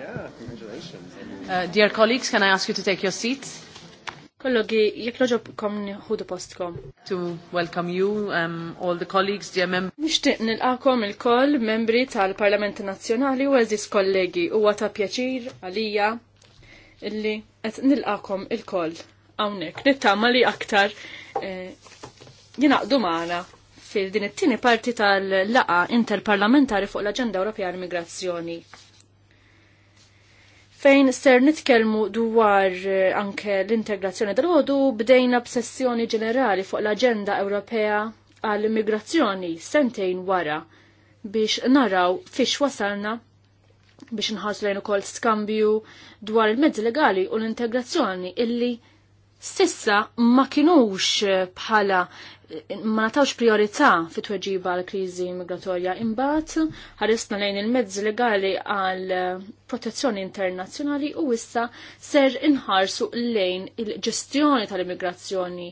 Yeah, congratulations. Uh, dear colleagues, can I ask you to take your seats? Kollogi, jek kom nħudu postkom. To welcome you, um, all the colleagues, dear members. Nishtiq nilqakom il-koll membri tal-Parlament Nazzjonali u eżis kollegi u għata pjaċir għalija illi qed nilqakom il-koll hawnhekk. Nittama li aktar eh, jinaqdu magħna fil-din it-tieni parti tal-laqa interparlamentari fuq l-Aġenda Ewropea l migrazzjoni fejn ser nitkellmu dwar eh, anke l-integrazzjoni dal-ħodu bdejna b'sessjoni ġenerali fuq l-Aġenda Ewropea għall-immigrazzjoni sentejn wara biex naraw fiex wasalna biex nħarsu ukoll skambju dwar il-mezzi legali u l-integrazzjoni illi sissa ma kinux bħala ma natawx priorità fit tweġiba l kriżi migratorja imbagħad ħaristna lejn il-mezzi legali għal protezzjoni internazzjonali u issa ser inħarsu lejn il-ġestjoni tal-immigrazzjoni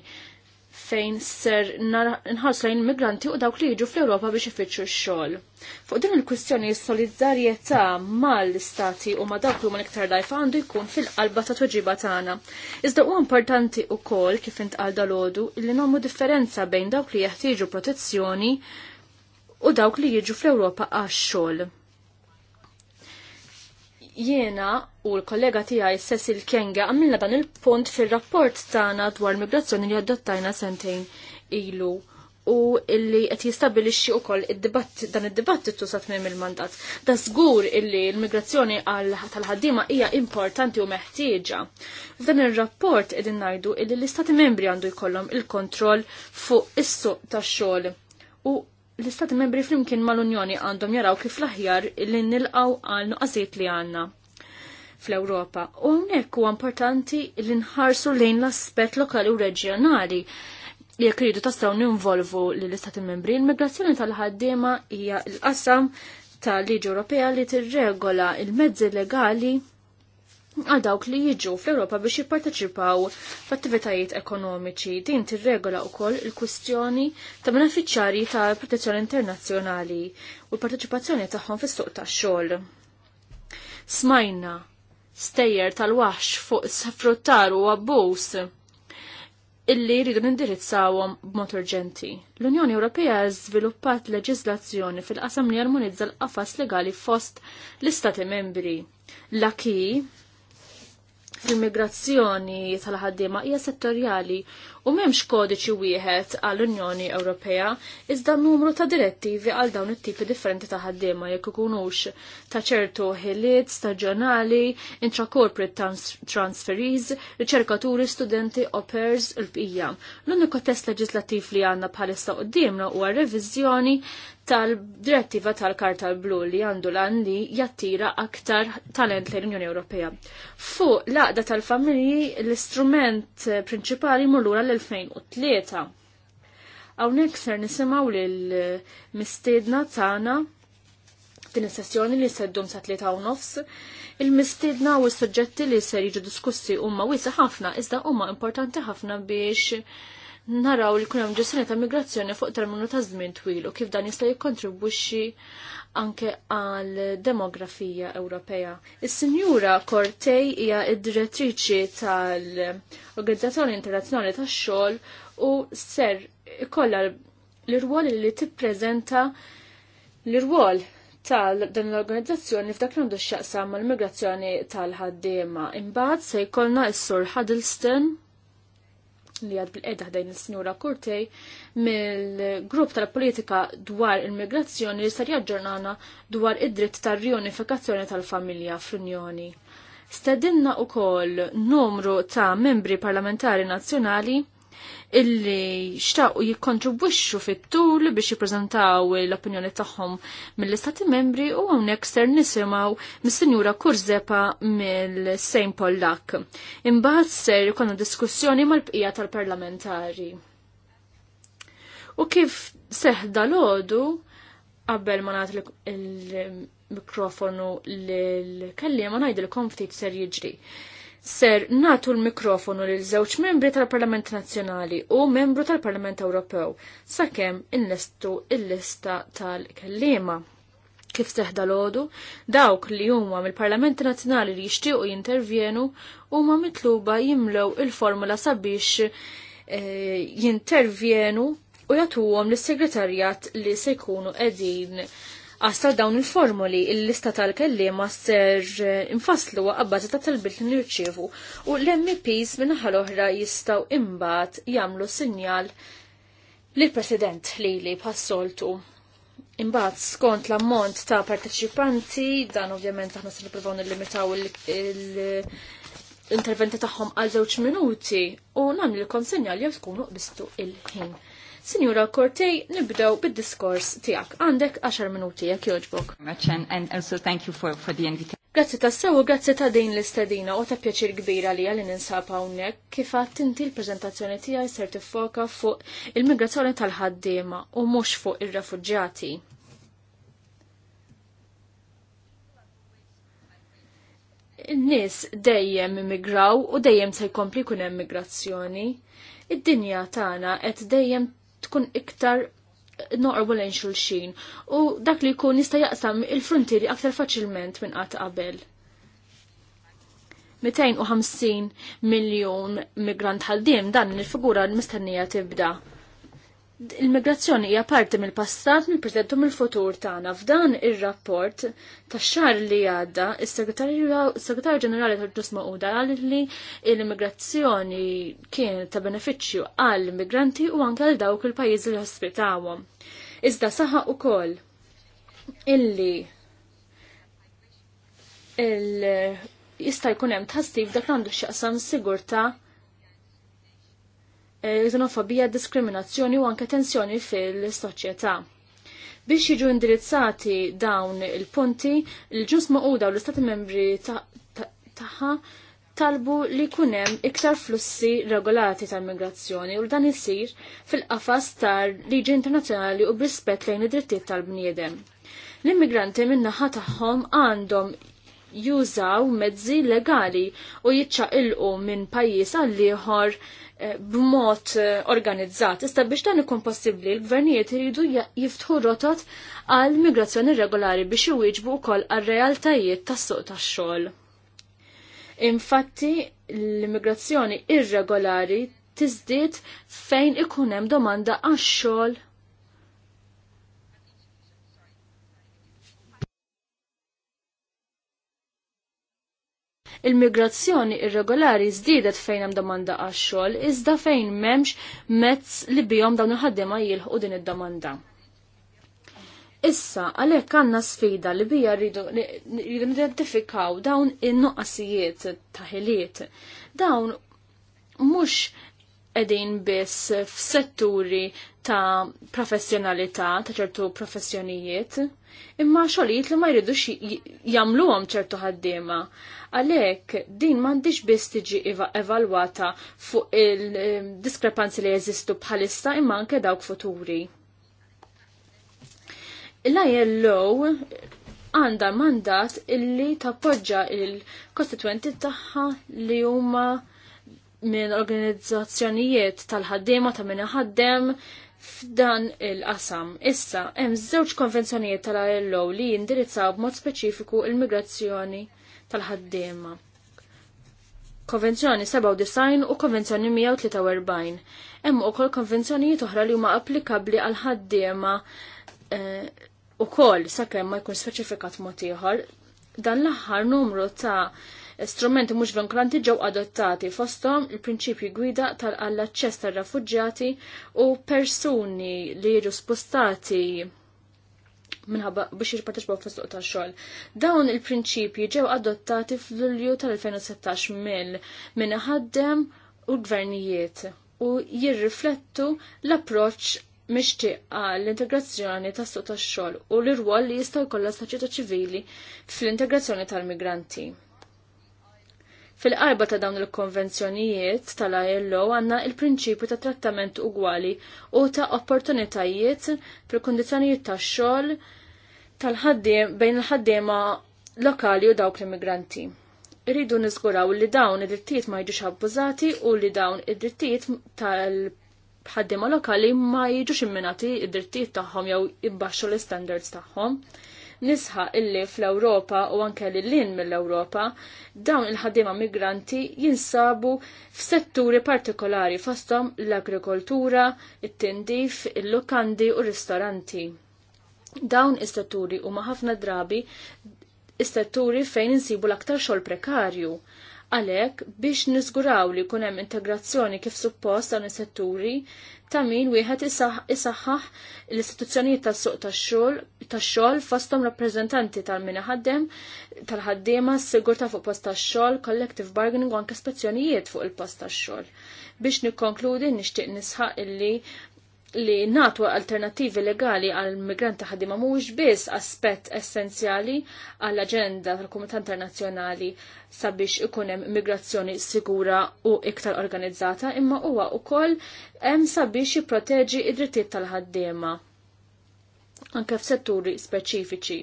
fejn ser nħarsu lejn migranti u dawk li jiġu fl-Ewropa biex ifittxu x-xogħol. Fuq din il-kwistjoni solidarjetà mal-istati u ma' dawk li huma iktar dajfa għandu jkun fil-qalba ta' tweġiba tagħna. Iżda huwa importanti wkoll kif intqal dalodu li nagħmlu differenza bejn dawk li jeħtieġu protezzjoni u dawk li jiġu fl-Ewropa għax-xogħol. Jiena u l-kollega tiegħi Cecil Kenga għamilna dan il-punt fir-rapport tagħna dwar migrazzjoni li adottajna sentejn ilu u illi qed jistabilixxi wkoll dan id-dibattitu sa tmiem il-mandat. Da żgur illi l-migrazzjoni tal-ħaddiema hija importanti u meħtieġa. F'dan ir-rapport qegħdin ngħidu illi l-Istati Membri għandu jkollhom il-kontroll fuq is-suq tax-xogħol u l-istati membri flimkien mal-Unjoni għandhom jaraw kif l-aħjar li nilqaw għal nuqqasiet li għanna fl-Ewropa. U hawnhekk huwa importanti li nħarsu lejn l-aspett lokali u reġjonali jekk jekridu tastaw ninvolvu lill-istati membri. Il-migrazzjoni tal-ħaddiema hija l-qasam tal-Liġi Ewropea li tirregola il-mezzi legali għal dawk li jiġu fl-Ewropa biex jipparteċipaw f'attivitajiet ekonomiċi. Din tirregola wkoll il-kwistjoni ta' benefiċjarji ta' protezzjoni internazzjonali u l-parteċipazzjoni tagħhom fis-suq tax-xogħol. Smajna stejjer tal-waħx fuq sfruttar u abbuż illi jridu nindirizzawhom b'mod urġenti. L-Unjoni Ewropea żviluppat leġiżlazzjoni fil-qasam li jarmonizza l-qafas legali fost l-Istati membri. Laki l immigrazzjoni tal-ħaddiema hija settorjali u memx kodiċi wieħed għall-Unjoni Ewropea iżda numru ta' direttivi għal dawn it-tipi differenti ta' ħaddiema jekk ikunux ta' ċertu ħiliet staġjonali, intra-corporate trans transferees, riċerkaturi, studenti, opers, l-bqija. L-uniku test leġislattiv li għandna bħalissa qudiemna huwa reviżjoni tal-direttiva tal-karta blu li għandu lan li jattira aktar talent l-Unjoni Ewropea. Fuq laqda tal-familji l-istrument prinċipali mullura l 2003. Hawnhekk ser nisimgħu l eh, mistedna tagħna din is-sessjoni li seddum sa tlieta u nofs. Il-mistidna u s-soġġetti li ser jiġu diskussi huma wisa ħafna iżda huma importanti ħafna biex naraw li kunem ġestjoni ta' migrazzjoni fuq terminu ta' żmien twil u kif dan jista' jikkontribwixxi anke għal demografija Ewropea. Is-Sinjura Kortej hija id-direttriċi tal-Organizzazzjoni Internazzjonali tax-Xogħol u ser ikollha l-irwol li tippreżenta l-irwol tal dan l-organizzazzjoni f'dak li għandu x'jaqsam mal-migrazzjoni tal-ħaddiema. Imbagħad se jkollna s-Sur Huddleston li għad bil-edha ħdejn il-Sinjura Kurtej mill-grupp tal-politika dwar il-migrazzjoni li sar jaġġornana dwar id-dritt tar-rjonifikazzjoni tal-familja fl-Unjoni. Stedinna u koll numru ta' membri parlamentari nazzjonali illi xtaqu jikkontribwixxu fit-tul biex jippreżentaw l-opinjoni tagħhom mill-Istati Membri u hawnhekk ser nisimgħu mis-Sinjura Kurzepa mill sejn Pollak. Imbagħad ser ikollna diskussjoni mal-bqija tal-parlamentari. U kif seħda l-għodu qabel ma nagħti il-mikrofonu lill-Kelliema ngħidilkom ftit ser jiġri ser natu l-mikrofonu lil żewġ membri tal-Parlament Nazzjonali u membru tal-Parlament Ewropew sakemm innestu il-lista tal-kellima. Kif l lodu, dawk li huma mill parlament Nazzjonali li jixtiequ jintervjenu huma mitluba jimlew il-formula sabiex e, jintervjenu u jagħtuhom lis segretarjat li se jkunu qegħdin għastar dawn il-formuli il-lista tal-kellima ser eh, infaslu għabbażi ta' talbit li nirċievu u l-MPs minnaħal oħra jistaw imbat jamlu sinjal l-President li li passoltu. Imbat skont l-ammont ta' parteċipanti, dan ovvjament aħna se nippruvaw nillimitaw l-interventi tagħhom għal żewġ minuti u nagħmlilkom sinjal jew tkunu qbistu il-ħin. Sinjura Cortei nibdew bid-diskors tiegħek. Għandek 10 minuti jekk jogħġbok. and also thank you for, for the invitation. Grazzi ta' sew, grazie ta' din l-istedina u ta' pjaċir kbira li għalli ninsab hawnhekk kif tinti l-preżentazzjoni tiegħi ser tiffoka fuq il-migrazzjoni tal-ħaddiema u mhux fuq ir-refuġġjati. n-nis dejjem immigraw u dejjem se jkompli kun hemm migrazzjoni. Id-dinja tagħna qed dejjem tkun iktar noqorbu lejn xulxin u dak li jkun jista' jaqsam il-frontieri aktar faċilment minn qatt qabel. 250 miljon migrant ħaldiem dan il-figura mistennija tibda. Il-migrazzjoni hija parti mill-passat, mill-preżentu mill-futur tagħna. F'dan ir-rapport tax-xahar li għadda, is-Segretarju Ġenerali tal-Ġnus Maquda qal li l-immigrazzjoni kien ta' benefiċċju għall immigranti u anke għal dawk il-pajjiżi li ospitawhom. Iżda saħaq ukoll illi il jista' jkun hemm tħassib dak għandu x'jaqsam sigurta' Eh, xenofobija, diskriminazzjoni u anke tensjoni fil-soċjetà. Biex jiġu indirizzati dawn il-punti, il-ġus maquda u l-istati membri taħħa talbu li kunem iktar flussi regolati tal-migrazzjoni u dan isir fil-qafas tal-liġi internazzjonali u brispet lejn id-drittijiet tal-bniedem. L-immigranti minnaħa tagħhom għandhom jużaw mezzi legali u jitċaqilqu minn pajjiż għal ieħor Eh, b'mod eh, organizzat. Ista biex dan ikun possibbli, l-gvernijiet iridu jiftħu rotot għal migrazzjoni regolari biex iwieġbu wkoll għar-realtajiet tas-suq tax-xogħol. Infatti, l-immigrazzjoni irregolari tiżdied fejn ikun hemm domanda għax-xogħol Il-migrazzjoni irregolari żdiedet fejn hemm domanda għax-xogħol iżda fejn m'hemmx mezz li bihom dawn il-ħaddiema jilħqu din id-domanda. Issa, għalhekk għandna sfida li bija rridu identifikaw dawn in-nuqqasijiet taħiliet. Dawn mhux edin biss f'setturi ta' professjonalità, ta' ċertu professjonijiet, imma xogħlijiet li ma jridux jagħmluhom ċertu ħaddiema. Għalhekk din m'għandix biss tiġi iva-, evalwata fuq il-diskrepanzi li jeżistu bħalissa imma anke dawk futuri. L-ILO għandha mandat illi tappoġġa il-kostituenti tagħha li huma minn organizzazzjonijiet tal-ħaddiema ta' minna ħaddem f'dan il-qasam. Issa, hemm żewġ konvenzjonijiet tal-ILO li jindirizzaw b'mod speċifiku il-migrazzjoni tal-ħaddiema. Konvenzjoni 97 u Konvenzjoni 143. Hemm ukoll konvenzjonijiet oħra li huma applikabbli għal ħaddiema eh, koll sakemm ma jkun speċifikat mod ieħor. Dan l-aħħar numru ta' strumenti mhux vinkolanti ġew adottati fosthom il-prinċipji gwida tal-aċċess tar rafuġġjati u persuni li jiġu spostati minħabba biex jirparteċipaw fis-suq tax-xogħol. Dawn il-prinċipji ġew adottati fl-Lulju tal-2016 mill minn ħaddem u gvernijiet u jirriflettu l-approċċ mixtieq l-integrazzjoni tas-suq ta' xogħol u l-irwol li jista' jkollha soċjetà ċivili fl-integrazzjoni tal-migranti. Fil-qarba ta' dawn il-konvenzjonijiet tal-ILO għanna il-prinċipju ta' trattament ugwali u ta' opportunitajiet fil-kondizjonijiet ta' xogħol tal-ħaddiem bejn il-ħaddiema lokali u dawk l-immigranti. Irridu niżguraw li dawn id-drittijiet ma jiġux abbużati u li dawn id-drittijiet tal-ħaddiema lokali ma jiġux imminati id-drittijiet tagħhom jew ibbaxxu l-standards tagħhom nisħa illi fl-Ewropa u anke l-lin mill-Ewropa, dawn il ħaddiema migranti jinsabu f'setturi partikolari fostom l-agrikoltura, it-tindif, il-lukandi u r ristoranti. Dawn istatturi huma ħafna drabi istatturi fejn insibu l-aktar xogħol prekarju. Għalhekk biex niżguraw li jkun hemm integrazzjoni kif suppost dawn is-setturi, ta' min wieħed isaħħaħ l-istituzzjonijiet tas-suq tax-xogħol tax-xogħol fosthom rappreżentanti tal-mina ħaddem tal-ħaddiema s-sigurta fuq post tax-xogħol, collective bargaining u anke spezzjonijiet fuq il-post tax-xogħol. Biex nikkonkludi nixtieq nisħaq illi li natwa alternativi legali għal migranti ħadima mhux biss aspett essenzjali għall aġenda tal-Komunità Internazzjonali sabiex ikun hemm migrazzjoni sigura u iktar organizzata, imma huwa wkoll hemm sabiex jipproteġi id-drittijiet tal-ħaddiema anke f'setturi speċifiċi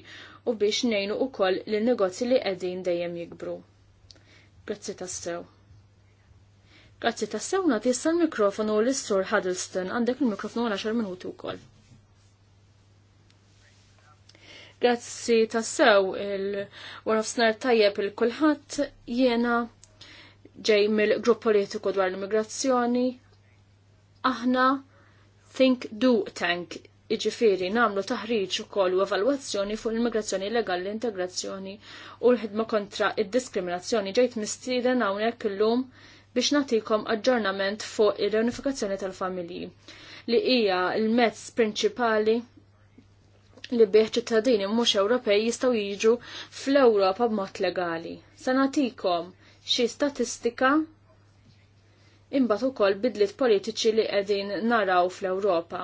u biex ngħinu wkoll lin negozji li qegħdin dejjem jikbru. Grazzi tassew. Grazzi ta' sewna tista' l-mikrofonu l-Sur Huddleston għandek il-mikrofonu għal 10 minuti wkoll. Grazzi ta' sew il of Snar tajjeb il-kulħadd jiena ġej mill-grupp politiku dwar l-immigrazzjoni. Aħna think do tank iġifiri namlu taħriġ ukoll u evalwazzjoni fuq l-immigrazzjoni illegali, l-integrazzjoni u l-ħidma kontra id-diskriminazzjoni ġejt mistieden hawnhekk illum biex natikom aġġornament fuq ir-reunifikazzjoni tal-familji li hija l-mezz prinċipali li bieħ ċittadini mhux Ewropej jistgħu jiġu fl-Ewropa b'mod legali. Se nagħtikom xi statistika imbagħad ukoll bidliet politiċi li qegħdin naraw fl-Ewropa.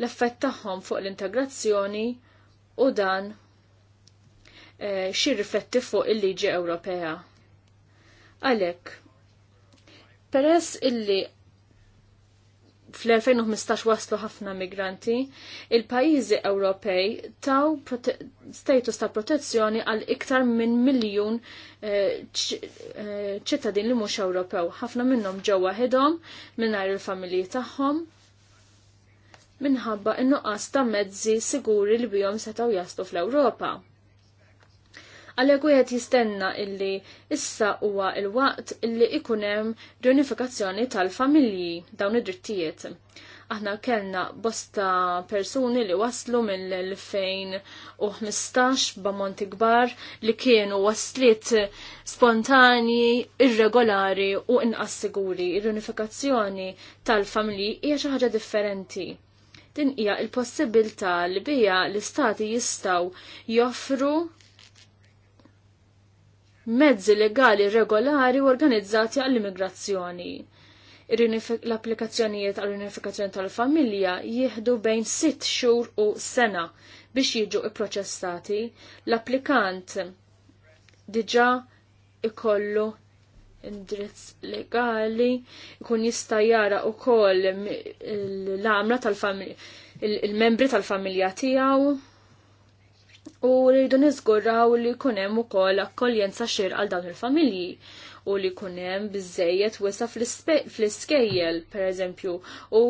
L-effett tagħhom fuq l-integrazzjoni u dan eh, xi rifletti fuq il-liġi Ewropea. Għalhekk, Peress illi fl-2015 waslu ħafna migranti, il-pajizi Ewropej taw status ta' protezzjoni għal iktar minn miljun eh, eh, ċittadin li mhux Ewropew. Ħafna minnhom ġewwa ħidhom mingħajr il-familji tagħhom minħabba in-nuqqas ta' mezzi siguri li bihom setgħu jaslu fl-Ewropa. Għalhekk wieħed jistenna illi issa huwa il-waqt illi ikun hemm riunifikazzjoni tal-familji dawn id-drittijiet. Aħna kellna bosta persuni li waslu mill-2015 b'ammonti kbar li kienu waslit spontani, irregolari u inqas siguri. ir tal-familji hija xi ħaġa differenti din hija il-possibilità li bija l-istati jistaw joffru mezzi legali regolari organizzati għall-immigrazzjoni. L-applikazzjonijiet għall-unifikazzjoni tal-familja jieħdu bejn sitt xhur u sena biex jiġu ipproċessati. L-applikant diġa ikollu indirizz legali, ikun jista jara u koll l-għamla tal-familja, il-membri tal-familja tijaw, u rridu niżguraw li kunem u kol akkoljenza xir għal dawn il-familji u li kunem bizzejiet wisa fl-iskejjel, per eżempju, u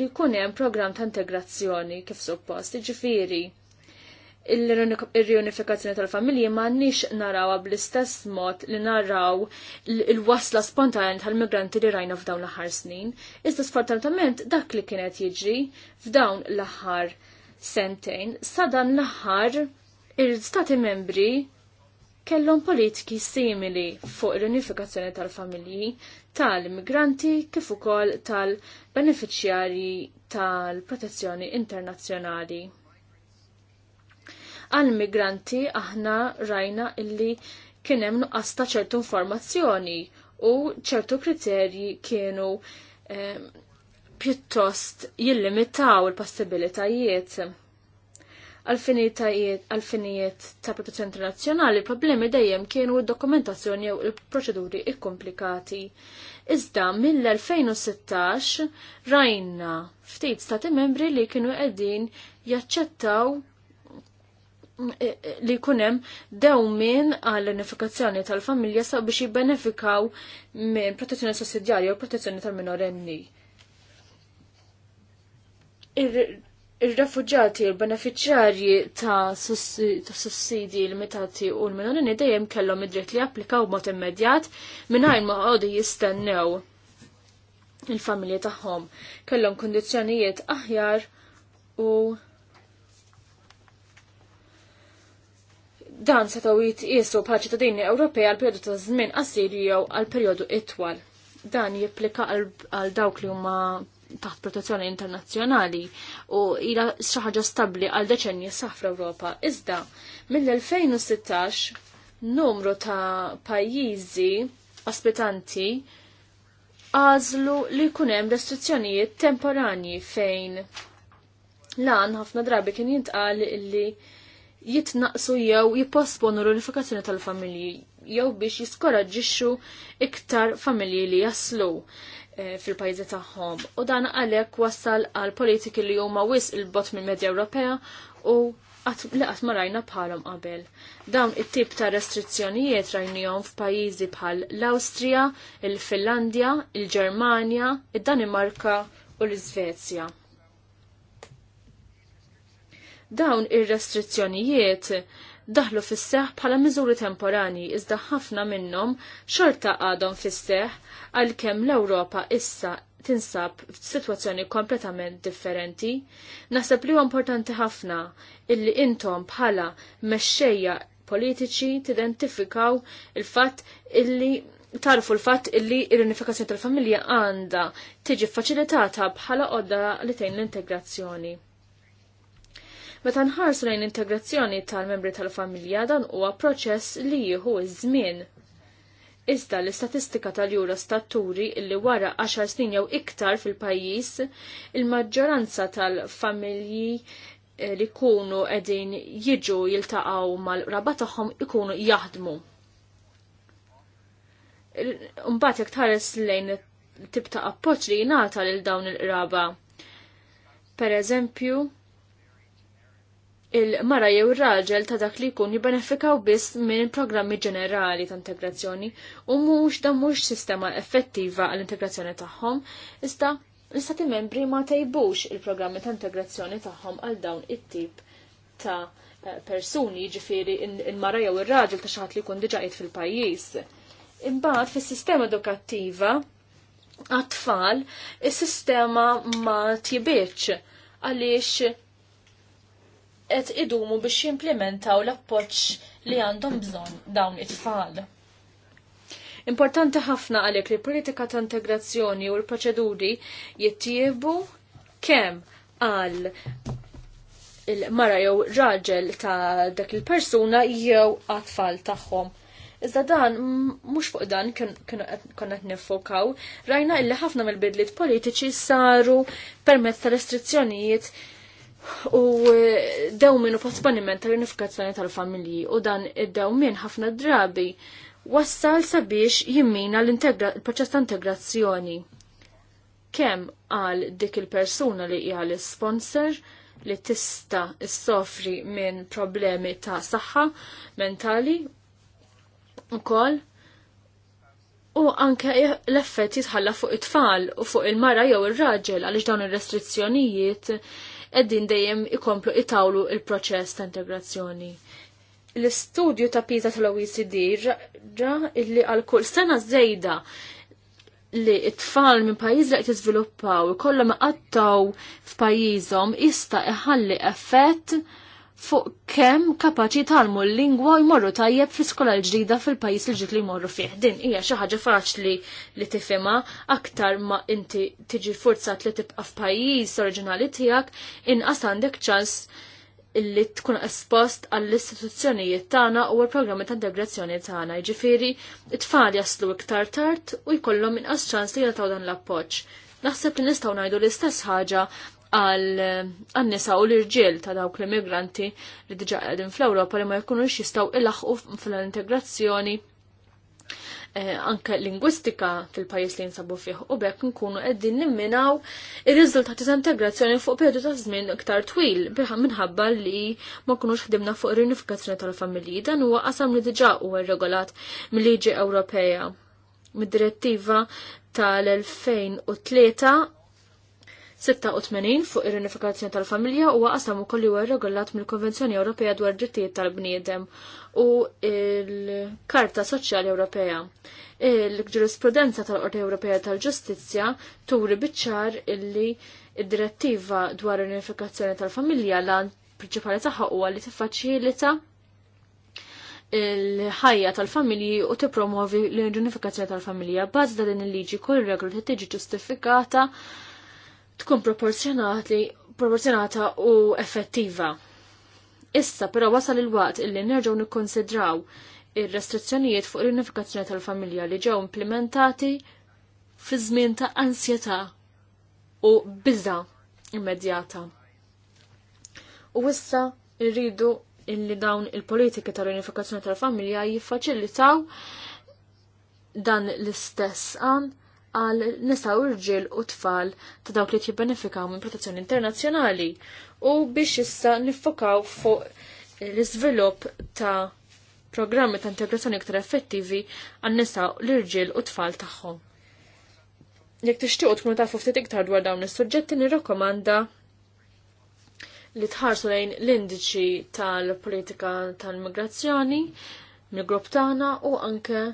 li kunem program ta' integrazzjoni kif suppost, ġifiri. Il-reunifikazzjoni tal-familji ma' nix narawa bl-istess mod li naraw il-wasla spontan tal-migranti li rajna f'dawn l-aħħar snin. Iżda sfortunatament dak li kienet jiġri f'dawn l-aħħar sentejn, sadan l-aħħar Il-Stati membri kellhom politiki simili fuq l-unifikazzjoni tal-familji tal-immigranti kif ukoll tal benefiċjarji tal-protezzjoni internazzjonali. Għal-migranti aħna rajna illi kien hemm nuqqas ta' ċertu informazzjoni u ċertu kriterji kienu eh, pjuttost jillimitaw il-possibilitajiet għal-finijiet ta' protezzjoni internazzjonali, problemi dejjem kienu d-dokumentazzjoni jew il-proċeduri ikkomplikati. Iżda mill-2016 rajna ftit stati membri li kienu qegħdin jaċċettaw eh, eh, li kunem minn għall unifikazzjoni tal-familja sa' biex jibbenefikaw minn protezzjoni sussidjarja u protezzjoni tal-minorenni Ir-refuġati, il-beneficjarji ta' sussidi limitati u l-minonini dejjem kellhom id-dritt li applikaw mod immedjat mingħajr ma qogħdu jistennew il-familji tagħhom. Kellhom kundizzjonijiet aħjar u dan se taw jitqisu bħal ċittadini Ewropej għal perjodu ta' żmien qasir jew għal perjodu itwal. Dan jipplika għal dawk li huma taħt protezzjoni internazzjonali u ila xaħġa ħaġa stabbli għal deċenni safra ewropa Iżda mill-2016 numru ta' pajjiżi ospitanti għażlu li jkun hemm restrizzjonijiet temporanji fejn lan ħafna drabi kien jintqal li jitnaqsu jew jipposponu l-unifikazzjoni tal-familji jew biex jiskoraġġixxu iktar familji li jaslu. Eh, fil-pajzi tagħhom. U dan għalhekk wassal għal politiki li huma wisq il-bot mill-Medja Ewropea u li qatt ma rajna bħalhom qabel. Dawn it-tip ta' restrizzjonijiet rajnihom f'pajjiżi bħal l-Awstrija, il-Finlandja, il-Ġermanja, id-Danimarka u l-Iżvezja. Dawn ir-restrizzjonijiet daħlu fis-seħ bħala miżuri temporani iżda ħafna minnhom xorta għadhom fis-seħ għalkemm l-Ewropa issa tinsab f'sitwazzjoni kompletament differenti. Naħseb li huwa importanti ħafna illi intom bħala mexxejja politiċi tidentifikaw il-fatt illi tarfu l-fatt illi l-unifikazzjoni tal-familja għandha tiġi faċilitata bħala qodda li tgħin l-integrazzjoni. Meta nħarsu lejn integrazzjoni tal-membri tal-familja dan huwa proċess li jieħu iż-żmien. Iżda l-istatistika tal jura turi li wara 10 snin jew iktar fil-pajjiż, il-maġġoranza tal-familji eh, li kunu edin jiġu jiltaqaw mal-raba tagħhom ikunu jaħdmu. Mbagħad jekk tħares lejn tibta' appoġġ li jingħata lil dawn il-qraba. Per eżempju, il-mara jew ir-raġel ta' dak li jkun jibbenefikaw biss minn programmi ġenerali ta' integrazzjoni u mhux dan mhux sistema effettiva għall integrazzjoni tagħhom, iżda l-istati membri ma tajbux il-programmi ta' integrazzjoni tagħhom għal dawn it-tip ta' eh, persuni, ġifiri il-mara jew ir-raġel ta' xaħat li jkun diġà jgħid fil-pajjiż. Imbagħad fis-sistema edukattiva għat-tfal is-sistema ma tjibieċ għaliex qed idumu biex jimplementaw l-appoġġ li għandhom bżonn dawn it-tfal. Importanti ħafna għalhekk li politika ta' integrazzjoni u l-proċeduri jittiebu kemm għal il-mara jew raġel ta' dak il-persuna jew għatfall tagħhom. Iżda dan, mhux fuq dan konna t-nifokaw, rajna illi ħafna mill-bidliet politiċi saru permezz ta' restrizzjonijiet U eh, dew minu posponiment tal-unifikazzjoni tal-familji u dan id-dew minn ħafna drabi wassal sabiex jimmina l-proċess ta' integrazzjoni. Kem għal dik il-persuna li hija l-sponsor, li tista issofri minn problemi ta' saħħa mentali ukoll u anke l-effett jitħalla fuq it-tfal u fuq il-mara jew ir-raġel għaliex dawn ir-restrizzjonijiet qegħdin dejjem ikomplu itawlu il-proċess ta' integrazzjoni. L-istudju ta' Pisa tal-OECD ġa illi għal kull sena żejda li t-tfal minn pajjiż li qed jiżviluppaw ikollhom iqattaw f'pajjiżhom jista' iħalli effett fuq kemm kapaċi talmu l-lingwa u jmorru tajjeb fl skola l-ġdida fil-pajis li ġit li jmorru fih. Din hija xi ħaġa faċli li tifhimha aktar ma inti tiġi forzat li tibqa' f'pajjiż oriġinali tiegħek inqas għandek ċans li tkun espost għall-istituzzjonijiet tagħna u l-programmi ta' integrazzjoni tagħna. Jiġifieri it-tfal jaslu iktar tard u jkollhom inqas ċans li jagħtaw dan l-appoġġ naħseb li nistgħu ngħidu l-istess ħaġa għal għannisa u l-irġiel ta' dawk l-immigranti li diġa għedin fl-Ewropa li ma jkunux jistaw ilaħqu fl-integrazzjoni eh, anke lingwistika fil-pajis li jinsabu fih u bekk nkunu qegħdin nimminaw ir-riżultati ta' integrazzjoni fuq periodu ta' żmien iktar twil minħabba li ma kunux ħdimna fuq ir-unifikazzjoni tal-familji dan huwa qasam li diġa' huwa regolat mill-liġi Ewropea mid-direttiva tal-2003 86 fuq ir-unifikazzjoni tal-familja huwa qasam ukoll huwa regolat mill-Konvenzjoni Ewropea dwar drittijiet tal-bniedem u l-Karta Soċjali Ewropea. Il-ġurisprudenza tal-Qorti Ewropea tal-Ġustizzja turi biċċar illi id-direttiva dwar unifikazzjoni tal-familja lan prinċipali tagħha huwa li tiffaċilita il-ħajja tal-familji u tippromovi l-unifikazzjoni tal-familja. Bażda din il-liġi kull regola tiġi ġustifikata tkun proporzjonati proporzjonata u effettiva. Issa però wasal il-waqt illi nerġgħu nikkonsidraw ir-restrizzjonijiet fuq l-unifikazzjoni tal-familja li ġew implementati fi żmien ta' ansjetà u biża immedjata. U issa rridu illi dawn il-politiki tal-unifikazzjoni tal-familja jiffaċilitaw dan l-istess għan għal nisa u rġil u tfal ta' dawk li jibbenefikaw minn protezzjoni internazzjonali u biex issa nifokaw fuq l-iżvilupp ta' programmi ta' integrazzjoni iktar effettivi għan nisa l rġil u tfal tagħhom. Jekk tixtiequ tkunu tafu ftit iktar dwar dawn is-suġġetti nirrakkomanda li tħarsu lejn l-indiċi tal-politika tal-migrazzjoni mill-grupp tagħna u anke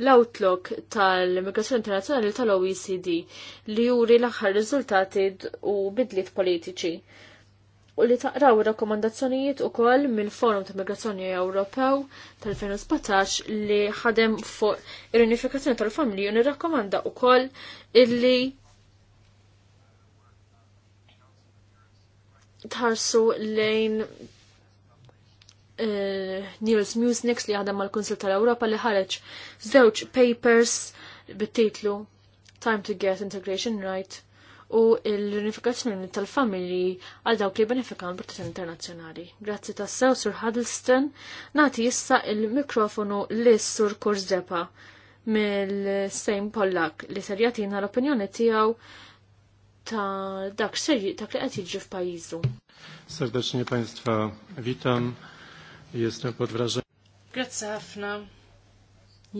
l-outlook tal-immigrazzjoni internazzjonali tal-OECD li juri l-aħħar riżultati u bidliet politiċi. U li taqraw rakkomandazzjonijiet u koll mill-Forum ta' Migrazzjoni Ewropew tal-2017 li ħadem fuq il-unifikazzjoni tal-familji u nirrakkomanda u koll illi tħarsu lejn Eh, Niels Musnix li għadam mal-Kunsil tal-Europa li ħareġ żewġ papers bit-titlu Time to Get Integration Right u l-unifikazzjoni tal-familji għal dawk li benefikaw protezzjoni internazzjonali. Grazzi tassew Sur Huddleston, nati issa il-mikrofonu li Sur Kurzepa mill-Sejm Pollak li ser jagħtina l-opinjoni tiegħu ta' dak ser ta' li qed jiġi f'pajjiżu. Serdecznie Państwa witam. Jestem pod wrażeniem. Grazzi ħafna.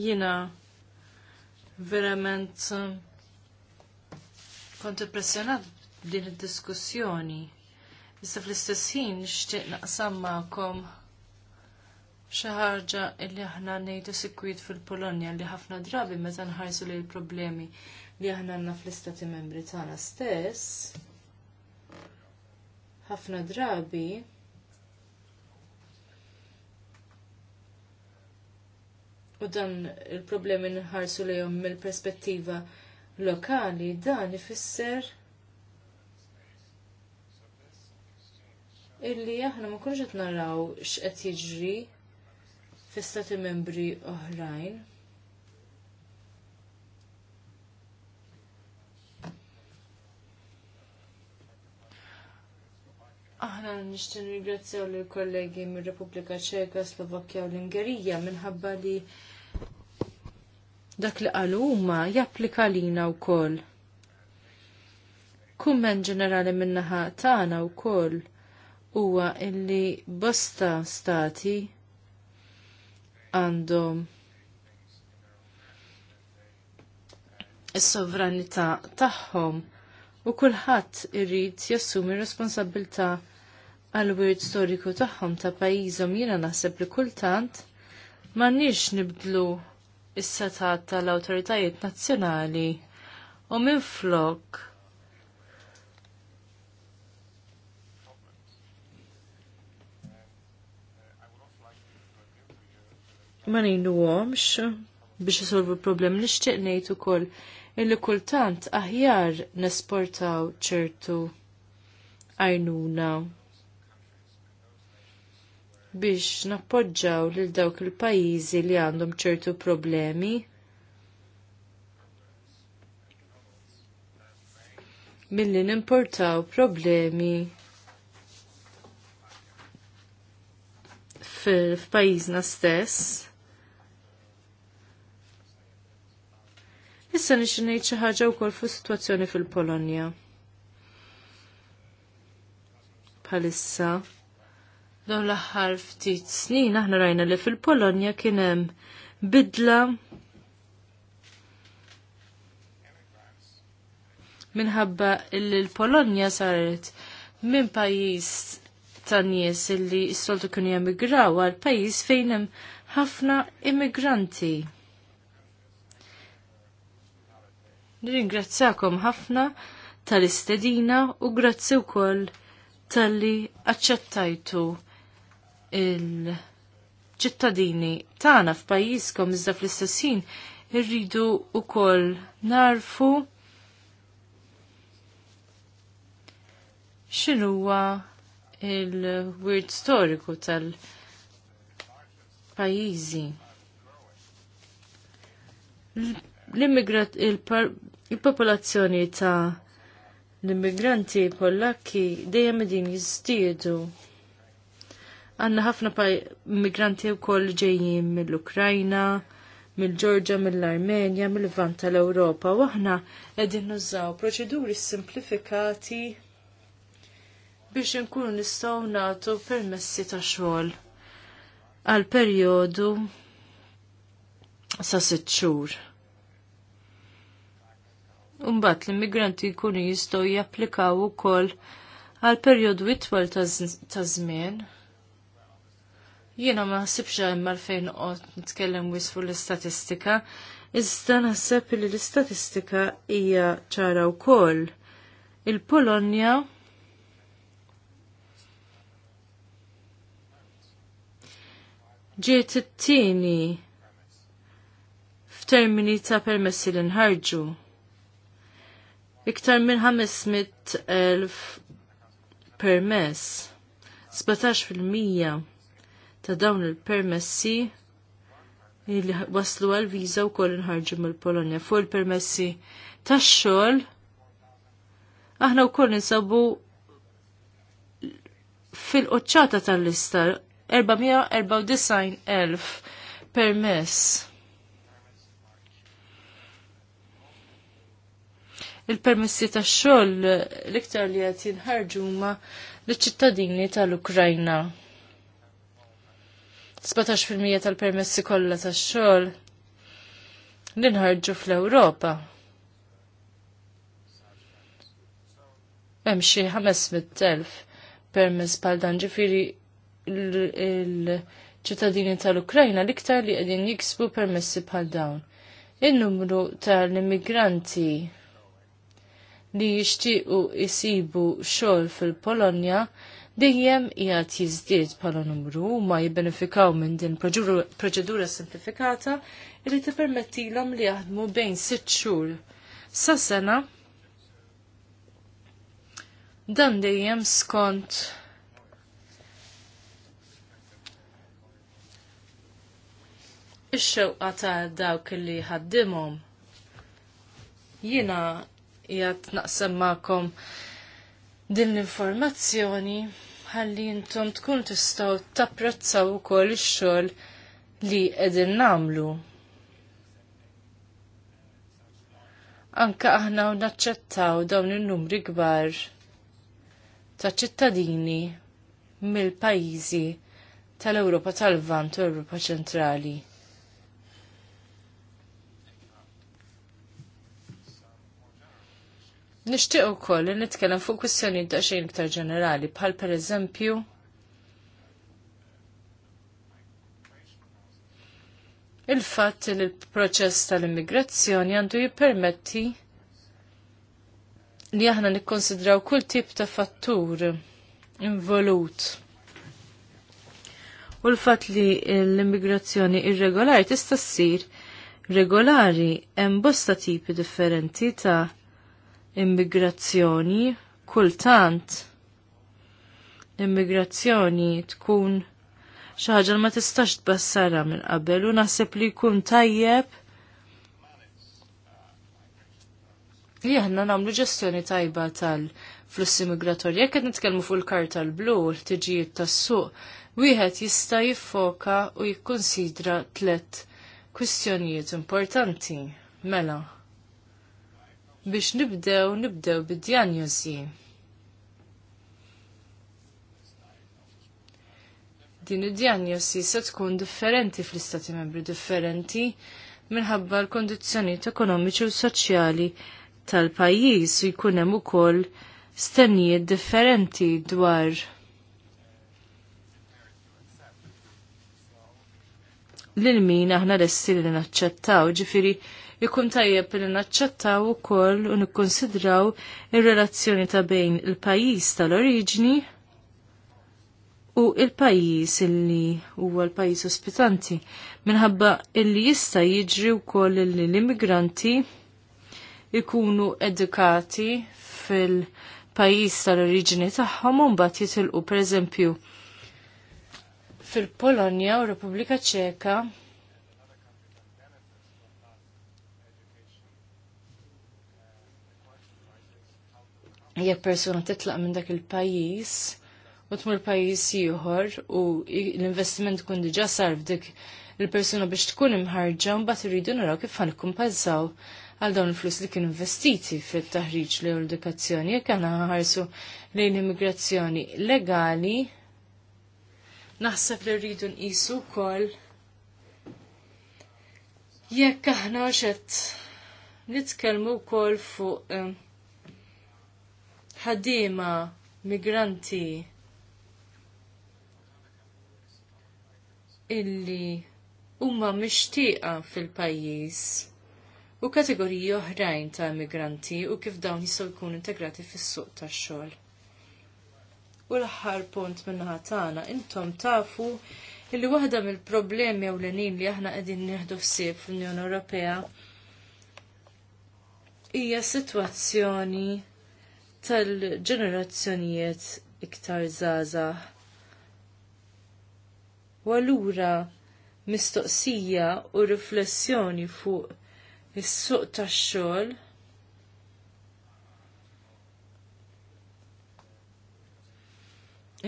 Jina verament kont impressjonat din id-diskussjoni. Issa fl-istess ħin nixtieq naqsam magħkom xi ħaġa li aħna ngħidu sikwit fil-Polonja li ħafna drabi meta nħarsu lil problemi li aħna għandna fl-istati membri tagħna stess. Ħafna drabi u dan il-problemi nħarsu jom mill-perspettiva lokali, dan ifisser illi aħna ma kunġet qed naraw x'qed jiġri fl stati membri oħrajn. Aħna nixtin ringrazzjaw lill kollegi mir-Repubblika Ċeka, Slovakkja u l-Ingerija minħabba li dak li qalu huma japplika lina wkoll. Kummen ġenerali min-naħa tagħna wkoll huwa illi bosta stati għandhom is-sovranità tagħhom u kulħadd irid jassumi r-responsabilità għal-wirt storiku tagħhom ta' pajjiżhom jiena naħseb li kultant m'għandniex nibdlu is-setat tal-awtoritajiet nazzjonali u minflok ma għomx biex jisolvu l-problem nixtieq ngħid ukoll illi kultant aħjar nesportaw ċertu għajnuna biex nappoġġaw lil dawk il-pajjiżi li għandhom ċertu problemi milli nimportaw problemi f'pajjiżna stess. Issa nix ngħid xi ħaġa wkoll fuq sitwazzjoni fil-Polonja. Bħalissa. Dawn l-aħħar ftit snin aħna rajna li fil-Polonja kien hemm bidla minħabba li l-Polonja saret minn pajjiż tan nies illi s-soltu kienu jemigraw għal pajjiż fejn hemm ħafna immigranti. Nirringrazzakom ħafna tal-istedina u grazzi wkoll tal-li aċċettajtu il-ċittadini tagħna f'pajjiżkom iżda fl-istess ħin irridu wkoll narfu x'inhuwa il-wirt storiku tal-pajjiżi. L-immigrat il-popolazzjoni ta' l-immigranti pollakki dejjem din jistiedu. Għanna ħafna migranti u koll ġejjin mill-Ukrajna, mill-Ġorġa, mill-Armenja, mill-Vant tal-Ewropa. U aħna qegħdin nużaw proċeduri simplifikati biex inkunu nistgħu nagħtu permessi ta' xogħol għal perjodu sa' sitt xhur. Umbat l-immigranti jkunu jistgħu japplikaw ukoll għal perjodu itwal ta' żmien Jiena ma ħsibx hemm fejn qod nitkellem wis fuq l-istatistika, iżda naħseb li l-istatistika hija ċara wkoll. Il-Polonja ġiet it-tieni f'termini ta' permessi li nħarġu. Iktar minn 500,000 permess, 17 fil-mija ta' dawn il-permessi li waslu għal viża u koll nħarġu mill-Polonja fuq il-permessi tax xogħol aħna wkoll nisabu fil-qoċċata tal-lista 494,000 permess. Il-permessi tax xogħol l-iktar li qed ħarġu huma l-ċittadini tal-Ukrajna. 17% tal-permessi kollha tax-xogħol li nħarġu fl-Ewropa. Hemm xi 500,000 permess bħal dan ġifieri il-ċittadini tal-Ukrajna l-iktar li qegħdin jiksbu permessi bħal dawn. Il-numru tal-immigranti li jixtiequ jisibu xogħol fil-Polonja dejjem qiegħed jiżdied bħala numru ma jibbenefikaw minn din proċedura simplifikata li tippermettilhom li jaħdmu bejn sitt xhur sa sena dan dejjem skont ix-xewqa ta' dawk li ħaddimhom. Jiena jgħat naqsem ma'kom din l-informazzjoni ħalli intom tkun tistgħu tapprezzaw ukoll ix-xogħol li qegħdin nagħmlu. Anka aħna naċċettaw dawn in-numri kbar ta' ċittadini mill-pajjiżi tal-Ewropa tal-Vant u Ewropa ċentrali. Nixtieq ukoll li nitkellem fuq kwistjonijiet daqsxejn iktar ġenerali bħal pereżempju il-fatt li l-proċess tal-immigrazzjoni għandu jippermetti li aħna nikkonsidraw kull tip ta' fattur involut. U l-fatt li l-immigrazzjoni irregolari tista' ssir regolari hemm bosta tipi differenti ta' immigrazzjoni, kultant immigrazzjoni tkun xi ħaġa ma tistax tbassara minn qabel u naħseb li jkun tajjeb li aħna nagħmlu ġestjoni tajba tal-flussi immigratorji. Jekk qed nitkellmu fuq il-karta l-blu u l tiġijiet tas-suq, wieħed jista' jiffoka u jikkunsidra tliet kwistjonijiet importanti. Mela, biex nibdew nibdew bid-djanjosi. Din id-djanjosi se tkun differenti fl-istati membri differenti minħabba l-kondizzjonijiet ekonomiċi u soċjali tal-pajjiż u jkun hemm ukoll stennijiet differenti dwar lil min aħna lesti li naċċettaw ġifiri ikun tajjeb li naċċettaw ukoll u nikkonsidraw ir-relazzjoni ta' bejn il-pajjiż tal-oriġni u il-pajjiż illi huwa l-pajjiż ospitanti minħabba illi jista' jiġri wkoll li l-immigranti ikunu edukati fil-pajjiż tal-oriġini tagħhom u mbagħad jitilqu pereżempju fil-Polonja u Repubblika Ċeka jekk persuna titlaq minn dak il-pajjiż u tmur pajjiż ieħor u l-investiment kun diġà sar f'dik il-persuna biex tkun imħarġa mbagħad iridu naraw kif ħankumpensaw għal dawn il-flus li kien investiti fit-taħriġ l edukazzjoni jekk għana ħarsu lejn immigrazzjoni legali naħseb li rridu nqisu wkoll jekk aħna xed nitkellmu wkoll fuq eh, ħaddiema migranti illi huma mixtieqa fil-pajjiż u kategoriji oħrajn ta' migranti u kif dawn jistgħu jkunu integrati fis-suq tax-xogħol. U l-aħħar punt min-naħa tagħna intom tafu illi waħda mill-problemi ewlenin li aħna qegħdin nieħdu ħsieb fl-Unjoni Ewropea hija sitwazzjoni tal-ġenerazzjonijiet iktar zaza. U allura mistoqsija u riflessjoni fuq is-suq tax-xogħol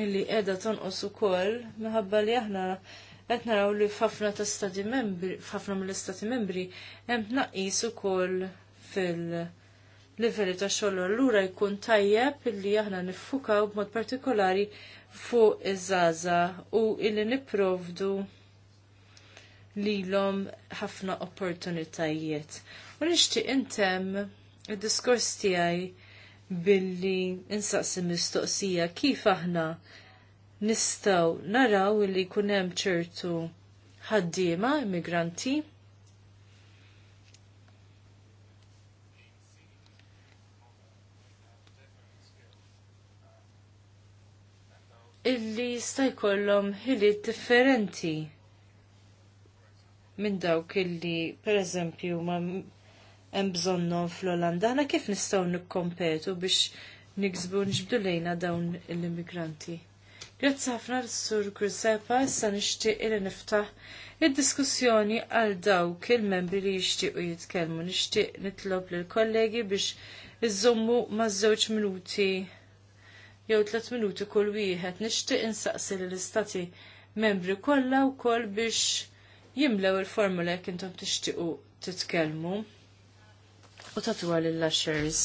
illi qiegħda tonqos ukoll minħabba li aħna qed naraw li f'ħafna ta' stati membri, f'ħafna mill-istati membri hemm tnaqqis ukoll fil- livelli ta' xogħol allura jkun tajjeb illi aħna niffukaw b'mod partikolari fuq iż-żaża u illi nipprovdu lilhom ħafna opportunitajiet. U nixtieq intemm id-diskors tiegħi billi insaqsi mistoqsija kif aħna nistgħu naraw illi jkun hemm ċertu ħaddiema immigranti illi jistaj jkollhom ħiliet differenti minn dawk illi pereżempju ma hemm bżonnhom fl-Olanda. għana kif nistgħu nikkompetu biex nikzbu nġbdu lejna dawn l-immigranti. Grazzi ħafna l-Sur Kursepa, issa nixtieq li niftaħ id-diskussjoni għal dawk il-membri li jixtiequ jitkellmu. Nixtieq nitlob lill kollegi biex iżommu ma' żewġ minuti jew tliet minuti kull wieħed nixtieq insaqsi lill istati membri kollha wkoll biex jimlew il-formula jekk intom tixtiequ titkellmu u tagħtuha lil shares.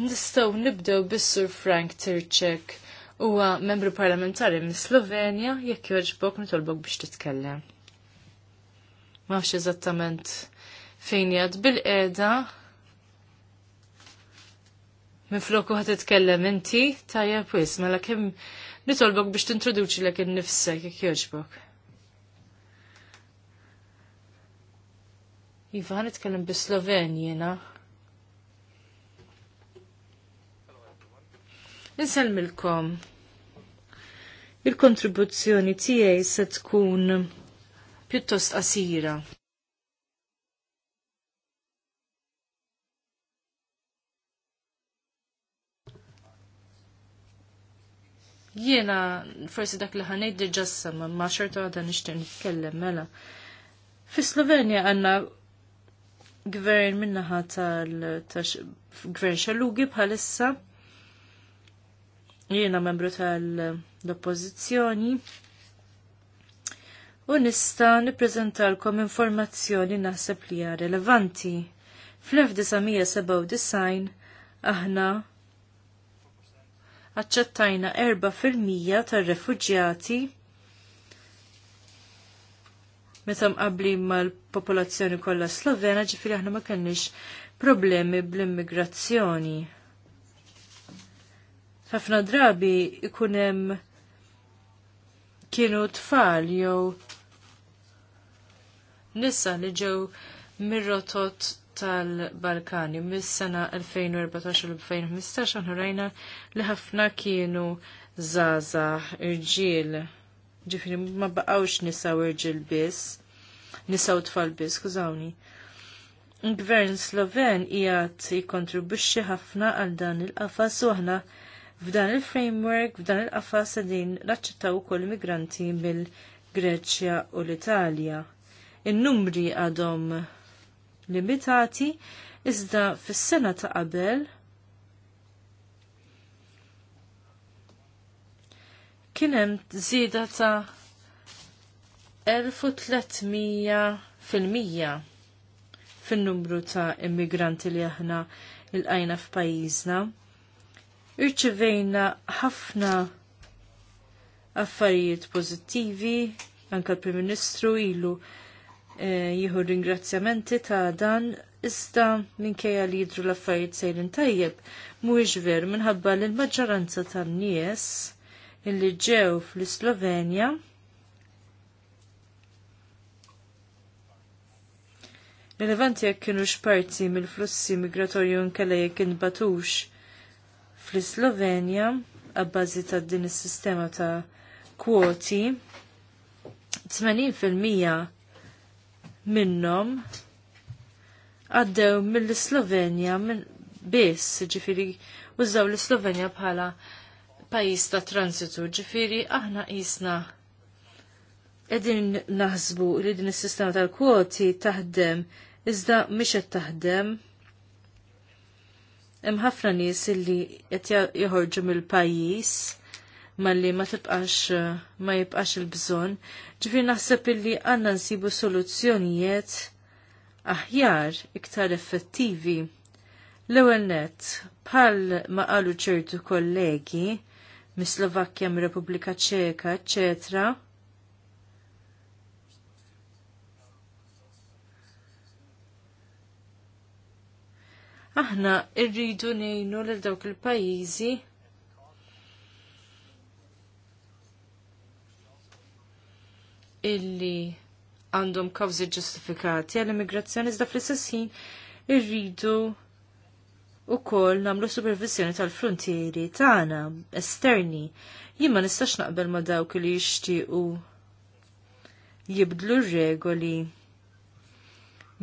Nistgħu nibdew bis-Sur Frank Tirċek huwa membru parlamentari minn Slovenja jekk jogħġbok nitolbok biex titkellem. Mafx eżattament fejn jgħad bil-qeda Minfloku ħat titkellem inti, tajja pwis, mela kemm nitolbok biex tintroduċi l innifsek jekk jogħġbok. Iva, ħan nitkellem bi Sloven jiena. Nisalmilkom. Il-kontribuzzjoni tiegħi se tkun pjuttost qasira. Jiena forsi dak li ħanejt diġa ma xertu għadha nishtin nitkellem mela. Fi Slovenja għandna gvern minnaħa tal-gvern xalugi bħalissa jiena membru tal-oppozizjoni u nista l-kom informazzjoni naħseb li hija relevanti. Fl-1997 aħna aċċettajna 4% tar-refuġjati meta mqabli mal-popolazzjoni kollha Slovena ġifieri aħna ma kenniex problemi bl-immigrazzjoni. Ħafna drabi ikun hemm kienu tfal jew nisa li ġew mirrotot tal-Balkani mis-sena 2014-2015 aħna rajna li ħafna kienu zaza irġiel. Ġifiri ma baqgħux nisaw irġiel biss, nisa tfal biss, skużawni. Gvern Sloven qiegħed jikkontribwixxi ħafna għal dan il-qafas u aħna f'dan il-framework, f'dan il-qafas qegħdin naċċettaw ukoll migranti mill-Greċja u l-Italja. In-numri għadhom limitati iżda fis-sena ta' qabel kien hemm żieda ta' 1300 fil-mija fin-numru ta' immigranti li aħna lqajna qajna f'pajjiżna. Irċivejna ħafna affarijiet pożittivi, anke l-Prim Ministru ilu Eh, jieħu ringrazzjamenti ta' dan iżda minkejja li jidru l-affarijiet sejrin tajjeb mhuwiex ver minħabba li l-maġġoranza tan-nies illi ġew fl-Slovenja Rilevanti jekk kienu parti mill-flussi migratorju nkella jekk inbatux fl-Slovenja għabbażi ta' din is-sistema ta' kwoti 80% minnom għaddew mill-Slovenja minn biss, ġifiri, użaw l-Slovenja bħala pajis ta' transitu, ġifiri, aħna jisna edin naħsbu li din is-sistema tal-kwoti taħdem, iżda mhix qed taħdem. Hemm ħafna nies illi qed joħorġu mill-pajjiż malli ma tibqax ma jibqax il-bżonn. ġifir naħseb illi għandna nsibu soluzzjonijiet aħjar iktar effettivi. L-ewwel nett, bħal ma qalu ċertu kollegi mis-Slovakkja, mir-Repubblika Ċeka, eċċetera, aħna irridu nejnu l dawk il-pajizi illi għandhom kawżi ġustifikati għall-immigrazzjoni iżda fl-istess ħin irridu u nagħmlu namlu supervizjoni tal-frontieri tagħna esterni. Jien ma nistax naqbel ma dawk li jixtiequ jibdlu r-regoli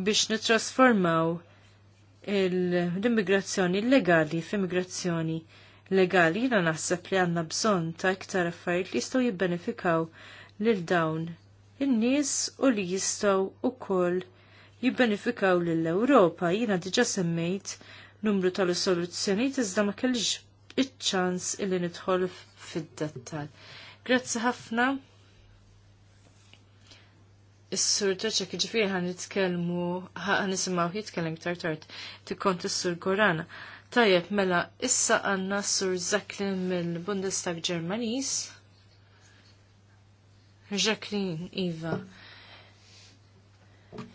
biex nitrasformaw l-immigrazzjoni illegali f'immigrazzjoni legali jiena naħseb li għandna bżonn ta' iktar affarijiet li jistgħu jibbenefikaw lil dawn in-nies u li jistgħu wkoll jibbenefikaw lill-Ewropa. Jiena diġa' semmejt numru tal soluzzjoni iżda ma kellix iċ-ċans illi nidħol fid-dettal. Grazzi ħafna. Is-sur Teċa kħiġifiri ħan nitkelmu, ħan nisimaw jitkellem ktar tard, tikkont is-sur Gorana. Tajjeb, mela, issa għanna s-sur Zaklin mill-Bundestag Ġermanis. Jacqueline Iva.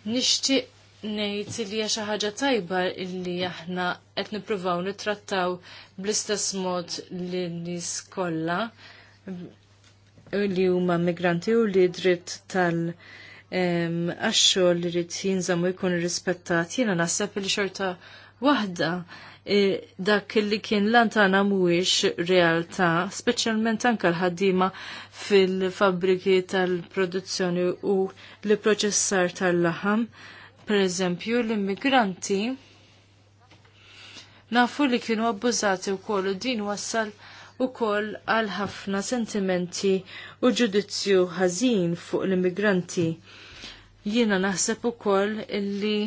Nixtieq ngħid li hija xi ħaġa tajba illi aħna qed nippruvaw nittrattaw bl-istess mod li nies kollha li huma migranti u li dritt tal- għaxxol li rrid jinżamu jkun irrispettat jiena naħseb li xorta waħda E, dak li kien lantana mhuwiex realtà, speċjalment anke l-ħaddiema fil-fabbriki tal-produzzjoni u l-proċessar tal-laħam. Per eżempju, l-immigranti nafu li kienu abbużati wkoll u din wassal u koll għal ħafna sentimenti u ġudizzju ħażin fuq l-immigranti. Jiena naħseb ukoll illi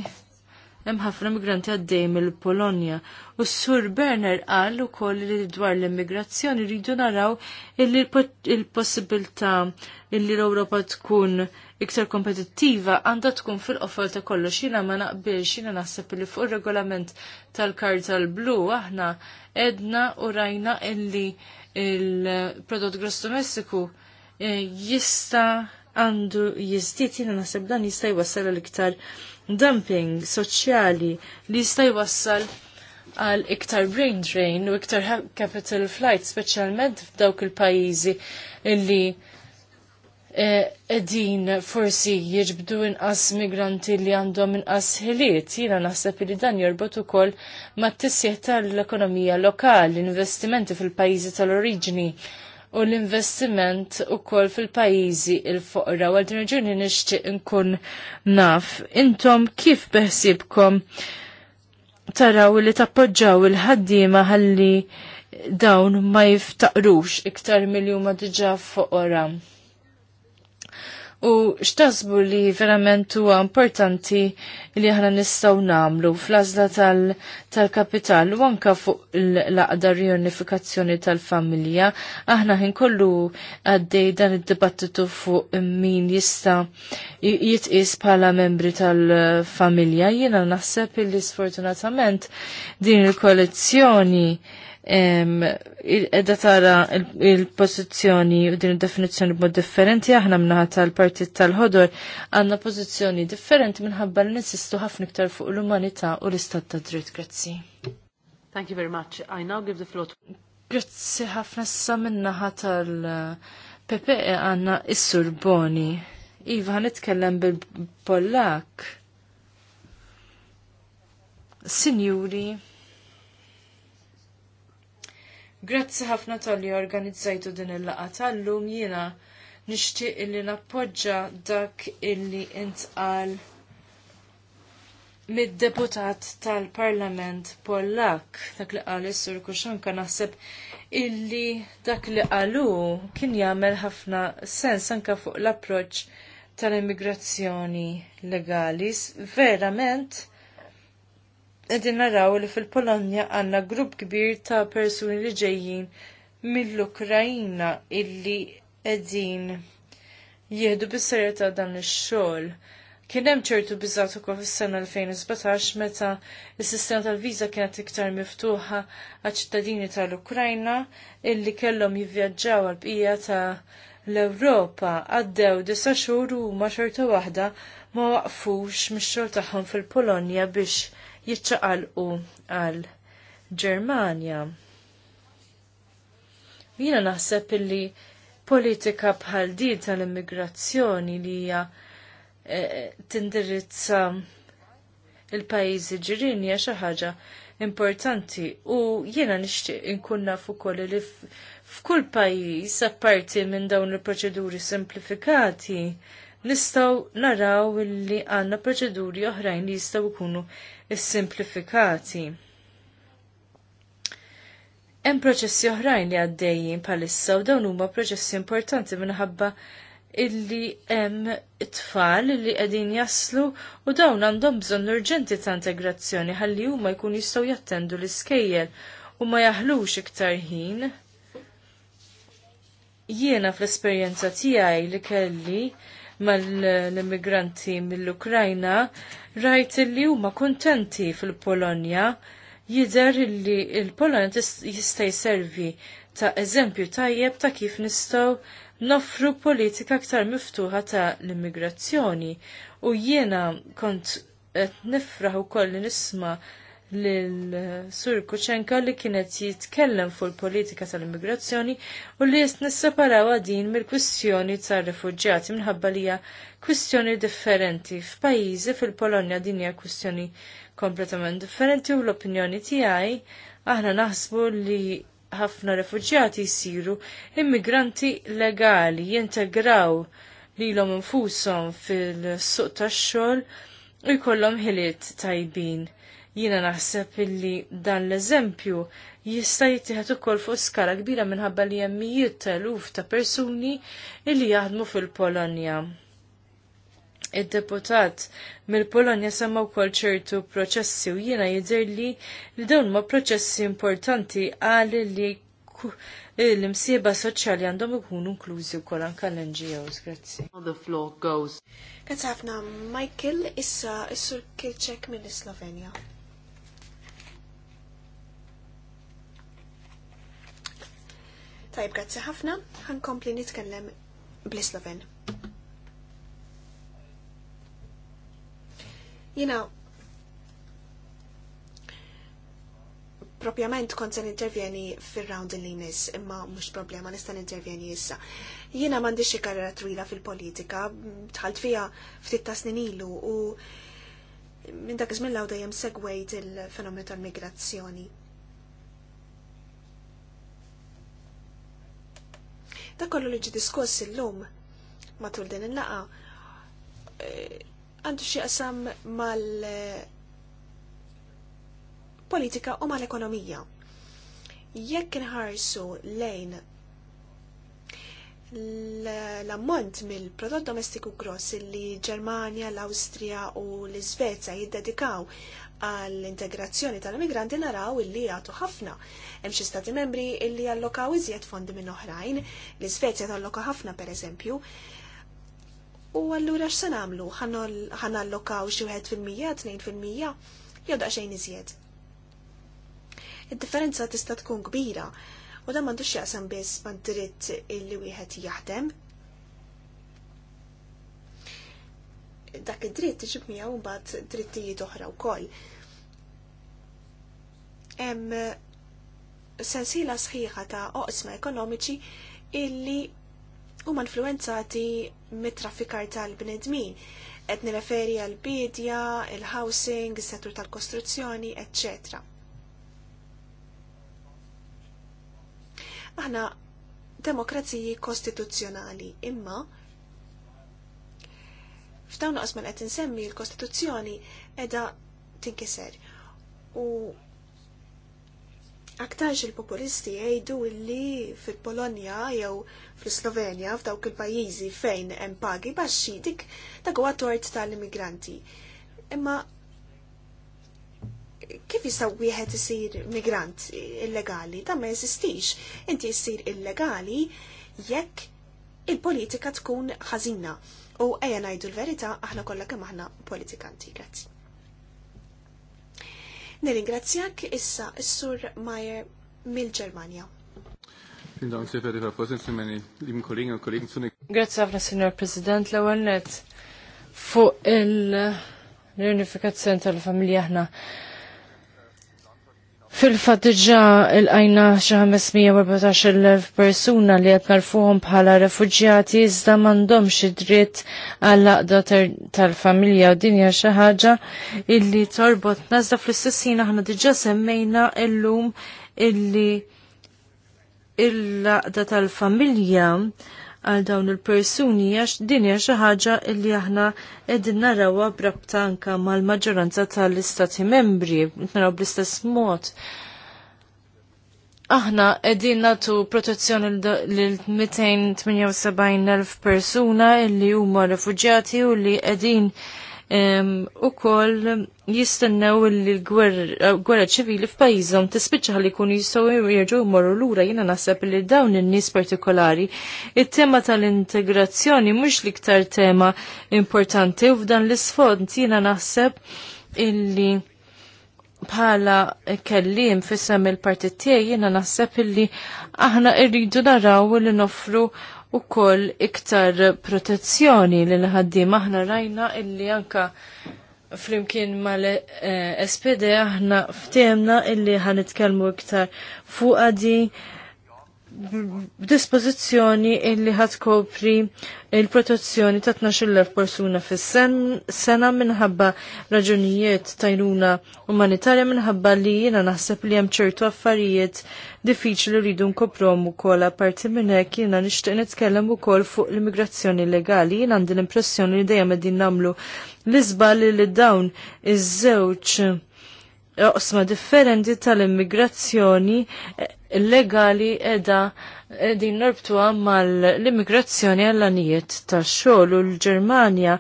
hemm ħafna migranti għaddej mill-Polonja. U s-sur Berner qal ukoll li dwar l-immigrazzjoni rridu naraw il-possibilità li l-Ewropa tkun iktar kompetittiva għandha tkun fil-qofol ta' kollox. Jiena ma naqbilx, jiena naħseb li fuq ir-regolament tal-karta l-blu aħna edna u rajna illi il-prodott gross domestiku eh, jista' għandu jizdit jiena naħseb dan jista' jwassal l-iktar dumping soċjali li jista' jwassal għal iktar brain drain u iktar capital flight, specialment f'dawk il-pajizi illi edin eh, forsi jiġbdu inqas migranti li għandhom inqas ħiliet. Jina naħseb li dan jorbot ukoll ma' t-tisjeħ tal-ekonomija lokali, investimenti fil-pajizi tal-oriġini u l-investiment u kol fil-pajizi il-foqra. U għadin raġuni nishti nkun naf. Intom kif beħsibkom taraw li tappoġġaw il-ħaddima ħalli dawn ma jiftaqrux iktar mill-juma diġa fuqra u xtasbu li verament huwa importanti li aħna nistgħu nagħmlu fl azla tal-kapital u anke fuq l-aqda riunifikazzjoni tal-familja aħna ħin kollu għaddej dan id-dibattitu fuq min jista' jitqis bħala membri tal-familja jiena naħseb illi sfortunatament din il-kollezzjoni edha tara il-pozizjoni u din il-definizjoni b'mod differenti, aħna minnaħat tal-partit tal-ħodor għanna pozizjoni differenti minħabba li nisistu ħafna iktar fuq l-umanità u l-istat ta' dritt. Grazzi. Thank you very much. I now give the floor to... Grazzi ħafna sa minnaħat tal-PPE għanna Issur Boni. Iva, nitkellem bil-Pollak. Signori. Grazzi ħafna tal-li organizzajtu din il-laqa tal-lum jina nishtiq illi nappoġġa dak illi intqal mid-deputat tal-Parlament Pollak, dak li qal is-Sur Kuxanka naħseb illi dak li għalu kien jagħmel ħafna sens anke fuq l-approċċ tal-immigrazzjoni legali. Verament, edin naraw li fil-Polonja għanna grupp kbir ta' persuni li ġejjin mill-Ukrajina illi edin jieħdu bis ta' dan ix-xogħol. Kien hemm ċertu biżgħat ukoll fis-sena 2017 meta s-sistema tal-viża kienet iktar miftuħa għal ċittadini tal-Ukrajna illi kellhom jivvjaġġaw għal bqija ta' l-Ewropa għaddew disa xhur huma xorta waħda ma waqfux mix-xogħol tagħhom fil-Polonja biex u għal Ġermanja. Jina naħseb illi politika bħal di tal-immigrazzjoni li hija eh, tindirizza il-pajjiżi ġirin hija xi ħaġa importanti u jiena nixtieq inkun naf ukoll li f'kull pajjiż apparti minn dawn il-proċeduri simplifikati nistaw naraw li għanna proċeduri oħrajn li jistaw ikunu simplifikati. Hemm proċessi oħrajn li għaddejjin bħalissa u dawn huma proċessi importanti minħabba illi hemm it-tfal li qegħdin jaslu u dawn għandhom bżonn urġenti ta' integrazzjoni ħalli huma jkun jistgħu jattendu l-iskejjel u ma jaħlux iktar ħin. Jiena fl-esperjenza tiegħi li kelli mal-immigranti mill-Ukrajna, rajt li huma kuntenti fil-Polonja jidher li l-Polonja jista' jservi ta' eżempju tajjeb ta' kif nistgħu noffru politika aktar miftuħa ta' l-immigrazzjoni. U jiena kont qed nifraħ ukoll nisma' lil-Sur Kuċenka li kienet jitkellem fuq il-politika tal-immigrazzjoni u li jist nisseparaw din mill-kwistjoni tal-refugġjati minħabba li hija kwistjoni differenti. F'pajjiżi fil-Polonja din hija kwistjoni kompletament differenti u l-opinjoni tiegħi aħna naħsbu li ħafna refugġjati jisiru immigranti legali jintegraw lilhom infushom fil-suq tax-xogħol u jkollhom ħiliet tajbin. Jiena naħseb illi dan l-eżempju jista' jittieħed ukoll fuq skala kbira minħabba li hemm mijiet ta' eluf ta' persuni illi jaħdmu fil-Polonja. Id-deputat mill-Polonja semma wkoll ċertu proċessi u jiena jidher li li dawn ma' proċessi importanti għal li l-imsieba soċjali għandhom ikunu inklużi wkoll anke l-NGOs, grazzi. The floor goes. ħafna Michael issa issur sur Kilċek minn slovenja Tajb, grazzi ħafna, ħankompli nitkellem bl-Sloven. Jina, propjament kont se nintervjeni fil-round li nis, imma mux problema nista' nintervjeni issa. Jiena mandi xie karriera twila fil-politika, tħalt fija ftit ta' snin ilu u minn dak iż-żmien dejjem segwejt il-fenomenu tal-migrazzjoni. Da kollu li ġi diskoss illum matul din il-laqa e, għandu xie qasam mal e, politika u mal-ekonomija. Jekk nħarsu lejn l-ammont mill-prodott domestiku gross li Ġermanja, l-Awstrija u l-Iżvezja jiddedikaw għall-integrazzjoni tal-immigranti naraw illi jagħtu ħafna. Hemm xi stati membri illi allokaw iżjed fondi minn oħrajn, l-Iżvezja talloka ħafna pereżempju. U allura x'se nagħmlu? allokaw xi wieħed fil-mija, tnejn fil-mija, jew daqsxejn iżjed. Id-differenza tista' tkun kbira u dan m'għandux jaqsam biss mad-dritt illi wieħed jaħdem dak id-dritt iġib miegħu mbagħad drittijiet oħra wkoll. Hemm sensiela sħiħa ta' oqsma ekonomiċi illi huma influenzati mit-traffikar tal-bnedmin. Qed nirreferi għal bidja, il-housing, is-settur tal-kostruzzjoni, etc. Aħna demokraziji kostituzzjonali, imma F'dawn qasman qed insemmi l-Kostituzzjoni qiegħda tinkiser. U aktarx il-populisti jgħidu li fil-Polonja jew fil-Slovenja f'dawk il-pajjiżi fejn hemm pagi baxxi dik ta' huwa tort tal-immigranti. Imma kif jisaw wieħed isir migrant illegali? ta ma jeżistix. Inti jsir illegali jekk il-politika tkun ħażina. U eja najdu l verita aħna kolla kem aħna politikanti. Grazzi. Nirringrazzjak issa s-sur Mayer mil-ġermania. Grazzi għafna, Signor President, l-ewwel fuq il-reunifikazzjoni tal-familja aħna Fil-fat diġa il-għajna il persuna li għet narfuħom bħala refugġjati iżda mandom xidrit għall-laqda tal-familja u dinja xaħġa illi torbot nazda fl-istessin aħna diġa semmejna illum illi il-laqda tal-familja għal dawn il-persuni għax din hija xi ħaġa li aħna qegħdin narawha brabta anke mal-maġġoranza tal-istati membri, naraw bl-istess mod. Aħna qegħdin nagħtu protezzjoni lil 278,000 persuna li huma rifuġjati u li qegħdin u koll jistennew li l-gwerra eh, ċivili f'pajjiżhom tispiċċa kun jkunu jistgħu jerġgħu jmorru lura jiena naħseb li dawn in-nies partikolari il tema tal-integrazzjoni mhux l-iktar tema importanti u f'dan l-isfond jiena naħseb illi bħala kellim fissam il-partit tiegħi jiena naħseb illi aħna rridu naraw li nofru u koll iktar protezzjoni li l-ħaddim. Aħna rajna illi anka flimkien mal-SPD eh, aħna ftemna illi ħanitkelmu iktar fuq di b'dispożizzjoni illi ħad kopri il-protezzjoni ta' 12.000 persuna fis-sena minħabba raġunijiet tajruna umanitarja minħabba li jiena naħseb li hemm ċertu affarijiet diffiċli rridu nkoprom ukoll parti minn hekk jiena nixtieq nitkellem ukoll fuq l-immigrazzjoni legali. jina għandi l-impressjoni li dejjem qegħdin nagħmlu l-iżbal li dawn iż-żewġ osma differenti tal-immigrazzjoni eh, legali edha eh, din norbtuha mal-immigrazzjoni għallanijiet ta' tax-xogħol u l-Ġermanja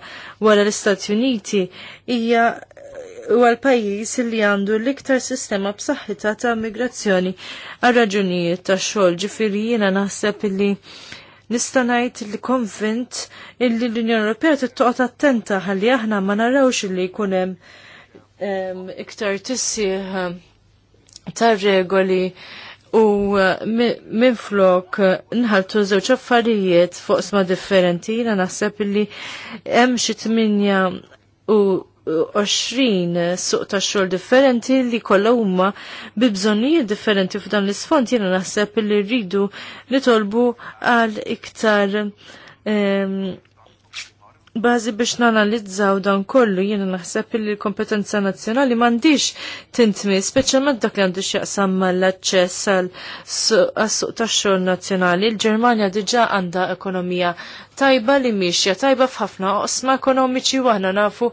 wara l-Istati Uniti hija eh, huwa l-pajjiż li għandu l-iktar sistema b'saħħitha ta' immigrazzjoni għal raġunijiet tax-xogħol ġifiri jiena naħseb li nista' ngħid li konvint illi l-Unjoni Ewropea tittoqgħod attenta ħalli aħna ma narawx li jkun hemm iktar tissieħ tar-regoli u minflok nħaltu żewġ affarijiet fuq sma differenti jiena naħseb li hemm xi tminja u 20 suq ta' xogħol differenti li kollha huma bi bżonnijiet differenti f'dan l-isfond jiena naħseb li rridu nitolbu għal iktar Bazi biex nanalizzaw dan kollu jiena naħseb li l-kompetenza nazzjonali m'għandix tintmi, speċjalment dak li għandu x'jaqsam mal-aċċess għal suq tax-xogħol nazzjonali. Il-Ġermanja diġà għandha ekonomija tajba li miexja tajba f'ħafna oqsma ekonomiċi u nafu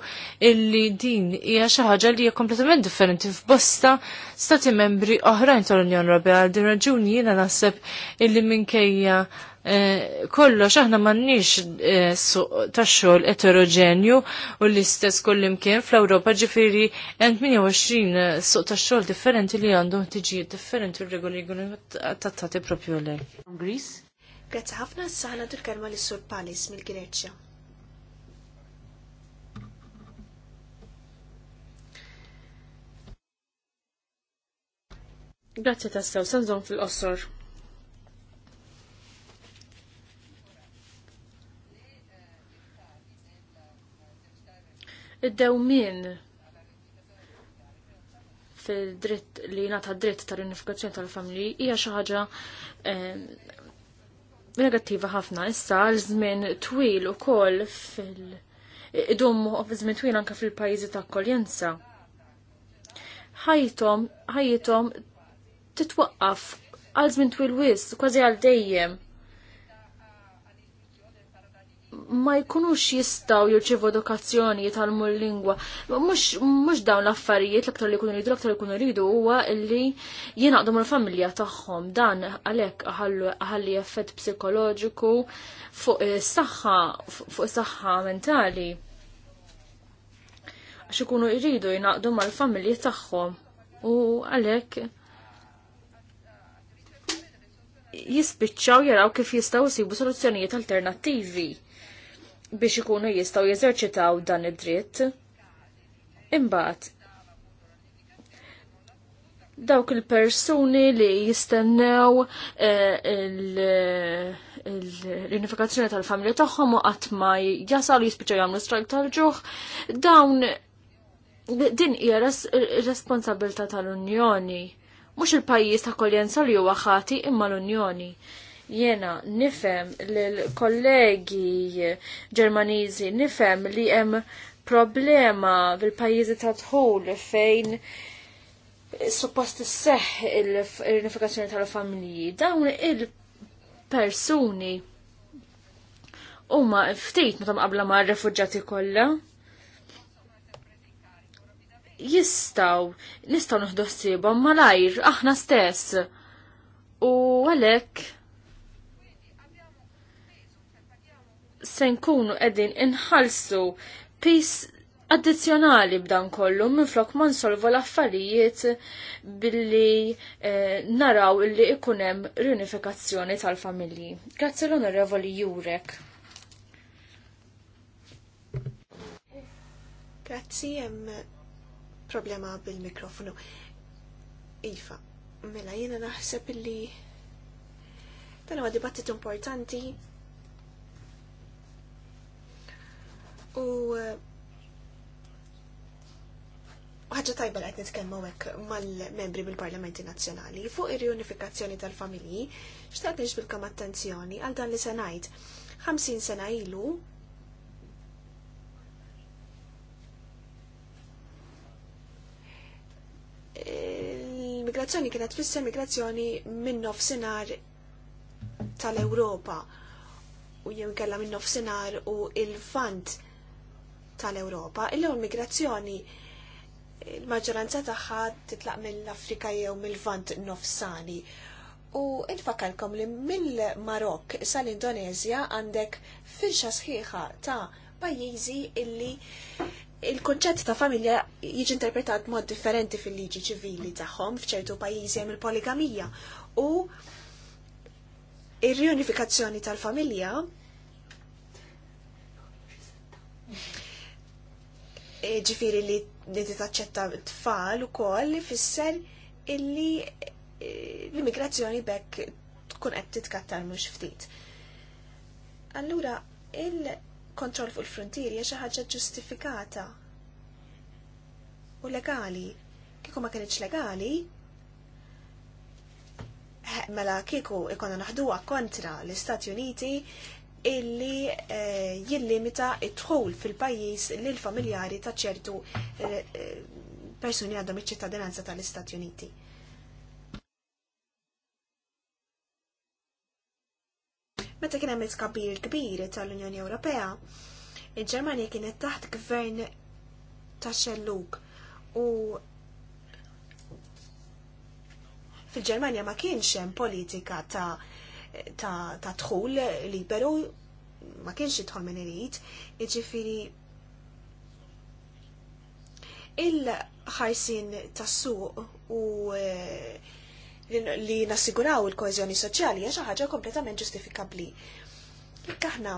illi din hija xi ħaġa li hija kompletament differenti f'bosta stati membri oħrajn tal-Unjoni Ewropea. Għal din raġuni jiena naħseb illi minkejja Eh, kollox aħna m'għandniex eh, suq tax-xogħol eterogenju u l-istess kullimkien fl-Ewropa ġifieri hemm 28 eh, suq tax-xogħol differenti li għandhom ħtiġijiet differenti u regoli tattati propju lej. Grazzi ħafna s-saħna tul-kelma li sur Palis mill-Greċja. Grazie tassaw, sanżon fil-qossor. id-dewmin fil-dritt li nata dritt tal-unifikazzjoni tal-familji hija xi ħaġa negattiva ħafna issa għal żmien twil ukoll fil- idum żmien twil anke fil-pajjiżi ta' akkoljenza. Ħajthom ħajjithom titwaqqaf għal żmien twil wis, kważi għal dejjem ma jkunux jistaw jirċivu edukazzjoni jitalmu l-lingwa. Mux dawn l-affarijiet l-aktar li kunu rridu, l-aktar li kunu rridu huwa li jenaqdu mal-familja tagħhom. Dan għalhekk ħalli effett psikoloġiku fuq is-saħħa fuq is-saħħa mentali. Għax ikunu jridu jinaqdu mal-familji tagħhom u għalhekk jispiċċaw jaraw kif jistgħu jsibu soluzzjonijiet alternattivi biex ikunu jistaw jeżerċitaw dan id-dritt. Imbagħad dawk il-persuni li jistennew eh, l-unifikazzjoni tal-familja tagħhom u qatt ma jasal jispiċċaw jagħmlu strajk tal-ġuħ, dawn din hija responsabilità tal-Unjoni mhux il pajjiż ta' koljenza li huwa ħati imma l-Unjoni. Jena nifem l-kollegi ġermaniżi nifem li hemm problema bil-pajjiżi ta' tħul fejn suppost seħ il-unifikazzjoni tal-familji. Dawn il-persuni huma ftit meta qabla ma' refuġġati kollha jistaw, nistaw nħdossibom malajr, aħna stess. U għalek, se nkunu qegħdin inħallsu pis addizzjonali b'dan kollu minflok ma nsolvu l-affarijiet billi eh, naraw illi ikun hemm riunifikazzjoni tal-familji. Grazzi l-Onorevoli Jurek. Grazzi, hemm problema bil-mikrofonu. Iva, mela jiena naħseb illi dan huwa dibattitu importanti U uh, ħaġa tajba li qed nitkellmu hekk mal-membri mill-Parlamenti Nazzjonali fuq ir-riunifikazzjoni tal-familji, x'taqt nixbilkom attenzjoni għal dan li se ngħid. 50 sena ilu il-migrazzjoni kienet fisser migrazzjoni minn nofsinhar tal-Ewropa u jew kella minn nofsinhar u il-fant tal-Ewropa, illi l-migrazzjoni il-maġġoranza tagħha titlaq mill-Afrika jew mill-Vant nofsani. U infakalkom li mill-Marokk sal-Indonezja għandek firxa sħiħa ta' pajjiżi illi il-konċett ta' familja jiġi interpretat mod differenti fil-liġi ċivili tagħhom f'ċertu pajjiżi hemm il-poligamija u ir-riunifikazzjoni tal-familja E, ġifiri li li taċċetta tfal u koll li fisser illi e, l-immigrazzjoni bekk tkun qed titkattar mhux ftit. Allura il-kontroll fuq il-frontieri hija xi ħaġa ġustifikata u legali. Kieku ma kienx legali, mela kieku ikonna naħduha kontra l-Istati Uniti illi eh, jillimita id-dħul fil-pajis lill-familjari ta' ċertu eh, eh, persuni għadhom iċ-ċittadinanza tal-Istati Uniti. Meta kien hemm il-kabir kbir tal-Unjoni Ewropea, il-Ġermanja kienet taħt gvern ta' xelluk u fil-Ġermanja ma kienx hemm politika ta' ta', ta tħul liberu ma kienx jidħol minn irid, jiġifieri il-ħarsin tas-suq u e, li nassiguraw il-kohezjoni soċjali hija xi ħaġa kompletament ġustifikabbli. Kaħna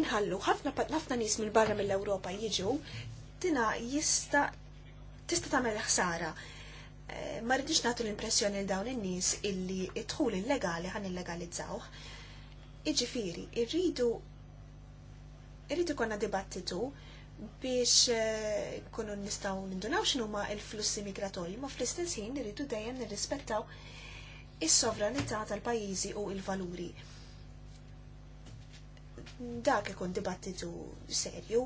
inħallu ħafna nies mill barra mill-Ewropa jiġu tina jista tista' tagħmel ħsara Eh, ma rridix nagħtu l-impressjoni l dawn in-nies illi id-dħul illegali ħan illegalizzawh. Iġifieri, irridu irridu konna dibattitu biex eh, kunu nistgħu nindunaw ma' l-flussi migratorji, ma fl-istess ħin irridu dejjem nirrispettaw is-sovranità tal-pajjiżi u l-valuri. Dak ikun dibattitu serju,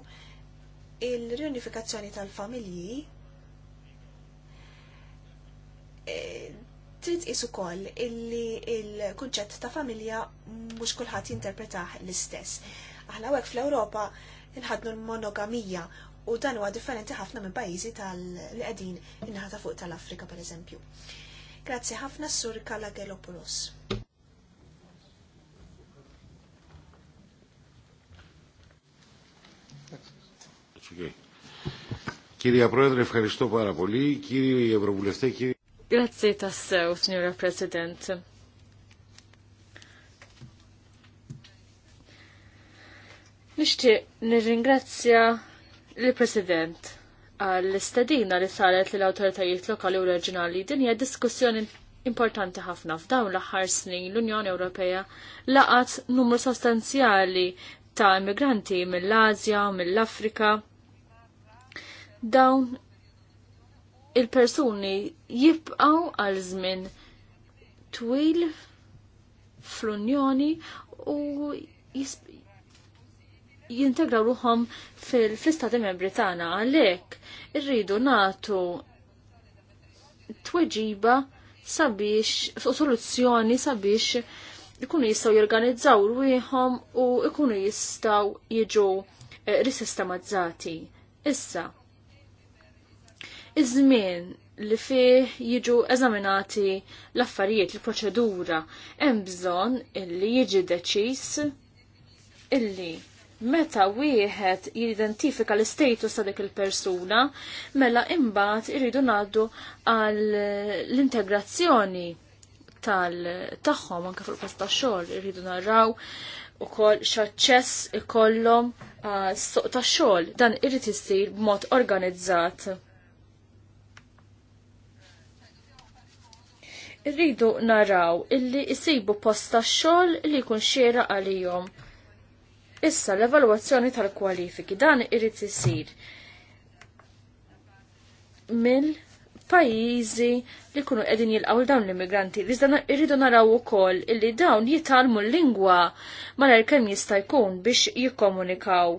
il-riunifikazzjoni tal-familji trid qis ukoll illi il-kunċett ta' familja mhux kulħadd jinterpretah l-istess. Aħna hekk fl-Ewropa inħadnu l-monogamija u dan huwa differenti ħafna minn pajjiżi tal-qegħdin in-naħa ta' fuq tal-Afrika pereżempju. Grazzi ħafna sur Kalagelopoulos. Κυρία Πρόεδρε, ευχαριστώ πάρα πολύ. Κύριοι Ευρωβουλευτέ, κύριε... Grazzi tassew, Signora President. Nixtieq nirringrazzja l-President għall-istadina li saret lill awtoritajiet lokali u reġjonali din hija diskussjoni importanti ħafna f'dawn l-aħħar snin l-Unjoni Ewropea laqat numru sostanzjali ta' immigranti mill-Azja, mill-Afrika. Dawn il-persuni jibqaw għal żmien twil fl-Unjoni u jintegraw ruħom fil-istati membri tagħna għalhekk irridu nagħtu tweġiba sabiex u soluzzjoni sabiex ikunu jistgħu jorganizzaw ruħom u ikunu jistgħu jiġu eh, risistematizzati. Issa, iż-żmien li fih jiġu eżaminati l-affarijiet, il-proċedura, hemm bżonn illi jiġi deċiż illi meta wieħed jidentifika l-istatus ta' dik il-persuna, mela imbagħad iridu ngħaddu għal l-integrazzjoni tal tagħhom anke fuq post tax-xogħol iridu naraw ukoll x'aċċess ikollhom għas soq tax-xogħol dan irid isir b'mod organizzat Irridu naraw illi jisibu posta xogħol li jkun xiera għalihom. Issa l-evalwazzjoni tal-kwalifiki dan irid isir mill-pajjiżi li kunu qegħdin jilqgħu dawn l-immigranti. Iżda irridu naraw ukoll illi dawn jitalmu l-lingwa mal-erkem jista' jkun biex jikkomunikaw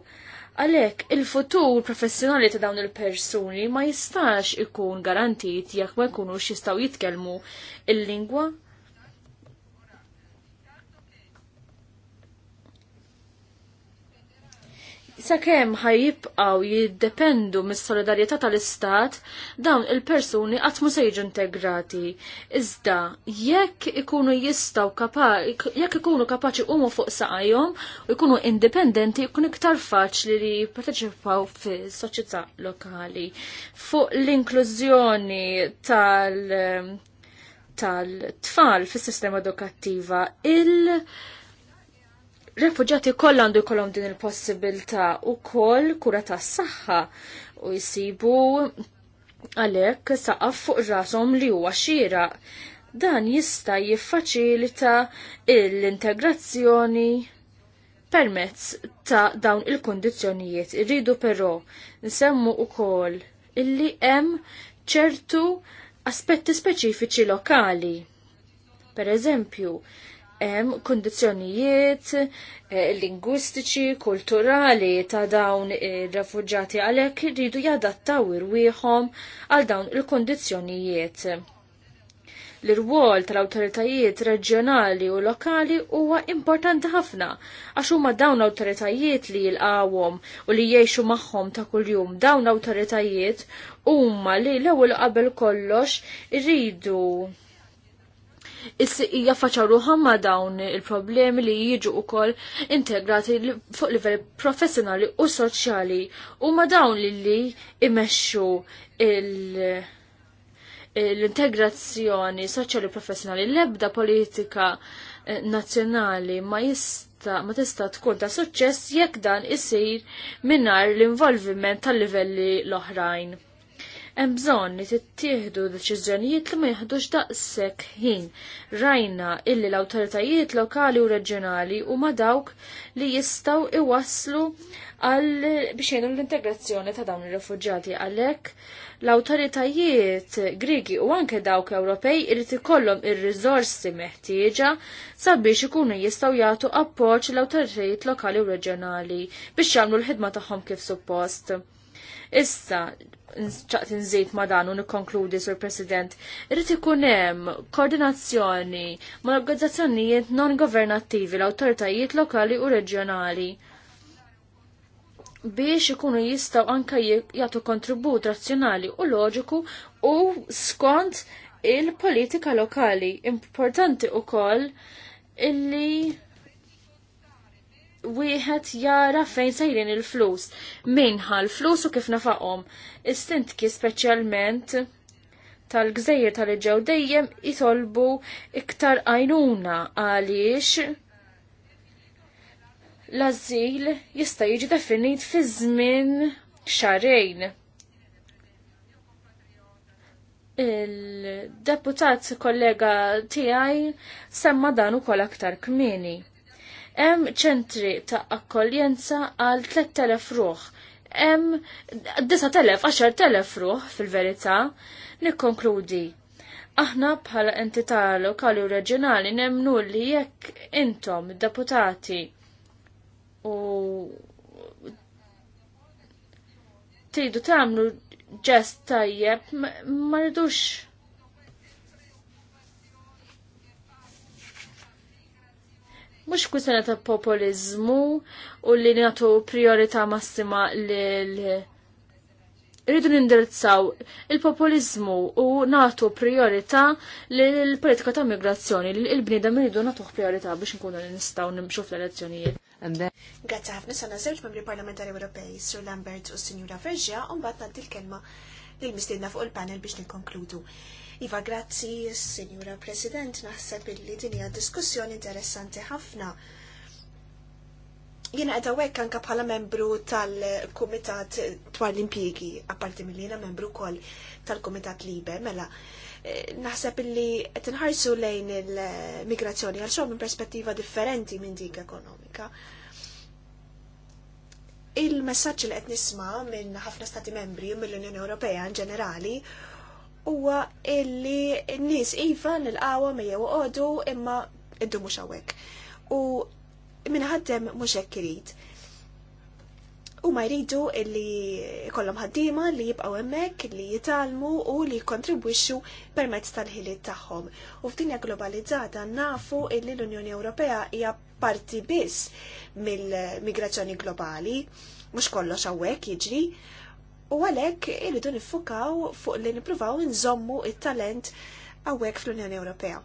Għalek, il-futur professjonali ta' dawn il-persuni ma jistax ikun garantit jekk ma jkunux jistaw jitkellmu il-lingwa sakemm ħajjibqaw jiddependu mis-solidarjetà tal-Istat, dawn il-persuni qatt mhux se jiġu integrati. Iżda jekk ikunu jistgħu kapaċi jekk ikunu kapaċi huma fuq saqajhom u jkunu indipendenti jkun iktar faċli li jipparteċipaw fis-soċjetà lokali. Fuq l-inklużjoni tal- tal-tfal fis-sistema edukattiva il- refuġati kollha għandu jkollhom din il-possibilità wkoll kura tas-saħħa u jsibu għalhekk saqaf fuq rashom li huwa xira. Dan jista' jiffaċilita l-integrazzjoni permezz ta' dawn il-kondizzjonijiet. Irridu però nsemmu wkoll illi hemm ċertu aspetti speċifiċi lokali. Per eżempju, hemm kundizzjonijiet eh, lingwistiċi, kulturali ta' dawn ir-refuġġati għalhekk iridu jadattaw irwieħhom għal dawn il-kundizzjonijiet. L-irwol tal-awtoritajiet reġjonali u lokali huwa importanti ħafna għax huma dawn awtoritajiet li jilqawhom u li jgħixu magħhom ta' kuljum dawn awtoritajiet huma li l-ewwel qabel kollox irridu jaffaċaw ruħom ma' dawn il-problemi li jiġu u koll integrati fuq livell professjonali u soċjali u ma' dawn li li imexxu l-integrazzjoni soċjali professjonali l-ebda politika eh, nazzjonali ma jista ma tista tkun ta' suċċess jekk dan isir mingħajr l-involviment tal-livelli l-oħrajn hemm bżonn li tittieħdu deċiżjonijiet li ma jaħdux daqshekk ħin. Rajna illi l-awtoritajiet lokali u reġjonali huma dawk li jistgħu iwasslu għal biex jgħinu l-integrazzjoni ta' dawn ir-refuġjati għalhekk l-awtoritajiet Grigi u anke dawk Ewropej irid ikollhom ir-riżorsi meħtieġa sabiex ikunu jistgħu jagħtu appoġġ l-awtoritajiet lokali u reġjonali biex jagħmlu l-ħidma tagħhom kif suppost. Issa, nċaqt nżid ma dan u nikkonkludi, Sur President, irrid ikun hemm koordinazzjoni ma' organizzazzjonijiet non-governattivi l-awtoritajiet lokali u reġjonali biex ikunu jistaw anka jagħtu kontribut razzjonali u loġiku u skont il-politika lokali. Importanti koll illi wieħed jara fejn sejrin il-flus, minħa l-flus u kif nafaqhom. Istintki sintki speċjalment tal-gżejjer tal-ġew dejjem jitolbu iktar għajnuna għaliex l-azil jista' jiġi definit fi żmien xarejn. Il-deputat kollega tiegħi semma dan ukoll aktar kmieni Hemm ċentri ta' akkoljenza għal 3000 ruħ. Hemm 9000, 10000 ruħ fil-verità. Nikkonkludi. Aħna bħala entità lokali u reġjonali nemmnu li jekk intom deputati u tridu tagħmlu ġest tajjeb ma rridux mux kwistjoni ta' populizmu u li natu priorità massima li rridu nindirizzaw il-populizmu u natu priorità li l-politika ta' migrazzjoni li l-bnidem irridu natu priorità biex nkunu nistaw nimxu fl-elezzjonijiet. Grazzi ħafna sana żewġ membri parlamentari Ewropej, Sir Lambert u Sinjura Verġja, u mbagħad nagħti l-kelma lill mistiedna fuq il-panel biex nikkonkludu. Iva, grazzi, Signora President, naħseb illi din hija diskussjoni interessanti ħafna. Jiena qed hawnhekk anke bħala membru tal-Kumitat dwar l-impjiegi, apparti mill membru wkoll tal-Kumitat Libe, mela eh, naħseb illi qed inħarsu lejn il-migrazzjoni għal xogħol minn perspettiva differenti minn dik ekonomika. Il-messaġġ li qed nisma' minn ħafna stati membri u mill-Unjoni Ewropea in ġenerali huwa illi n-nies iva nilqawhom mejjew għodu imma iddu mhux hawnhekk. U minħaddem mhux hekk irid. U ma jridu illi kollom ħaddiema li jibqgħu hemmhekk li jitalmu u li jikkontribwixxu permezz tal-ħiliet tagħhom. U f'dinja globalizzata nafu illi l-Unjoni Ewropea hija parti biss mill-migrazzjoni globali, mhux kollox hawnhekk jiġri, U għalhekk irridu niffukaw fuq li nippruvaw nżommu it-talent għawek fl-Unjoni Ewropea.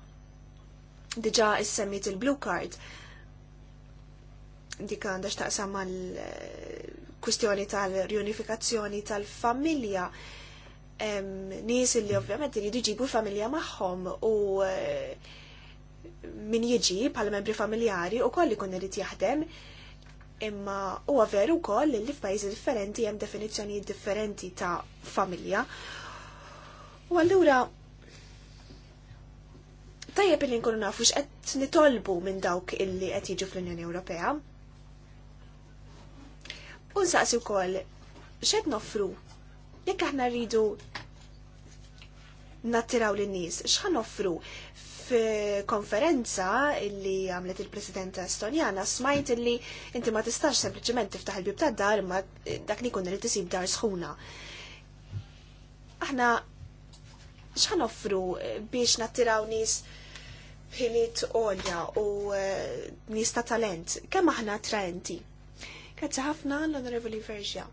Diġa is-semmit il-Blue Card dik għandha x'taqsam mal-kwistjoni tal riunifikazzjoni tal-familja nies li ovvjament jridu jġibu familja magħhom u eh, min jiġi bħala membri familjari u koll ikun irid jaħdem imma huwa veru wkoll li f'pajjiżi differenti hemm definizzjonijiet differenti ta' familja. U allura tajjeb li nkunu nafu x'qed nitolbu minn dawk illi qed jiġu fl-Unjoni Ewropea. U nsaqsi wkoll x'qed noffru jekk aħna rridu nattiraw lin-nies x'ħan offru F'konferenza illi għamlet il-Presidenta Estonjana smajt illi inti ma tistax sempliċement tiftaħ il-bib ta' dar ma dak li kun li tisib dar sħuna. Aħna x'ħan offru biex nattiraw nies bħiliet olja u eh, nis ta' talent, kemm aħna attraenti. Grazzi ħafna l-Onorevoli Verġja.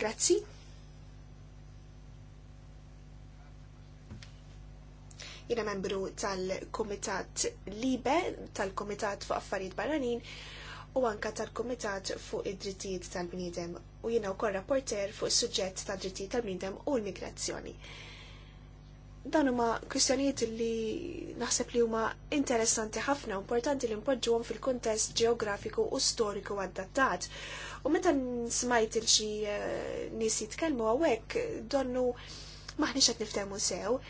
Grazzi. jina membru tal-Komitat Libe, tal-Komitat fuq Affarijiet Barranin, u anka tal-Komitat fuq id-drittijiet tal-bnidem, u jina u kor rapporter fuq suġġett tal-drittijiet tal-bnidem u l-migrazzjoni. Dan huma kwistjonijiet li naħseb li huma interessanti ħafna, importanti li npoġġuhom fil-kuntest ġeografiku u storiku adattat. U meta smajt il-xi eh, nies jitkellmu hawnhekk donnu maħniex qed niftehmu sew.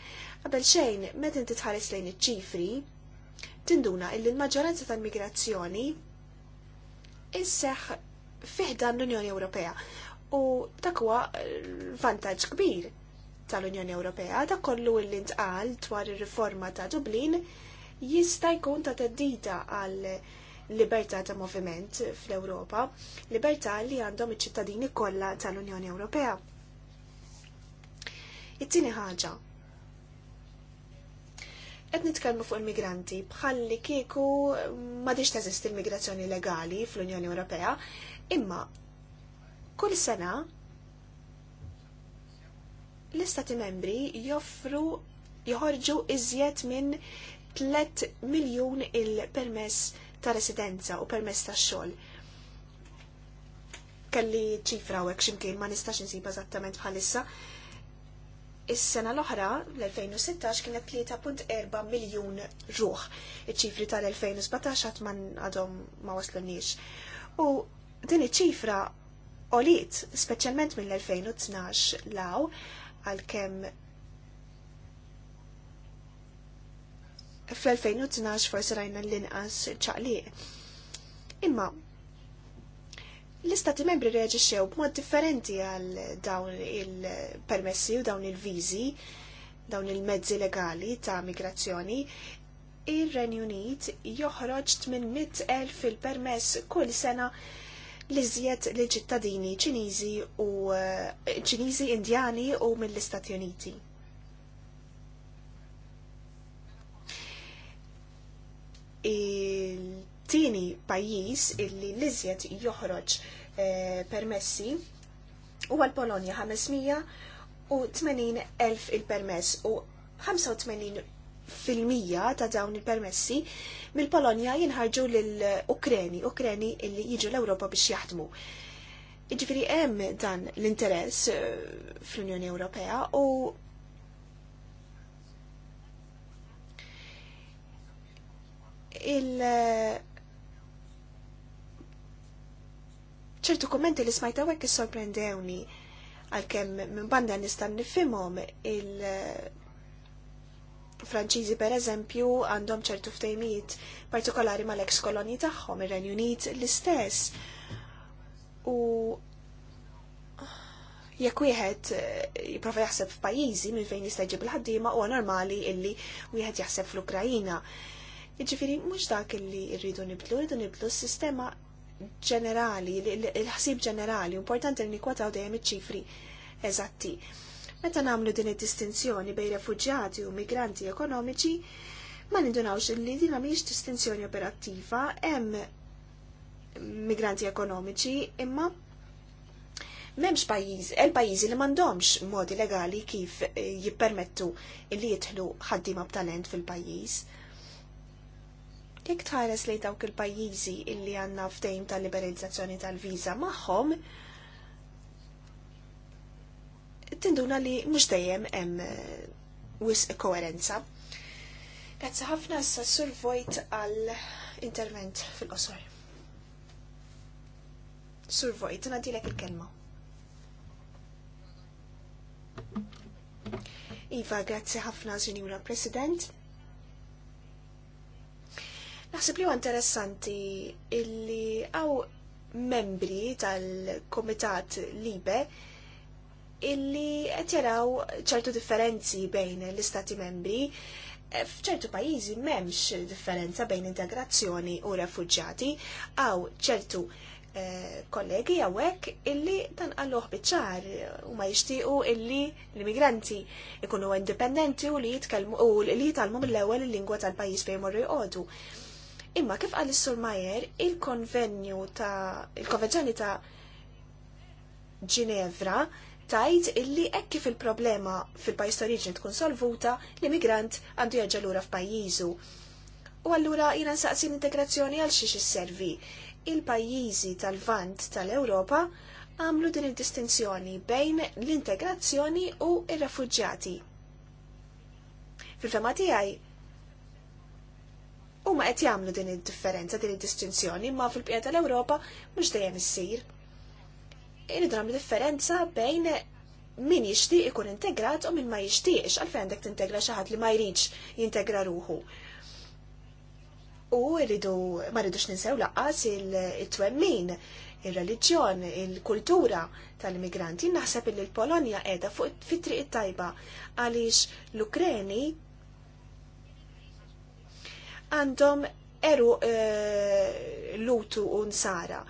Qabel xejn, meta inti tħares lejn iċ-ċifri, tinduna illi l-maġġoranza tal-migrazzjoni isseħ fiħdan l-Unjoni Ewropea. U dakwa vantaġġ kbir tal-Unjoni Ewropea, dak kollu li ntqal dwar ir-riforma ta' Dublin jista' jkun ta' teddita għal libertà ta' moviment fl-Ewropa, libertà li għandhom iċ-ċittadini kollha tal-Unjoni Ewropea. It-tieni ħaġa Qed nitkellmu fuq il-migranti bħalli kieku ma diġ teżisti l-migrazzjoni legali fl-Unjoni Ewropea, imma kull sena l-Istati membri joffru joħorġu iżjed minn 3 miljun il-permess ta' residenza u permess ta' xogħol. Kelli ċifra u ximkien ma nistax nsib eżattament bħalissa, Is-sena l-oħra, l-2016, kienet 3.4 miljun ruħ. Iċ-ċifri tal-2017 man għadhom ma waslunix. U din iċ-ċifra olit, speċjalment mill-2012 law, għal-kem fl-2012 forse rajna l-inqas ċaqliq. Imma, l-istati membri reġiċew b'mod differenti għal dawn il-permessi u dawn il-viżi, dawn il-mezzi legali ta' migrazzjoni, ir-Renju Unit joħroġ 800,000 fil-permess kull sena li żjed li ċittadini ċiniżi u eh, ċinizi indjani u mill-Istati Uniti. il tini pajis pajjiż illi l izjet joħroġ eh, permessi huwa l-Polonja 580 elf il-permess u 85 fil-mija ta' dawn il-permessi mill-Polonja jinħarġu lill-Ukreni, Ukreni illi jiġu l-Ewropa biex jaħdmu. Iġifiri hemm dan l-interess eh, fl-Unjoni Ewropea u il- ċertu kommenti li smajta għek sorprendewni għal-kem minn banda nistan nifimom il- eh, Franċiżi per eżempju għandhom ċertu ftejmijiet partikolari mal-eks kolonji tagħhom, ir-Renju Unit l-istess. U jekk wieħed eh, jipprova jaħseb f'pajjiżi minn fejn jista' jġib il-ħaddiema huwa normali illi wieħed jaħseb fl-Ukrajina. Jiġifieri mhux dak illi rridu nibdlu, rridu nibdlu s-sistema ġenerali, il-ħsib ġenerali, importanti li nikwataw dejjem iċ-ċifri eżatti. Meta nagħmlu din id-distinzjoni bejn refuġjati u migranti ekonomiċi, ma nindunawx li din mhijiex distinzjoni operattiva hemm migranti ekonomiċi imma memx pajiz, el-pajizi li mandomx modi legali kif eh, jippermettu li jitħlu ħaddima b'talent fil-pajiz. Jekk tħares li dawk il-pajjiżi illi għandna ftejm tal-liberalizzazzjoni tal-viża magħhom, tinduna li mhux dejjem hemm eh, wisq koerenza. Grazzi ħafna sa survojt għal intervent fil-qosor. Survojt, nadilek il-kelma. Iva, grazzi ħafna, Sinjura President. Naħseb li interessanti illi għaw membri tal-Komitat Libe illi qed jaraw ċertu differenzi bejn l-Istati membri e, f'ċertu pajjiżi m'hemmx differenza bejn integrazzjoni u refuġġjati għaw ċertu e, kollegi għawek illi tanqalluh biċ-ċar u ma jixtiequ illi l-immigranti ikunu indipendenti u li jitkellmu u li jitalmu mill-ewwel il-lingwa tal-pajjiż fejn morru jqogħdu. Imma kif għal sur Majer, il-konvenju ta' il-konvenzjoni ta' Ginevra tajt illi hekk kif il-problema fil pajjiż t-oriġini tkun solvuta, l-immigrant għandu jerġa' lura f'pajjiżu. U allura jiena nsaqsi l-integrazzjoni għal xiex isservi. Il-pajjiżi tal-vant tal-Ewropa għamlu din il-distinzjoni bejn l-integrazzjoni u ir-refuġġjati. Fil-fema tiegħi, U ma qed jagħmlu din id-differenza, din id-distinzjoni, ma fil-bqija tal-Ewropa mhux dejjem issir. Irridu differenza bejn min jixtieq ikun integrat u min ma jixtieqx għalfejn għandek tintegra xi ħadd li ma jridx jintegra ruħu. U rridu ma rridux ninsew laqqas il-twemmin, il-reliġjon, il-kultura tal-immigranti. Naħseb li l-Polonja qiegħda fuq fit-triq it tajba għaliex l-Ukreni għandhom eru eh, lutu u nsara.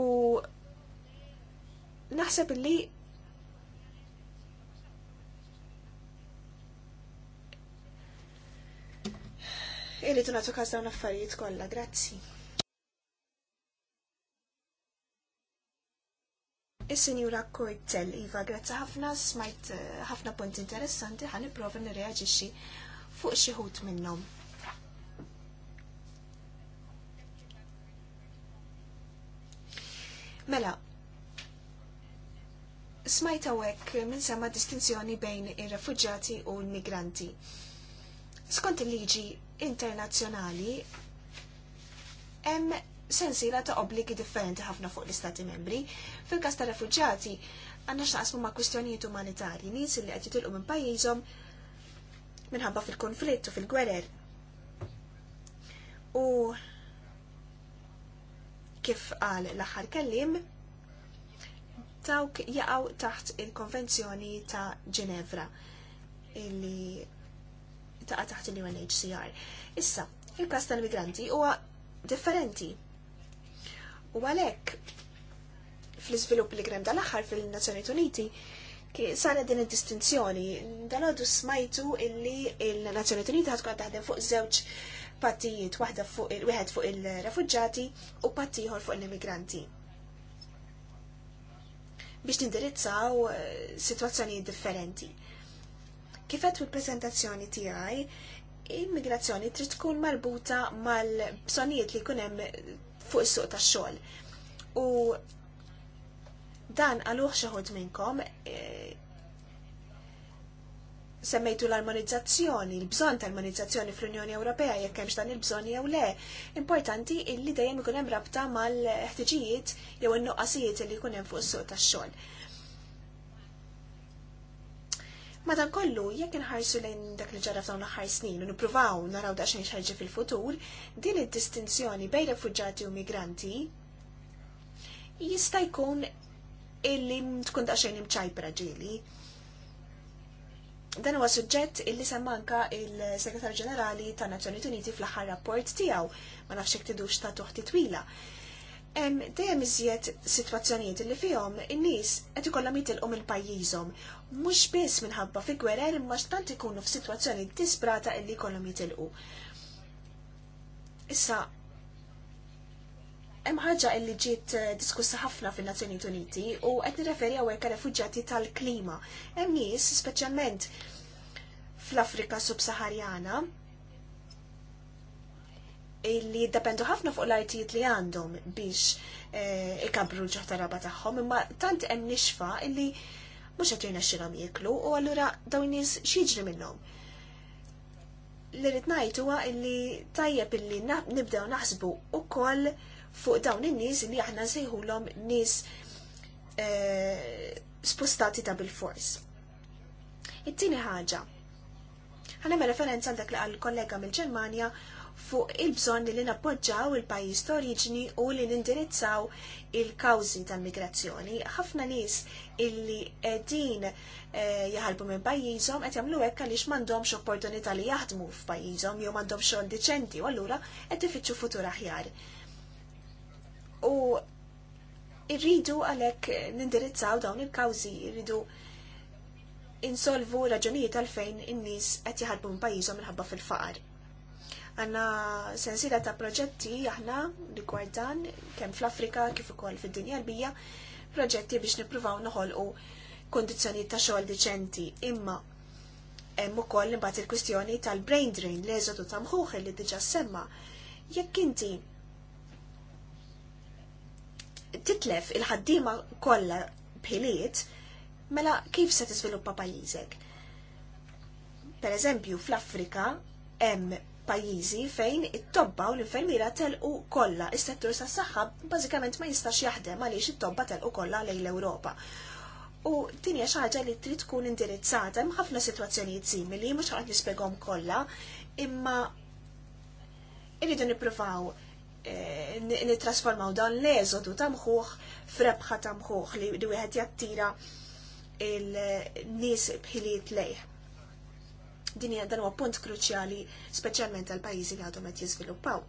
U naħseb li Irridu natu każ dawn affarijiet kollha, grazzi. Is-Sinjura Kortell, Iva, grazzi ħafna, smajt eh, ħafna punti interessanti, ħan nipprova nirreaġixxi fuq xi ħut minnhom. Mela, smajta għek minn sama distinzjoni bejn ir-refugġati u l-migranti. Skont il-liġi internazzjonali, hemm sensila ta' obbligi differenti ħafna fuq l-Istati membri. Fil-kas ta' refugġati, għanna xnaqsmu ma' kwistjonijiet umanitarji, nis li qed jitilqu minn pajjiżhom minħabba fil-konflitt u fil-gwerer. U Kif qal l-aħħar kellim, dawk jaqgħu taħt il-Konvenzjoni ta' Ginevra illi taqa' taħt il-UNHCR. Issa, il-każ tal-migranti huwa differenti. U għalhekk fl-iżvilupp li grem dal-aħħar fil-Nazzjoni Uniti sara din id-distinzjoni. dal għadu smajtu illi il-Nazzjoni Uniti ħatkun taħdem fuq żewġ pattijiet waħda fuq il-wieħed fuq il-refuġġati u pattiħor fuq l-immigranti. Biex tindirizzaw eh, situazzjoni differenti. Kifet fil-prezentazzjoni tiegħi, immigrazzjoni trid tkun marbuta mal-bżonijiet li jkun hemm fuq is-suq tax-xogħol. U dan għaluħ xaħod minnkom, eh, semmejtu l-armonizzazzjoni, l-bżon tal-armonizzazzjoni fl-Unjoni Ewropea jekk hemmx dan il-bżonn jew le. Importanti illi dejjem ikun hemm rabta mal-ħtiġijiet jew in-nuqqasijiet li jkun hemm fuq is-suq tax-xogħol. Madankollu, jekk inħarsu lejn dak li ġara f'dawn l-aħħar snin u nippruvaw naraw xejn xarġi fil-futur, din id-distinzjoni bejn refuġġati u migranti jista' jkun illi tkun xejn imċajpra ġieli. Dan huwa suġġett illi semmanka il-Segretar Ġenerali ta' Nazzjonijiet Uniti fl-aħħar rapport tiegħu, ma nafx hekk tidux ta' toħti twila. Hemm dejjem iżjed sitwazzjonijiet illi fihom in-nies qed ikollhom jitilqu minn pajjiżhom, mhux biss minħabba fi gwerer imma x'tant ikunu f'sitwazzjoni disprata illi jkollhom jitilqu. Issa Hemm ħaġa li ġiet eh, diskussa ħafna fin-Nazzjonijiet Uniti u qed nirreferi hawnhekk refuġġjati tal-klima. Hemm nies speċjalment fl-Afrika subsaharjana illi jiddependu ħafna fuq l-artijiet li għandhom biex eh, ikabru ġoħ tar-raba tagħhom, imma tant hemm nixfa illi mhux qed jirnexxilhom jieklu u allura dawn nies x'jiġri minnhom li rid ngħid huwa illi tajjeb illi nibdew naħsbu ukoll fuq dawn in-nies li aħna nsejħulhom nies eh, spostati ta' bil-fors. It-tieni ħaġa. Ħanema referenza għal dak li għal kollega mill-Ġermanja fuq il-bżonn li nappoġġaw il-pajjiż ta' oriġni u li nindirizzaw il-kawżi tal-migrazzjoni. Ħafna nies illi qegħdin eh, jaħalbu minn pajjiżhom qed jagħmlu hekk għaliex m'għandhomx opportunità li jaħdmu f'pajjiżhom jew m'għandhomx xogħol diċenti u allura qed ifittxu futur aħjar. U irridu għalek nindirizzaw dawn il-kawzi, irridu insolvu raġunijiet għalfejn in-nies qed jħarbu minn pajjiżhom minħabba fil-faqar. Għanna sensira ta' proġetti aħna rigward dan kemm fl-Afrika kif ukoll fid-dinja l-bija, proġetti biex nippruvaw noħolqu kondizzjonijiet ta' xogħol diċenti. Imma hemm ukoll imbagħad il-kwistjoni tal-brain drain, l-eżodu ta' mħuħ li diġà semma. Jekk inti titlef il-ħaddima kollha bħiliet, mela kif se tiżviluppa pajjiżek? Per eżempju, fl-Afrika hemm pajjiżi fejn it-tobba u l-infermiera telqu kollha is-settur sas-saħħa bażikament ma jistax jaħdem għaliex it-tobba telqu kollha lejn l-Ewropa. U tinja xaġa li trid tkun indirizzata hemm ħafna sitwazzjonijiet simili mhux ħadd nispjegahom kollha, imma irridu nippruvaw Eh, nitrasformaw dan l-eżodu tamħuħ f'rebħa tamħuħ li wieħed jattira il-nies bħiliet lejh. Din hija dan huwa punt kruċjali speċjalment għal pajjiżi li għadhom qed jiżviluppaw.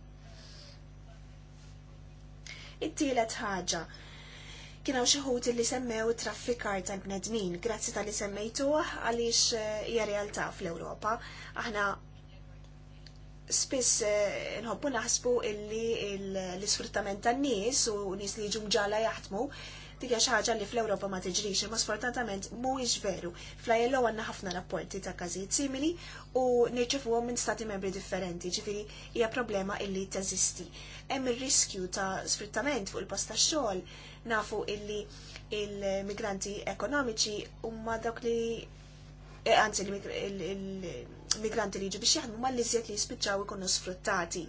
It-tielet ħaġa kien hawn xi ħut li semmew traffikar tal-bnedmin, grazzi tal-li semmejtuh għaliex eh, hija realtà fl-Ewropa. Aħna spiss eh, nħobbu naħsbu illi l-isfruttament tan nies u nies li jiġu mġalla jaħdmu dikja ħaġa li fl-Ewropa ma tiġrix, imma sfortunatament mhuwiex veru. Fl-ajello għandna ħafna rapporti ta' każijiet simili u nirċefuhom minn stati membri differenti, ġifiri hija problema illi teżisti. Hemm ir-riskju ta' sfruttament fuq il-post tax-xogħol nafu illi il-migranti ekonomiċi huma dak li Eh, anzi l migranti li jiġu biex jaħdmu ma l-iżjed li jispiċċaw ikunu sfruttati.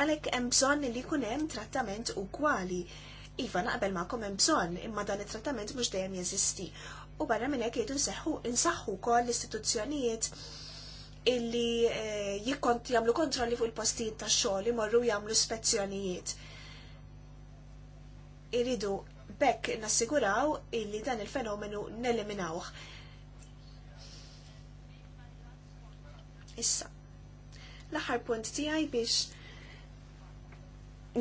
Għalhekk hemm bżonn li jkun hemm trattament ugwali. Iva naqbel ma'kom hemm bżonn, imma dan it-trattament mhux dejjem jeżisti. U barra minn hekk jgħidu nseħħu insaħħu wkoll l-istituzzjonijiet illi eh, jikkont jagħmlu kontrolli fuq il-postijiet tax-xogħol imorru jagħmlu spezzjonijiet. Iridu bekk nassiguraw illi dan il-fenomenu neliminawh. issa. L-aħħar punt tiegħi biex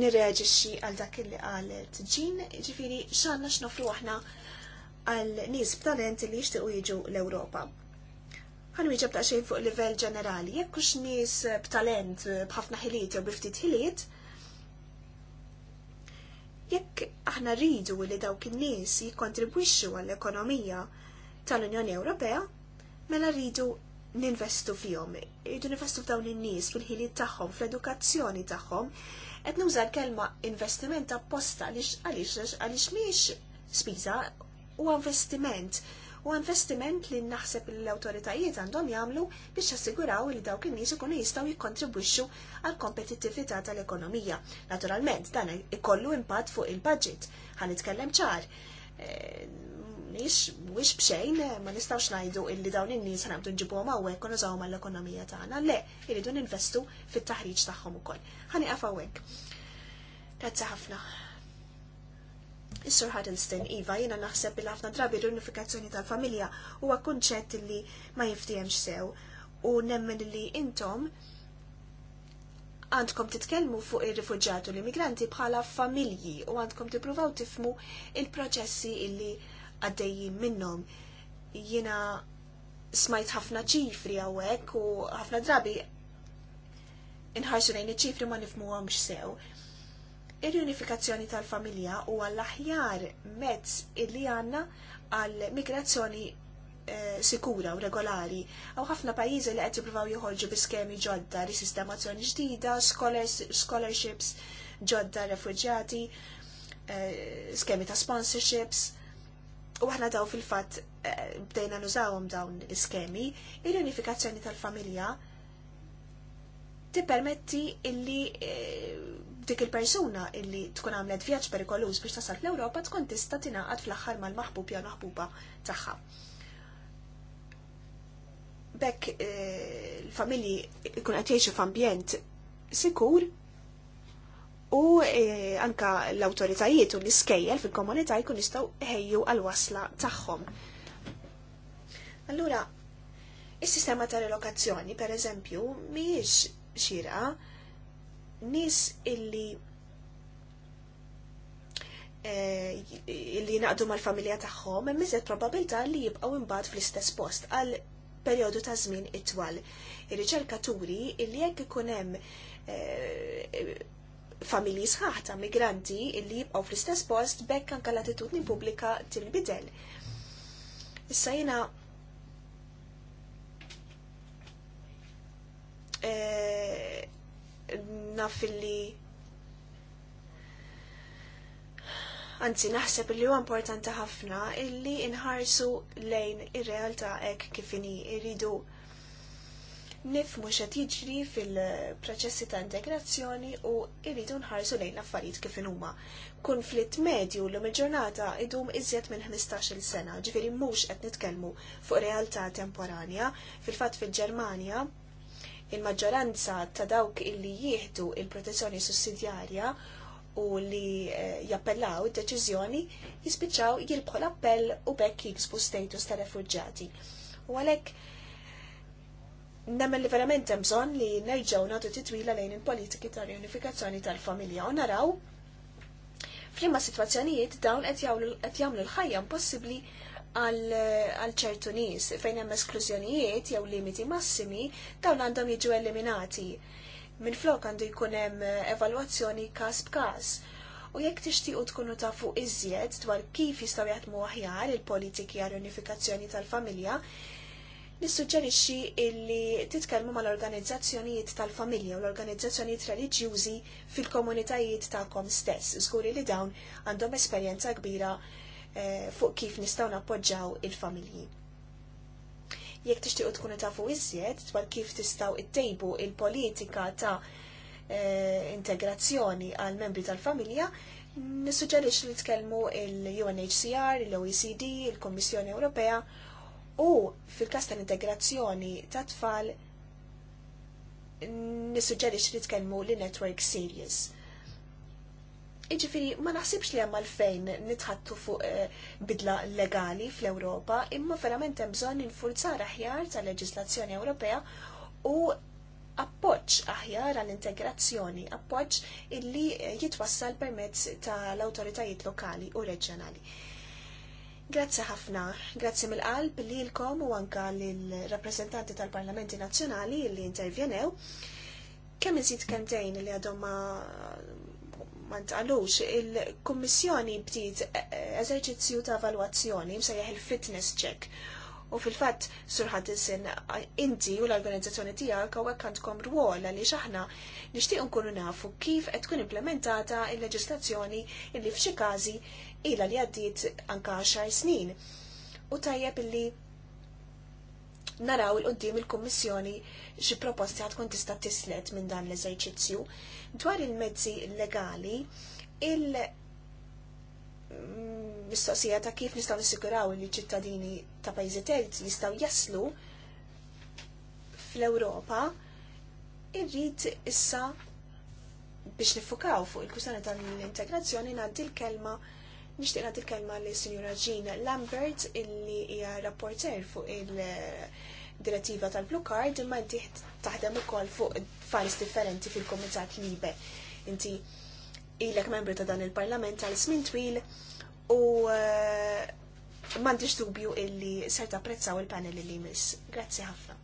nirreaġixxi għal dak li qalet ġin, ġifieri x'għandna x'nofru aħna għal nies b'talent li jixtiequ jiġu l-Ewropa. Ħallu jġab ta' xejn fuq livell ġenerali, jekk hux nies b'talent b'ħafna ħiliet jew biftit ħiliet, jekk aħna rridu li dawk in-nies jikkontribwixxu għall-ekonomija tal-Unjoni Ewropea, mela rridu ninvestu fihom, irridu ninvestu f'dawn in-nies fil-ħiliet tagħhom, fl-edukazzjoni tagħhom. Qed nuża l-kelma investiment apposta għaliex għaliex għaliex mhix spiża huwa investiment. U investiment li naħseb l-awtoritajiet għandhom jagħmlu biex jassiguraw li dawk in-nies ikunu jistgħu jikkontribwixxu għal kompetittività tal-ekonomija. Naturalment dan ikollu impatt fuq il-budget. Ħanitkellem ċar eh, miex mhuwiex bxejn eh, ma nistgħux ngħidu illi dawn in-nies ħanabdu nġibuhom hawnhekk u nużawhom għall-ekonomija tagħna. Le, iridu ninvestu fit-taħriġ tagħhom ukoll. Ħaniqaf hawnhekk. Grazzi ħafna. Is-Sur Hartenstein, Iva, jiena naħseb li ħafna drabi l-unifikazzjoni tal-familja huwa kunċett li ma jiftijemx sew u nemmen li intom għandkom titkellmu fuq ir-rifuġġati u l-immigranti bħala familji u għandkom tippruvaw tifmu il-proċessi illi għaddejjin minnhom. Jiena smajt ħafna ċifri hawnhekk u ħafna drabi inħarsu lejn iċ-ċifri ma nifmuhomx sew. Ir-unifikazzjoni tal-familja u għall-aħjar mezz illi għandna għall-migrazzjoni eh, sikura u regolari. Għaw ħafna pajizi li qed jippruvaw joħolġu bi skemi ġodda, risistemazzjoni ġdida, scholarships ġodda refuġjati, eh, skemi ta' sponsorships. U aħna daw fil-fatt eh, bdejna nużawhom dawn l-iskemi, il-unifikazzjoni tal-familja tippermetti illi eh, dik il-persuna illi tkun għamlet vjaġġ perikoluż biex tasal fl-Ewropa tkun tista' tingħaqad fl-aħħar mal-maħbub jew maħbuba tagħha. Bekk eh, l-familji jkun qed jgħixu f'ambjent sikur u e, anka l-autoritajiet u l-iskejjel fil-komunità jkun jistgħu ħejju għal-wasla tagħhom. Allura, is-sistema ta' relokazzjoni, per eżempju, mhijiex xira nies illi e, illi naqdu mal-familja tagħhom hemm iżjed probabilità li jibqgħu imbagħad fl-istess post għal perjodu ta' żmien itwal. Ir-riċerkaturi illi jekk ikun hemm e, familji sħaħ ta' migranti illi jibqgħu fl-istess post bekk anke l-attitudni pubblika tinbidel. Issa jiena eh, naf illi Anzi, naħseb li huwa importanti ħafna illi inħarsu lejn ir-realtà hekk kif inhi irridu nifmu xed jiġri fil-proċessi ta' integrazzjoni u irridu nħarsu lejn affarijiet kif huma. Konflitt medju l il-ġurnata idum iżjed minn 15-il sena, ġifieri mhux qed nitkellmu fuq realtà temporanja, fil-fatt fil-Ġermanja il-maġġoranza ta' dawk illi jieħdu il-protezzjoni sussidjarja u li eh, jappellaw id-deċiżjoni jispiċċaw jilbħu l-appell u bekk jiksbu status ta' refugġati. U għalek Nemmen li verament hemm bżonn li nerġgħu nagħtu titwila lejn il-politiki ta' unifikazzjoni tal-familja u naraw f'liema sitwazzjonijiet dawn qed jagħmlu l-ħajja impossibbli għal ċertu nies fejn hemm esklużjonijiet jew limiti massimi dawn għandhom jiġu eliminati. Minn flok għandu jkun hemm evalwazzjoni każ b'każ u jekk tixtiequ tkunu tafu iżjed dwar kif jistgħu jaħdmu aħjar il-politiki għal unifikazzjoni tal-familja, nissuġġerixxi illi titkellmu mal-organizzazzjonijiet tal-familja u l-organizzazzjonijiet reliġjużi fil-komunitajiet tagħkom stess. Żguri li dawn għandhom esperjenza kbira eh, fuq kif nistgħu nappoġġaw il-familji. Jekk tixtiequ tkunu tafu iżjed dwar kif tistgħu ittejbu il-politika ta' eh, integrazzjoni għal membri tal-familja, nissuġġerix li tkellmu il-UNHCR, il-OECD, il-Kommissjoni Ewropea U fil-kas tal-integrazzjoni ta' tfal nissuġġeri li tkellmu li network series. Iġifiri, ma naħsibx li hemm għalfejn nitħattu fuq eh, bidla legali fl-Ewropa, imma verament hemm bżonn infurzar aħjar tal-leġislazzjoni Ewropea u appoġġ aħjar għall-integrazzjoni, appoġġ illi jitwassal permezz tal-awtoritajiet lokali u reġjonali. Grazzi ħafna, grazzi mill-qalb lilkom u anka l rappresentanti tal-Parlamenti Nazzjonali li intervjenew. Kemm iżid kemm li għadhom ma ma ntqalux, il-Kummissjoni bdiet e, e, eżerċizzju ta' evalwazzjoni msejjaħ il-fitness check. U fil-fatt surħat isin inti u l-organizzazzjoni tiegħek hawnhekk għandkom rwol għaliex aħna nixtieq nkunu nafu kif qed tkun implementata il-leġislazzjoni illi f'xi każi ila li għaddit anka 10 snin. U tajjeb illi naraw il-qoddim il-Kommissjoni xi proposti għad tkun tista' tislet minn dan l-eżerċizzju dwar il-mezzi legali il mm, mistoqsija ta' kif nistgħu nisiguraw li ċittadini ta' pajjiżi terzi jistgħu jaslu fl-Ewropa irrid issa biex nifukaw fuq il-kwistjoni tal-integrazzjoni ngħaddi l-kelma Nishtiq nagħti kelma li Sinjura Jean Lambert illi hija rapporter fuq il-direttiva tal-Blue Card imma inti taħdem ukoll fuq files differenti fil-Kumitat Libe. Inti ilek membru ta' dan il-Parlament għal smin twil u eh, m'għandix dubju illi ser tapprezzaw il-panel li jmiss. Grazzi ħafna.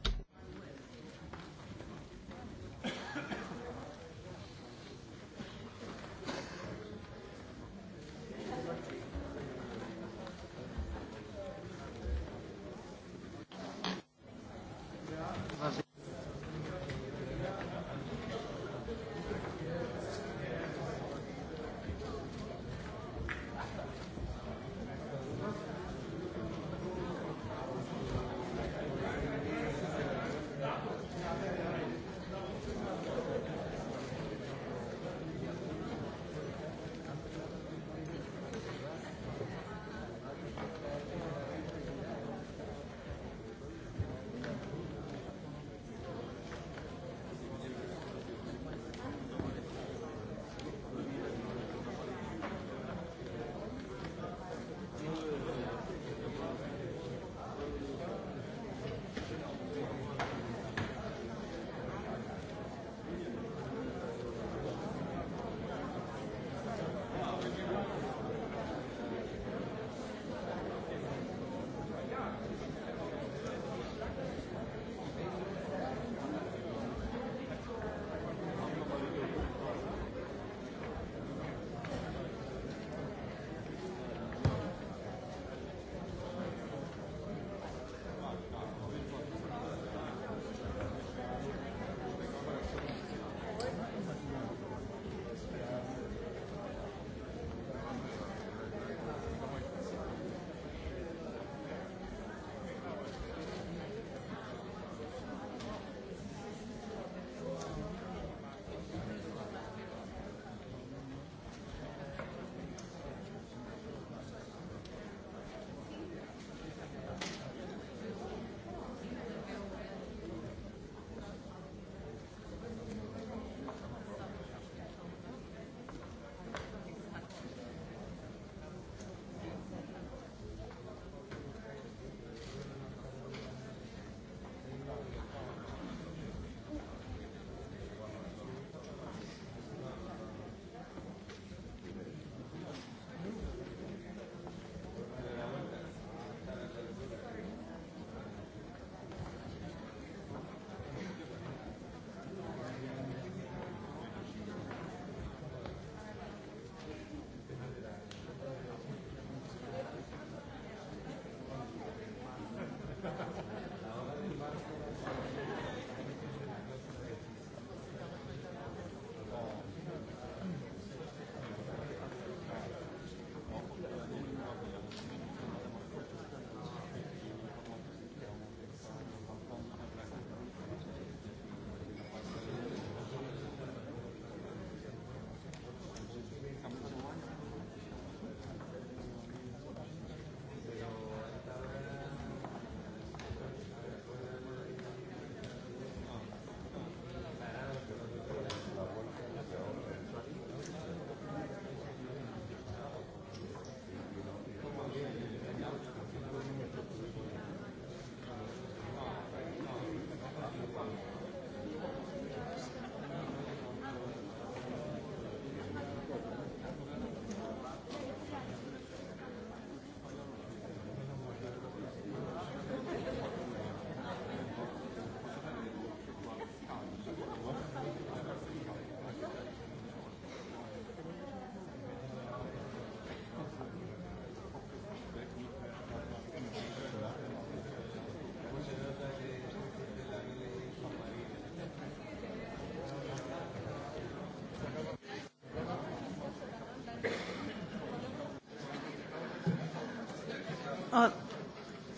Uh,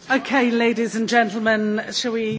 okay, ladies and gentlemen, shall we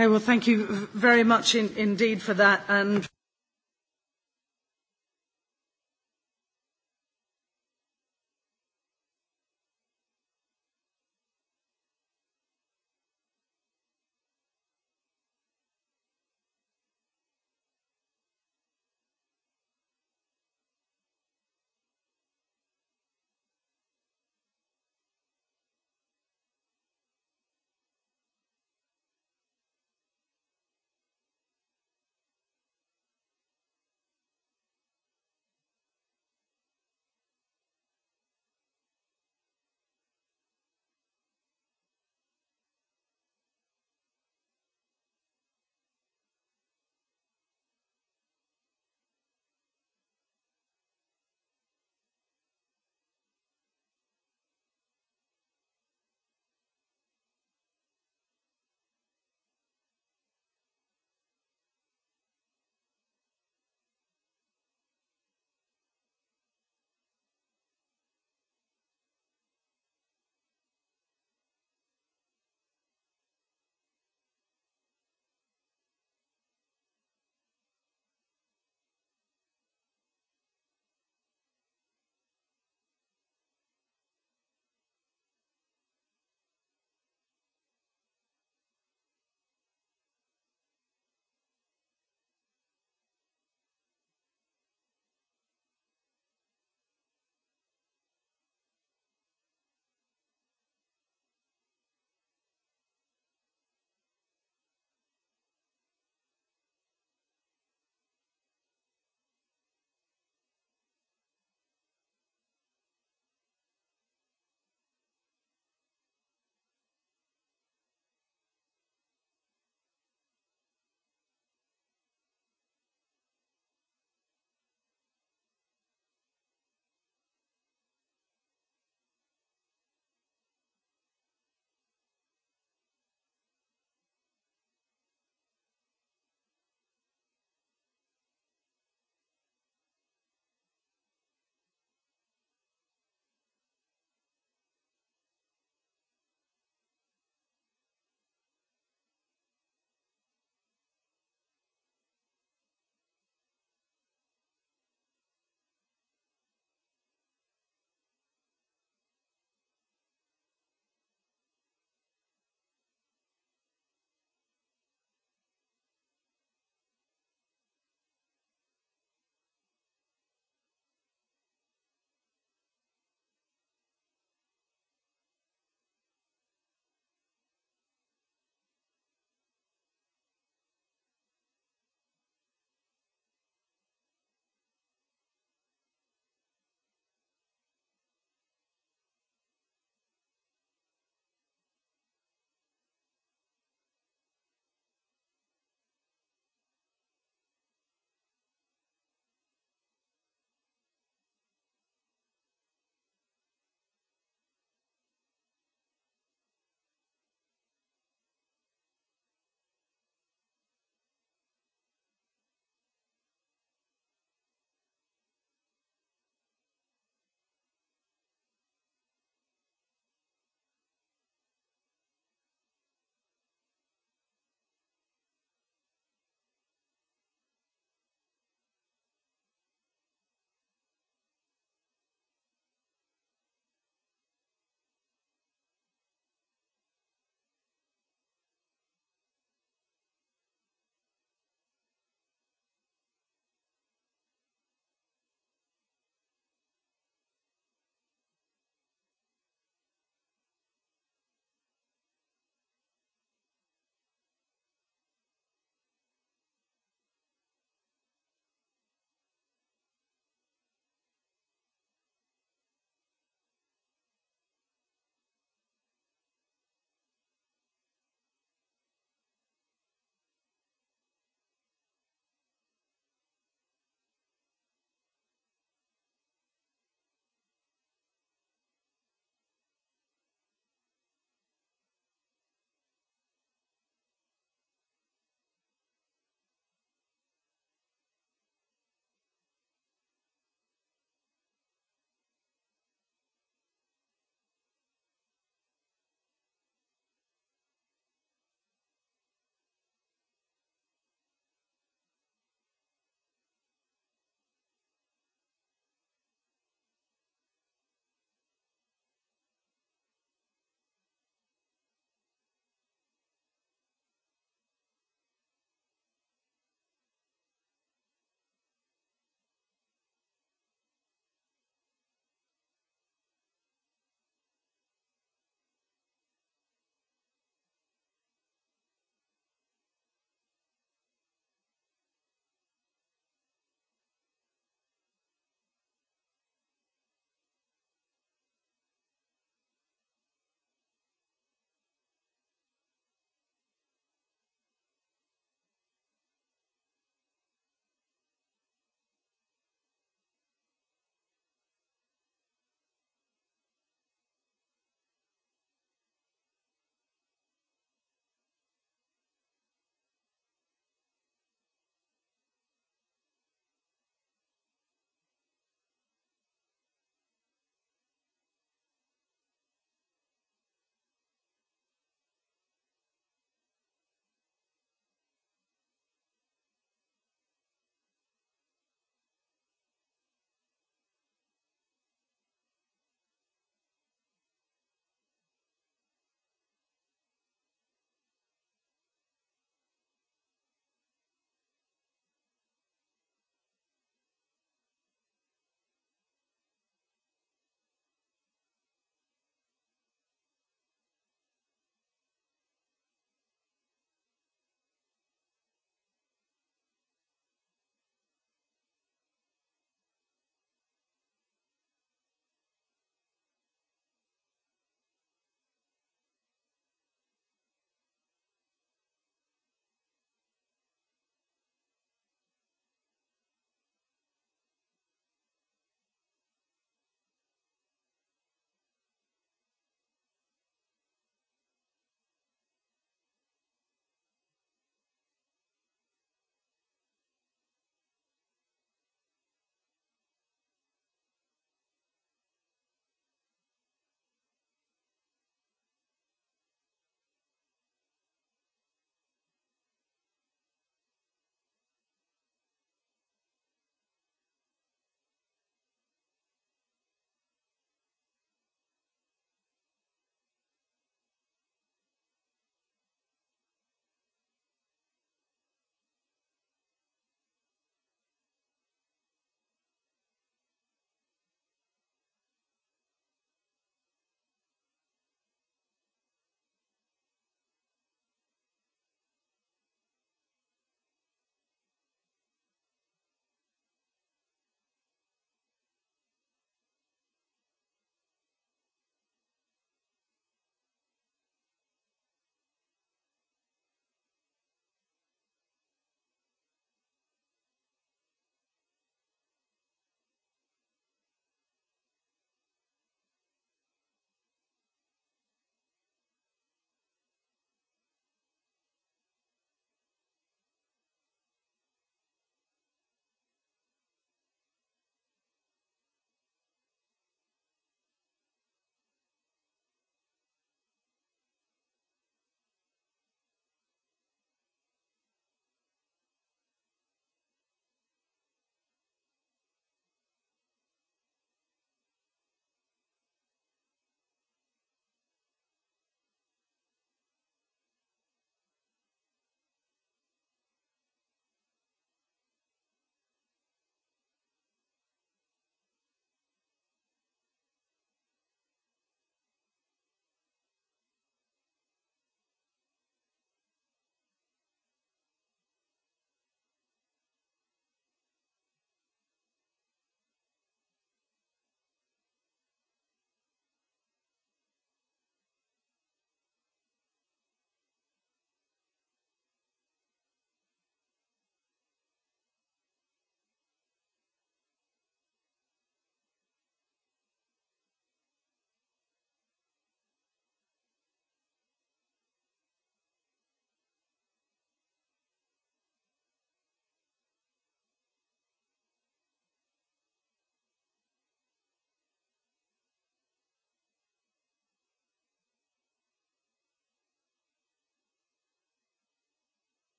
Okay, well, thank you very much in, indeed for that. And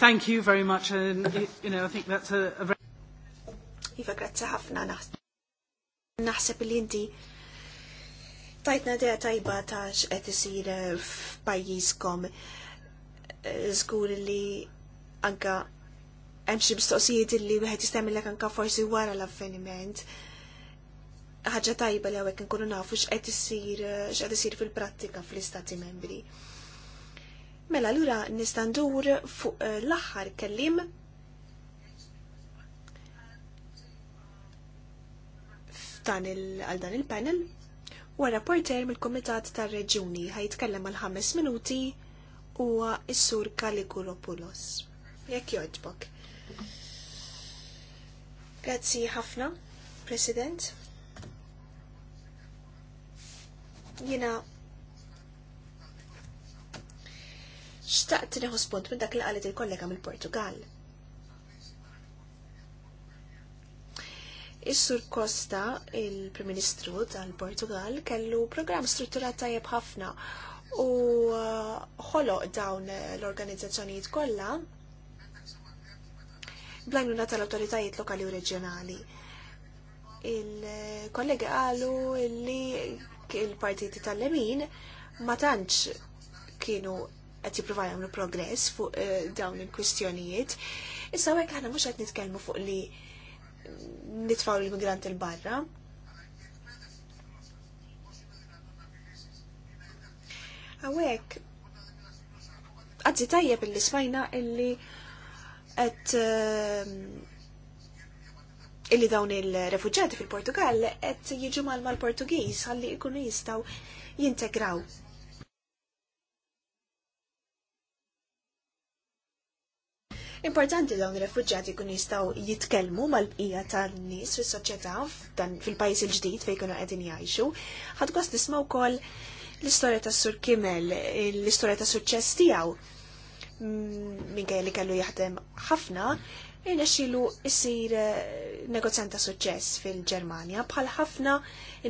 thank you very much and you know I think that's a, a very Iva grazzi ħafna naħseb li inti tajtna dea tajba ta' x'qed isir eh, f'pajjiżkom eh, żgur li anka hemm xi mistoqsijiet li wieħed jistgħmilek anka forsi wara l-avveniment ħaġa tajba li hawnhekk inkunu nafu x'qed isir eh, x'qed isir fil-prattika fl-istati membri. Mela lura nistandur fuq eh, l-aħħar kellim għal dan il-panel u rapporter mill-Kumitat tar-Reġuni ħajtkellem għal ħames minuti huwa s-sur Kalikulopoulos. Jekk jogħġbok. Grazzi ħafna, President. Jina xtaqt neħu spunt minn dak li qalet il-kollega mill-Portugal. Is-Sur Costa, il-Prim Ministru tal-Portugal, kellu programm strutturat tajjeb ħafna u uh, ħoloq dawn l-organizzazzjonijiet kollha blajnuna tal-autoritajiet lokali u reġjonali. Il-kollegi għalu li il-partiti tal-lemin ma tantx kienu qed jippruvaw jagħmlu progress fuq eh, dawn il-kwistjonijiet. Issa hekk aħna mhux qed nitkellmu fuq li nitfaw l-immigranti l-barra. Għawek, għadzi tajjeb illi smajna illi għet eh, illi dawn il-refugġati fil-Portugal għet jiġu mal mal-Portugiż għalli ikunu jistaw jintegraw Importanti dawn ir-refuġġjati kun jistgħu jitkellmu mal-bqija tan-nies fis-soċjetà fil pajis il-ġdid fej kunu qegħdin jgħajxu. Ħadd gost nisma' wkoll l-istorja ta' sur Kimel, l-istorja ta' suċċess tiegħu mm, minkejja li kellu jaħdem ħafna, irnexxielu isir eh, negozjant ta' suċċess fil-Ġermanja bħal ħafna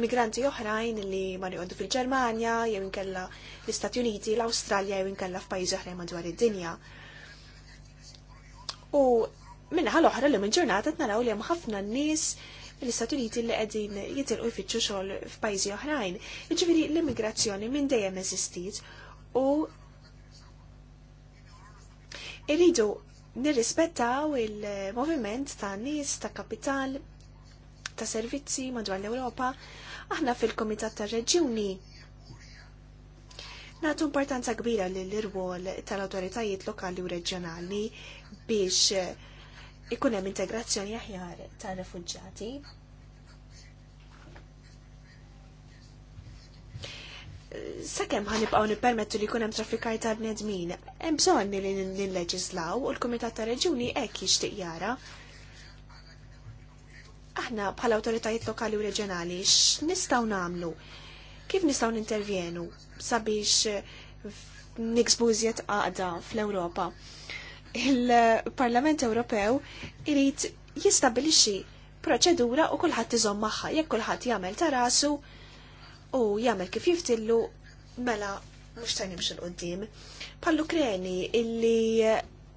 immigranti oħrajn li ma jgħoddu fil-Ġermanja jew inkella l-Istati Uniti, l-Awstralja jew inkella f'pajjiżi oħrajn madwar id-dinja. U minnaħa l-oħra li minn ġurnata naraw li hemm ħafna nies l-Istati Uniti li qegħdin jitilqu jfittxu xogħol f'pajjiżi oħrajn. Iġviri l-immigrazzjoni minn dejjem eżistiet u irridu nirrispettaw il-moviment ta' nies, ta' kapital, ta' servizzi madwar l-Ewropa, aħna fil-Komitat ta' Reġjuni Natu importanza kbira lill irwol tal-awtoritajiet lokali u reġjonali biex ikun hemm integrazzjoni aħjar tar-refuġġati. Sakemm ħanibqgħu nippermettu li jkun hemm traffikaj ta' bnedmin, hemm bżonn li nilleġislaw u l-Kumitat ta' Reġuni hekk jixtieq jara. Aħna bħala awtoritajiet lokali u reġjonali x'nistgħu nagħmlu? Kif nistgħu nintervjenu sabiex niksbu għaqda fl-Ewropa? il-Parlament Ewropew irid jistabilixxi proċedura u kulħadd iżomm magħha jekk kulħadd jagħmel ta' rasu u jagħmel kif jiftillu mela mhux ta' nimxu l-qudiem. pall kreni illi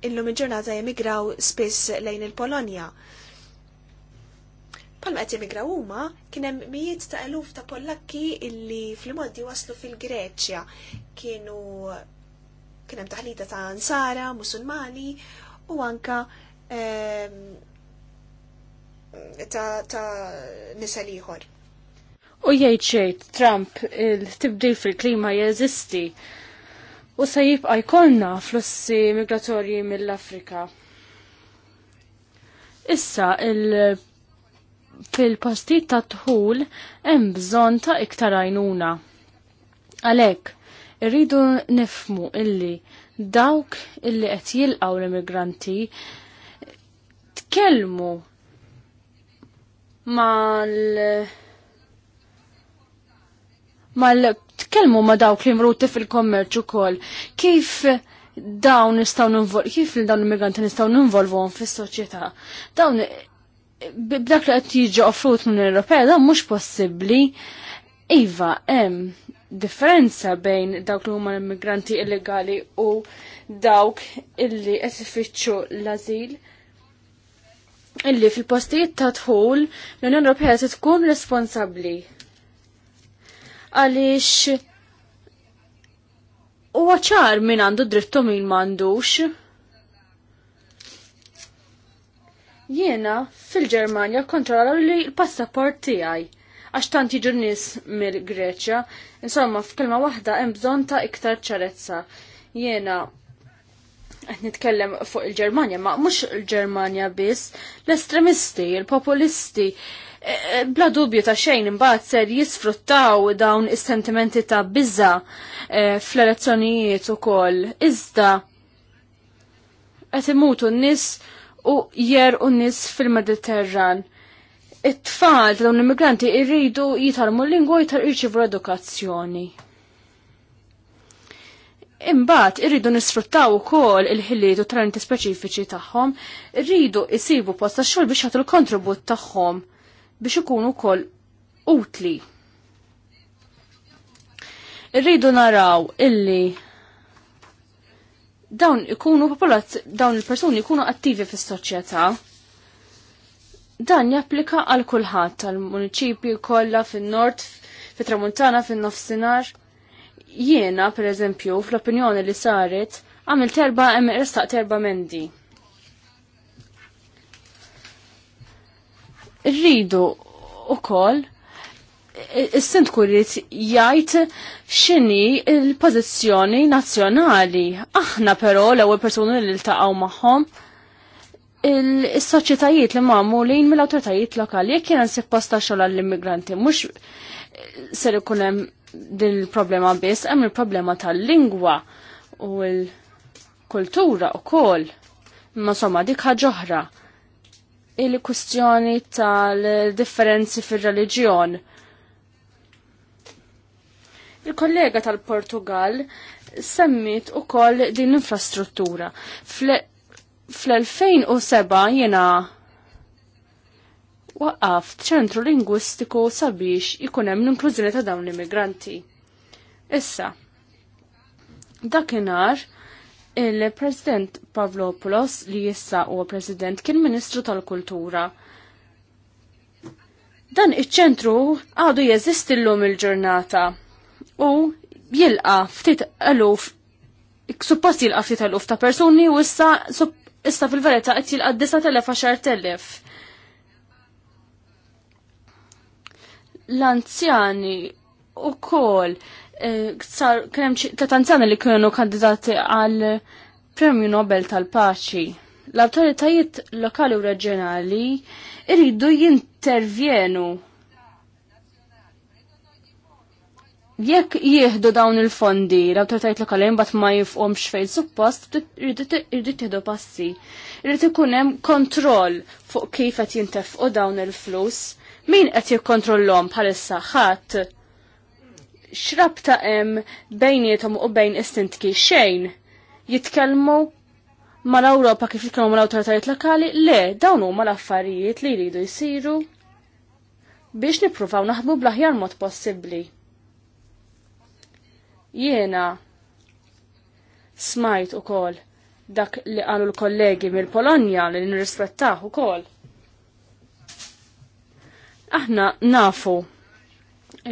illum il-ġurnata jemigraw spiss lejn il-Polonja. Palma qed jemigraw huma kien hemm mijiet ta' eluf ta' Pollakki illi fl-modi waslu fil-Greċja kienu kienem taħlita ta' ansara, musulmani u anka ta' ta nisaliħor. U jgħid xejn Trump il-tibdil fil-klima jeżisti u se jibqa' jkollna flussi migratorji mill-Afrika. Issa il- fil-postit ta' tħul hemm bżonn ta' iktar għajnuna. Għalhekk, Irridu nifmu illi dawk illi qed jilqaw l-immigranti tkellmu mal mal tkellmu ma dawk li mruti fil-kommerċ ukoll. Kif dawn nistgħu ninvolvu kif li dawn l-immigranti nistgħu ninvolvuhom fis-soċjetà? Dawn b'dak li qed jiġi offrut mill Ewropea dawn mhux possibbli. Iva, hemm differenza bejn dawk li huma l-immigranti illegali u dawk illi qed ifittxu l-azil illi fil-postijiet ta' dħul l-Unjoni Ewropea se tkun responsabbli. Għaliex huwa ċar min għandu drittu min m'għandux. Jiena fil-Ġermanja kontrollaw li l-passaport tiegħi għax tant jiġu nies mill-Greċja. Insomma, f'kelma waħda hemm bżonn ta' iktar ċarezza. Jiena qed nitkellem fuq il-Ġermanja, ma mhux il-Ġermanja biss, l-estremisti, il-populisti, e, e, bla dubju ta' xejn imbagħad ser jisfruttaw dawn is-sentimenti ta' biża e, fl-elezzjonijiet ukoll. Iżda qed imutu n-nies u jer u n-nies fil-Mediterran it-tfal ta dawn l-immigranti irridu jitarmu l-lingwa jitar irċivru edukazzjoni. Imbagħad irridu nisfruttaw ukoll il-ħiliet u talenti speċifiċi tagħhom, irridu jsibu post ta' xogħol biex jagħtu l-kontribut tagħhom biex ikunu wkoll utli. Irridu naraw illi dawn ikunu popolazz dawn il-persuni ikunu attivi fis-soċjetà Dan japplika għal kulħadd tal-municipi kollha fin-nord, fit-tramuntana, fin-nofsinhar. Jiena, per eżempju, fl-opinjoni li saret, għamil terba restaq terba mendi. Rridu u koll is sint rrit jgħid x'inhi l-pożizzjoni nazzjonali. Aħna però l-ewwel persuni li ltaqgħu magħhom il-soċjetajiet li mamu jinn mill-awtoritajiet lokali jekk jena nsib posta xogħol għall-immigranti mhux ser ikun hemm din il-problema biss hemm il-problema tal-lingwa u l-kultura wkoll. Ma somma dik ħaġa oħra il-kustjoni tal-differenzi fil-reliġjon. Il-kollega tal-Portugal semmit u koll din l-infrastruttura. Fl fl-2007 jena waqaf ċentru lingwistiku sabiex ikun hemm l-inklużjoni ta' dawn l-immigranti. Issa, dakinhar il-President Pavlopoulos li jissa huwa President kien Ministru tal-Kultura. Dan iċ-ċentru għadu jeżisti llum il-ġurnata u jilqa ftit eluf suppost jilqa ftit eluf ta' persuni u issa issa fil-verita qed jilqa' 9000 L-anzjani u kol eh, sar krem tlet anzjani li kienu kandidati għal Premju Nobel tal-Paċi. L-autoritajiet lokali u reġjonali iridu jintervjenu jekk jieħdu dawn il-fondi, l-autoritajt lokali mbagħad ma jifqhomx fejn suppost, irrid tieħdu passi. Irid ikun hemm kontroll fuq kif qed jintefqu dawn il-flus. Min qed jikkontrollhom bħalissa ħadd xrabta hemm bejnietom u bejn istintki xejn jitkellmu mal-Ewropa kif jitkellmu mal-awtoritajiet lokali, le dawn huma l-affarijiet li jridu jsiru biex nippruvaw naħdmu bl-aħjar mod possibbli. Jiena smajt ukoll dak li qalu l-kollegi mill-Polonja li nirrispettaħ ukoll. Aħna nafu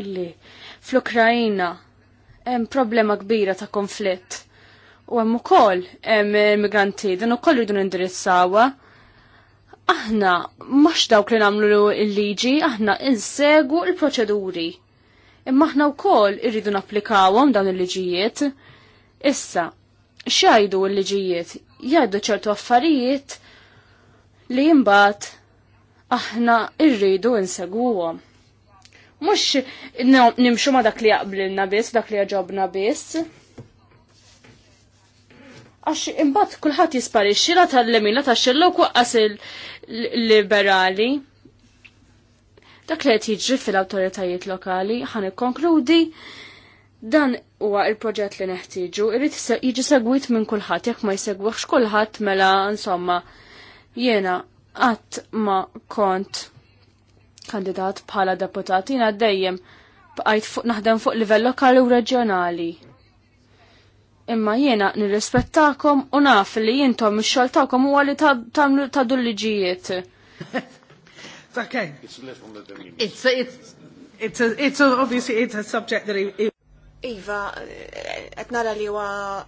illi fl-Ukrajina hemm problema kbira ta' konflitt u hemm ukoll hemm migranti dan ukoll rridu nindirizzawha. Aħna mhux dawk li nagħmlu l-liġi, aħna insegu l-proċeduri imma aħna wkoll irridu napplikawhom dawn il-liġijiet. Issa, xajdu l-liġijiet? Jgħidu ċertu affarijiet li jimbat aħna irridu inseguhom. Mux nimxu ma dak li jaqblilna biss, dak li jaġobna biss. Għax imbat kullħat jisparixxi la tal-lemina tax kwaqqas il-liberali dak li qed jiġri fil-awtoritajiet lokali ħan ikkonkludi dan huwa il-proġett li neħtieġu irid jiġi segwit minn kulħadd jekk ma jsegwix kulħadd mela insomma jiena qatt ma kont kandidat bħala deputat jiena dejjem bqajt fuq naħdem fuq livell lokali u reġjonali. Imma jiena nirrispettakom u naf li jintom ix-xogħol tagħkom huwa li tagħmlu ta' liġijiet. Okay. It's less than the minutes. It's, it's, it's, a, it's a, obviously it's a subject that he, he... Iva, qed nara li wa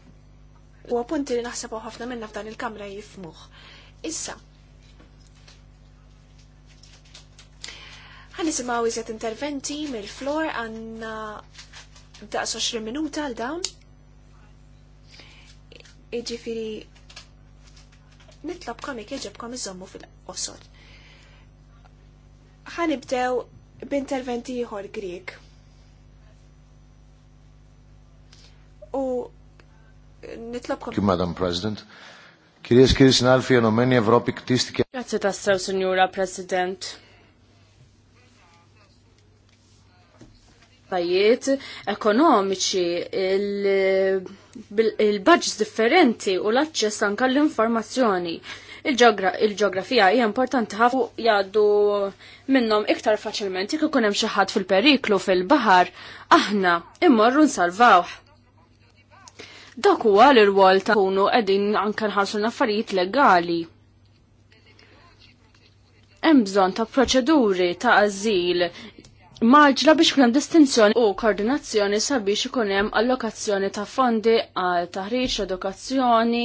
huwa punti li naħseb ħafna minna f'dan il-kamra jifmuħ. Issa. Ħan nisimgħu iżjed interventi mill-flor għandna daqs 20 minuta għal dawn. Iġifieri nitlobkom jekk jeġibkom iżommu fil-qosor ħanibdew b'interventi ieħor Grieg. U nitlobkom. Madam President, Kirjes kirjes nalfi fenomeni Evropi ktistik. Grazie tassew, Signora President. Pajiet ekonomiċi, il-budgets differenti u l-access anka l-informazzjoni. Il-ġeografija hija importanti ħafna jgħaddu minnhom iktar faċilment jekk ikun hemm xi ħadd fil-periklu fil-baħar, aħna immorru nsalvawh. Dak huwa l-irwol ta' kunu qegħdin anke nħarsu l-affarijiet legali. Hemm bżonn ta' proċeduri ta' għażil marġna biex kunem distinzjoni u koordinazzjoni sabiex ikunem allokazzjoni ta' fondi għal taħriġ, edukazzjoni,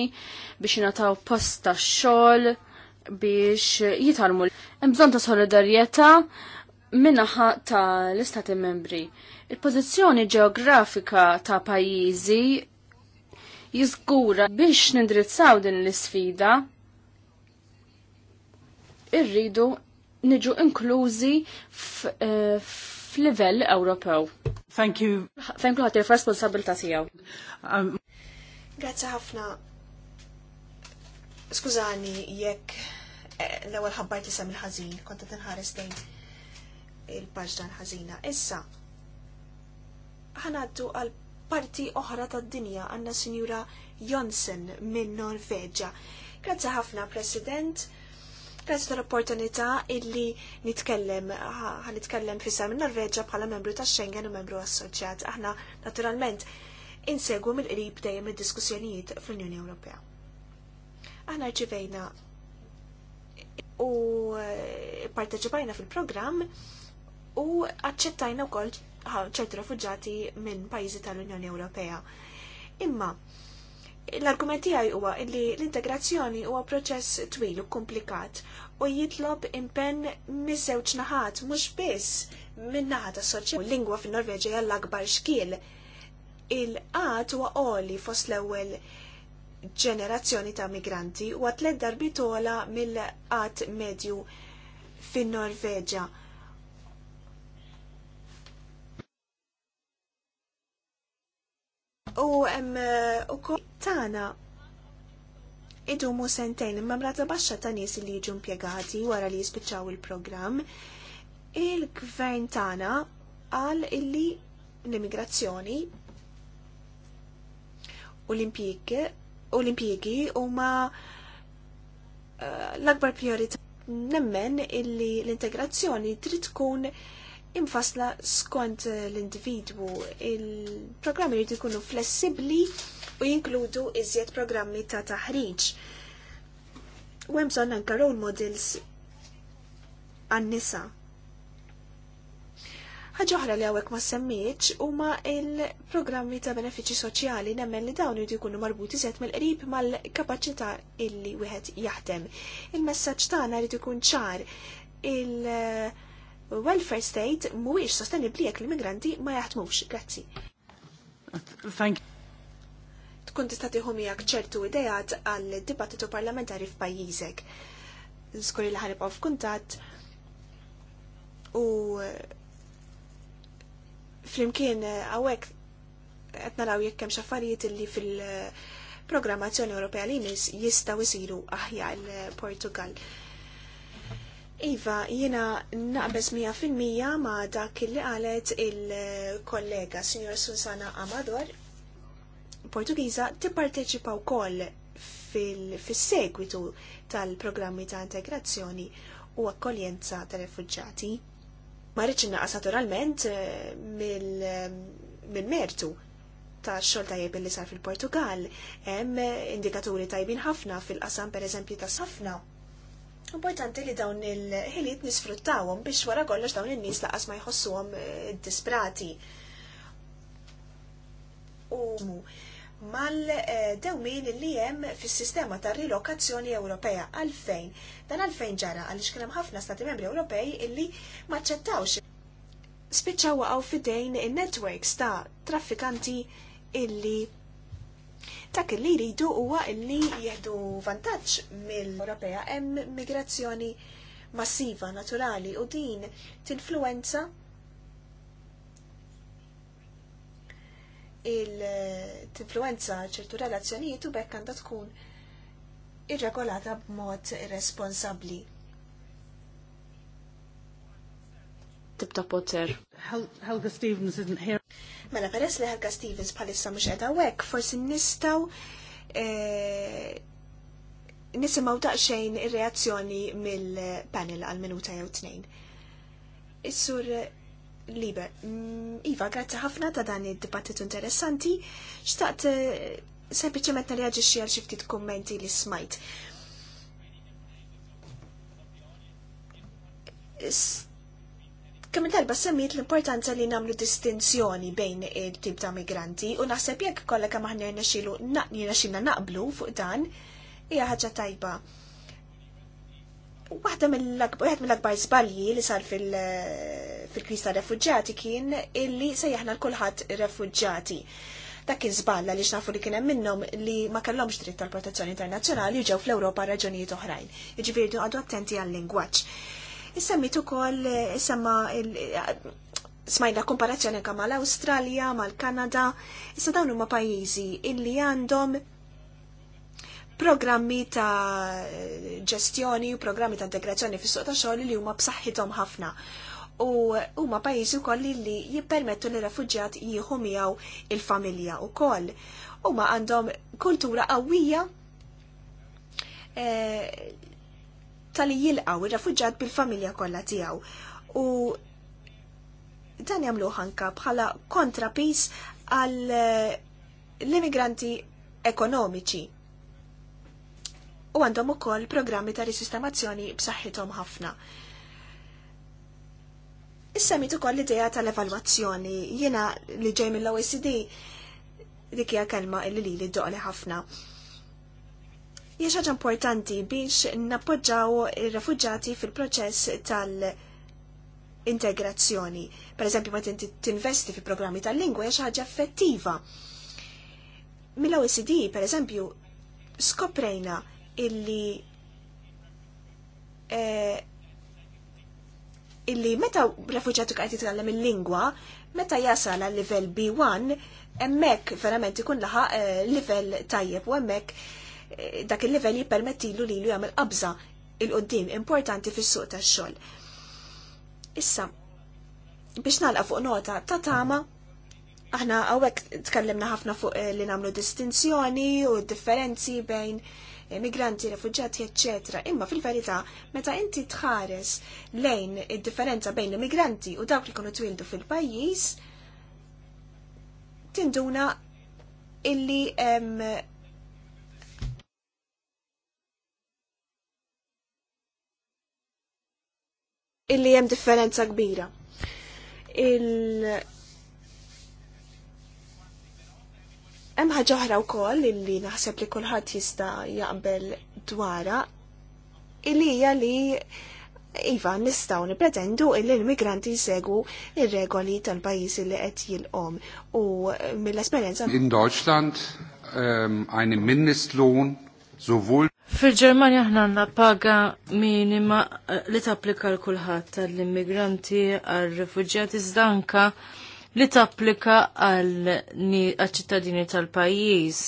biex nataw posta xol, biex jitalmu. Mżon ta' solidarieta minnaħa ta' l-istati membri. Il-pozizjoni ġeografika ta' pajizi jizgura biex nindrizzaw din l-sfida irridu niġu inklużi eh, f'livell Ewropew. Thank you. Thank you ħatir f'responsabilta tiegħu. Um, Grazzi ħafna. Skużani jekk eh, l-ewwel ħabbajt isem il-ħażin, Konta qed dejn il-paġna ħażina. Issa ħanaddu għal parti oħra tad-dinja għandna Sinjura Jonsen minn Norveġa. Grazzi ħafna, President Prezz l opportunità illi nitkellem, ħan nitkellem fissa minn norveġa bħala membru ta' Schengen u membru assoċjat. Aħna, naturalment, insegwu mill-qrib dejjem id-diskussjonijiet fl-Unjoni Ewropea. Aħna rċivejna u eh, parteċipajna fil-programm u aċċettajna wkoll ċertu refuġġati minn pajjiżi tal-Unjoni Ewropea. Imma L-argumenti għaj huwa li l-integrazzjoni huwa proċess twil u komplikat u jitlob impenn miż-żewġ naħat mhux biss minn naħat assoċjata lingwa fin-Norveġja hija l-akbar xkiel. il għat huwa għoli fost l-ewwel ġenerazzjoni ta' migranti u għatlet darbitola mill għat medju fin norveġa u hemm eh, ukoll tagħna idumu sentejn imma mrata baxxa ta' nies li jiġu impjegati wara li jispiċċaw il-programm. Il-gvern tagħna qal illi l-immigrazzjoni u l-impjiegi huma eh, l-akbar priorità nemmen illi l-integrazzjoni trid tkun imfasla skont l-individwu. Il-programmi jridu jkunu flessibli u jinkludu iżjed programmi ta' taħriġ. U hemm bżonn anke role models għan-nisa. Ħaġa oħra li hawnhekk ma semmiġ huma il-programmi ta' benefiċi soċjali nemmen li dawn jridu jkunu marbuti set mill-qrib mal-kapaċità illi wieħed jaħdem. Il-messaġġ tagħna jrid ikun ċar il- welfare state mhuwiex sostenibbli jekk l-immigranti ma jaħdmux. Grazzi. Thank Tkun tista' tieħu miegħek ċertu idejat għal dibattitu parlamentari f'pajjiżek. Skuri li ħanibqgħu f'kuntatt u eh, flimkien għawek eh, qed naraw jekk hemm xaffarijiet li fil-programmazzjoni eh, Ewropea li jistgħu jsiru aħjar l-Portugal. Iva, jena naqbes 100% ma dak li qalet il-kollega Signor Susana Amador, Portugiza, tipparteċipa wkoll fil-segwitu tal-programmi ta' integrazzjoni u akkoljenza tal-refugġati. Ma rridx naqas naturalment eh, mill-mertu ta' xol tajjeb li sar fil-Portugal, hemm indikaturi tajbin ħafna fil-qasam pereżempju ta' safna Importanti li dawn il-ħiliet nisfruttawhom biex wara kollox dawn in-nies laqas ma jħossuhom eh, disprati. U mal-dewmin li hemm fis-sistema tar rilokazzjoni Ewropea għalfejn. Dan għalfejn ġara għaliex kien hemm ħafna stati membri Ewropej illi ċċettawx. spiċċaw waqgħu fidejn in-networks ta' traffikanti illi Dak li jridu huwa li jieħdu vantaġġ mill-Ewropea hemm migrazzjoni massiva, naturali u din tinfluenza il-tinfluenza ċertu relazzjonijiet u bekk għandha tkun irregolata b'mod irresponsabbli. Tibta poter. Helga Stevens isn't here. Mela peress li Helga Stevens bħalissa mhux edha hekk, forsi nistgħu eh, nisimgħu daqsxejn ir-reazzjoni mill-panel għal minuta jew tnejn. Is-sur Liber, mm, Iva, grazzi ħafna ta' dan id-dibattitu interessanti, xtaqt eh, sempliċement nirreaġixxi għal xi ftit kummenti li smajt kemm il-darba semmiet l-importanza li namlu distinzjoni bejn il-tip ta' migranti u naħseb jekk kollha kemm aħna rnexxielu naqnina naqblu fuq dan hija ħaġa tajba. Waħda mill-akbar żbalji li sar fil-kriż ta' refugġati kien illi sejjaħna l-kulħadd refuġġati. Dak kien żballa li xnafu li kien hemm minnhom li ma kellhomx dritt tal-protezzjoni internazzjonali u ġew fl-Ewropa raġunijiet oħrajn. Jiġifieri għadu attenti għal-lingwaġġ Semmit ukoll eh, semma smajna komparazzjoni anke mal-Awstralja, mal-Kanada, issa dawn huma pajjiżi illi għandhom programmi ta' ġestjoni u programmi ta' integrazzjoni fis-suq ta' xogħol li huma b'saħħithom ħafna u huma pajjiżi wkoll li jippermettu li refuġjat jieħu miegħu il-familja wkoll. Huma għandhom kultura qawwija eh, tal-li jilqaw ir bil-familja kollha tiegħu. U dan jagħmlu ħanka bħala kontrapis għal eh, l-immigranti ekonomiċi. U għandhom ukoll programmi ta' risistemazzjoni b'saħħithom ħafna. Issemmit ukoll l-idea tal-evalwazzjoni jiena li ġej mill-OECD dik hija kelma li lili ddoqli ħafna hija ħaġa importanti biex nappoġġaw ir-refuġġati fil-proċess tal-integrazzjoni. Per eżempju, ma tinvesti fi programmi tal-lingwa hija ħaġa effettiva. Mill-OECD, per eżempju, skoprejna illi eh, illi meta refuġġati qed jitkellem il-lingwa, meta jasal għal livell B1, hemmhekk verament ikun laħaq eh, livell tajjeb u hemmhekk dak il-level jippermettilu li lu jagħmel qabża il-qoddim importanti fis-suq tax-xogħol. Issa, biex nalqa fuq nota ta' tama, aħna hawnhekk tkallimna ħafna fuq eh, li nagħmlu distinzjoni u differenzi bejn migranti, refugġati, ecc. Imma fil-verità, meta inti tħares lejn id-differenza bejn l-migranti u dawk li kunu twildu fil-pajjiż, tinduna illi illi hemm differenza kbira. Il Hemm ħaġa oħra wkoll illi naħseb li kulħadd jista' jaqbel dwara illi hija li iva nistgħu nipretendu illi l-migranti jsegu ir-regoli tal-pajjiż li qed jilqom u mill-esperjenza. In Deutschland um, ehm, einen Mindestlohn sowohl Fil-Ġermanja ħna għandna paga minima eh, li tapplika l kulħadd għall-immigranti, għall-refuġjati zdanka li tapplika għall-ċittadini tal-pajjiż.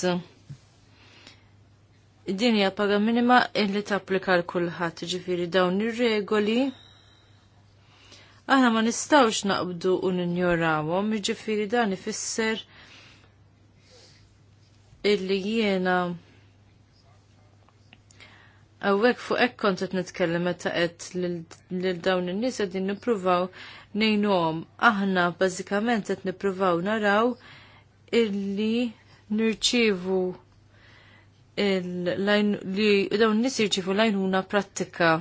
Din hija paga minima li tapplika l kulħadd, ġifiri dawn ir-regoli. Aħna ma nistgħux naqbdu u ninjorawhom, ġifiri dan ifisser illi jiena Għawek fuq ek kontet nitkellem meta qed lil dawn in-nies qegħdin nippruvaw ngħinuhom aħna bażikament qed nippruvaw naraw illi nirċievu li dawn nies jirċievu lajnuna prattika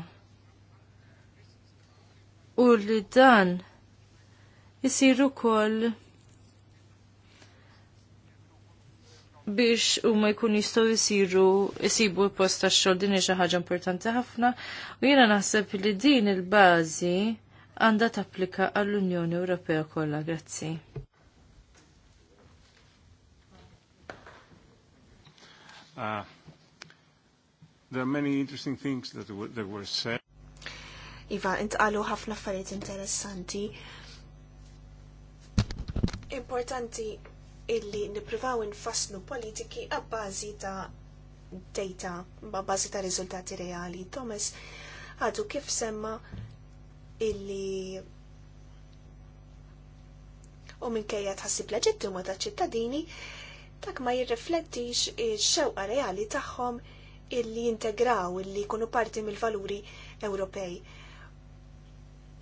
u li dan jisiru koll biex u ma jkun jistaw jisiru jisibu posta xol din xi ħaġa importanti ħafna u jiena naħseb li din il-bażi għandha tapplika għall-Unjoni Ewropea kollha. Grazzi. Uh, there are many interesting things that were, that were said. Iva, għalu ħafna affarijiet interessanti. Importanti illi nippruvaw infasslu politiki għabbażi ta' data, għabbażi ta' riżultati reali. Thomas għadu kif semma illi u minkejja tħassib leġittimu ta' ċittadini, tak ma jirriflettix il-xewqa reali tagħhom illi jintegraw illi jkunu parti mill-valuri Ewropej.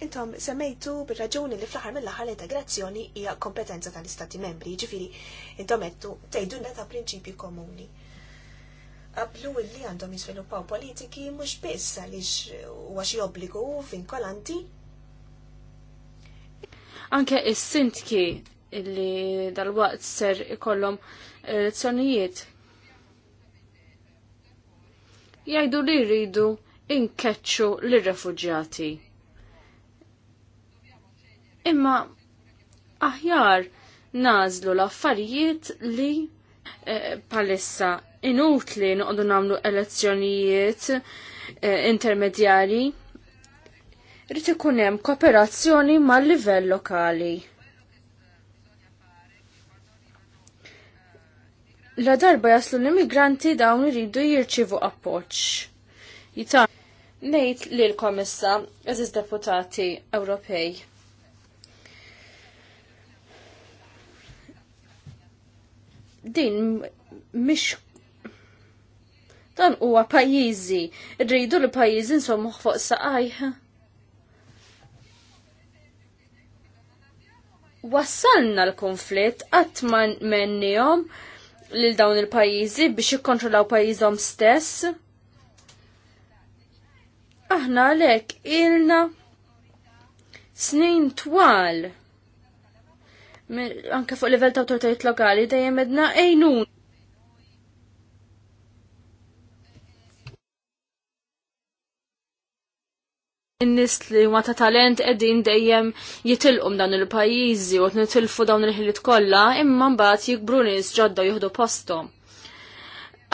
Intom semmejtu bir-raġuni li fl-aħħar mill l integrazzjoni hija kompetenza tal-Istati membri, ġifiri intom qedtu tgħidulna ta' prinċipji komuni. Qablu li għandhom jisviluppaw politiki mhux biss għaliex huwa xi obbligu vinkolanti. Anke is-sintki illi dal-waqt ser ikollhom elezzjonijiet jgħidu li jridu inkeċċu l-refuġjati imma aħjar nażlu l-affarijiet li eh, palissa inutli noqdu namlu elezzjonijiet eh, intermedjari rrit ikun hemm kooperazzjoni mal-livell lokali. La darba jaslu l-immigranti dawn iridu jirċivu appoġġ. Jitan, nejt li l-komissa, eżiz deputati Ewropej. din mish dan huwa pajjiżi. Rridu li pajjiżi nsomu fuq saqajħ. Wassalna l-konflitt qatt mennihom lil dawn il-pajjiżi biex jikkontrollaw pajjiżhom stess. Aħna għalhekk ilna snin twal anke fuq livell ta' autoritajiet lokali dejjem edna ejnun. in li huma ta' talent qegħdin dejjem jitilqum dawn il-pajjiżi u nitilfu dawn il-ħiliet kollha imma mbagħad jikbru nies ġodda jieħdu posthom.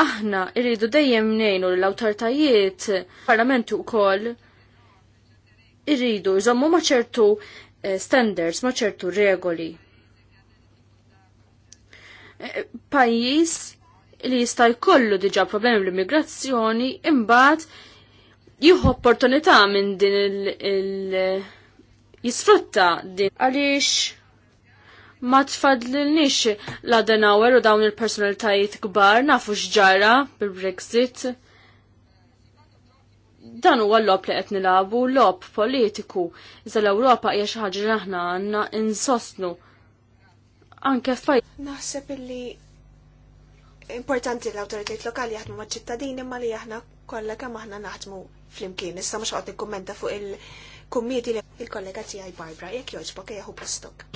Aħna rridu dejjem nejnu l-awtoritajiet parlamentu wkoll irridu jżommu ma' ċertu eh, standards, ma' ċertu regoli pajjiż li jista' jkollu diġà problemi bl-immigrazzjoni imbagħad jieħu opportunità minn din il- jisfrutta din għaliex ma tfadlilniex l-Adenauer u dawn il-personalitajiet kbar nafu x'ġara bil-Brexit. Dan huwa l-lob li qed nilagħbu, lob politiku. Iżda l-Ewropa hija xi ħaġa li aħna għandna insostnu anke fajt. Naħseb illi importanti l-autoritajt lokali jaħdmu ma' ċittadini ma li aħna kollha kemm aħna naħdmu flimkien. Issa mhux qed nikkummenta fuq il kummiti li il-kollega tiegħi Barbara jekk jogħġbok ejja postok.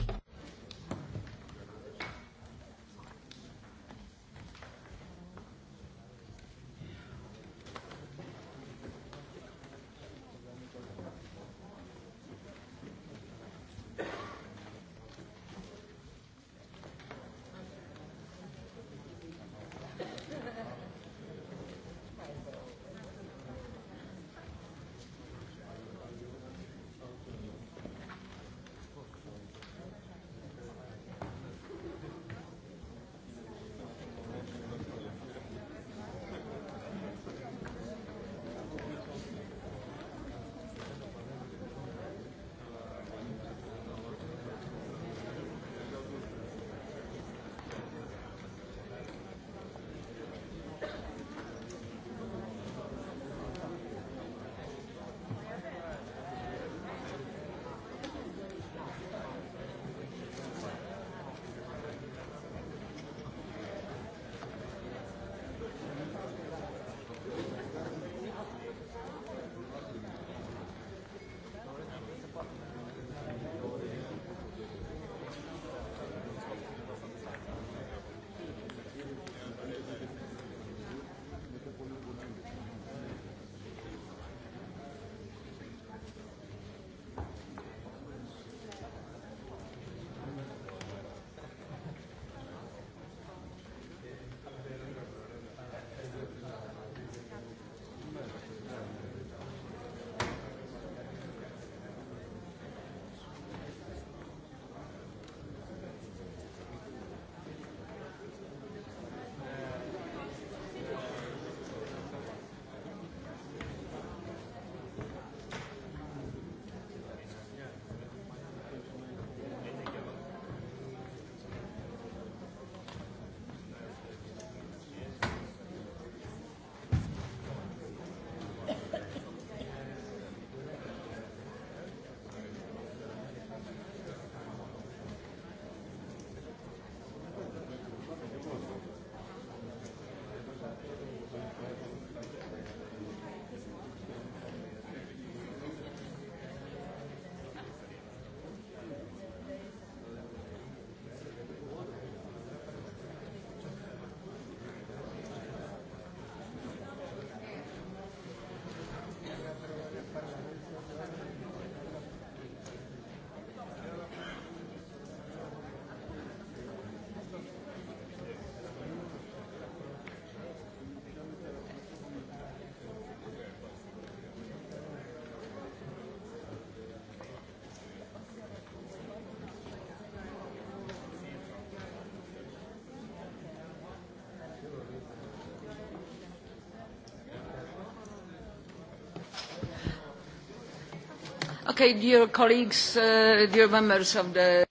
Okay, dear colleagues, uh, dear members of the...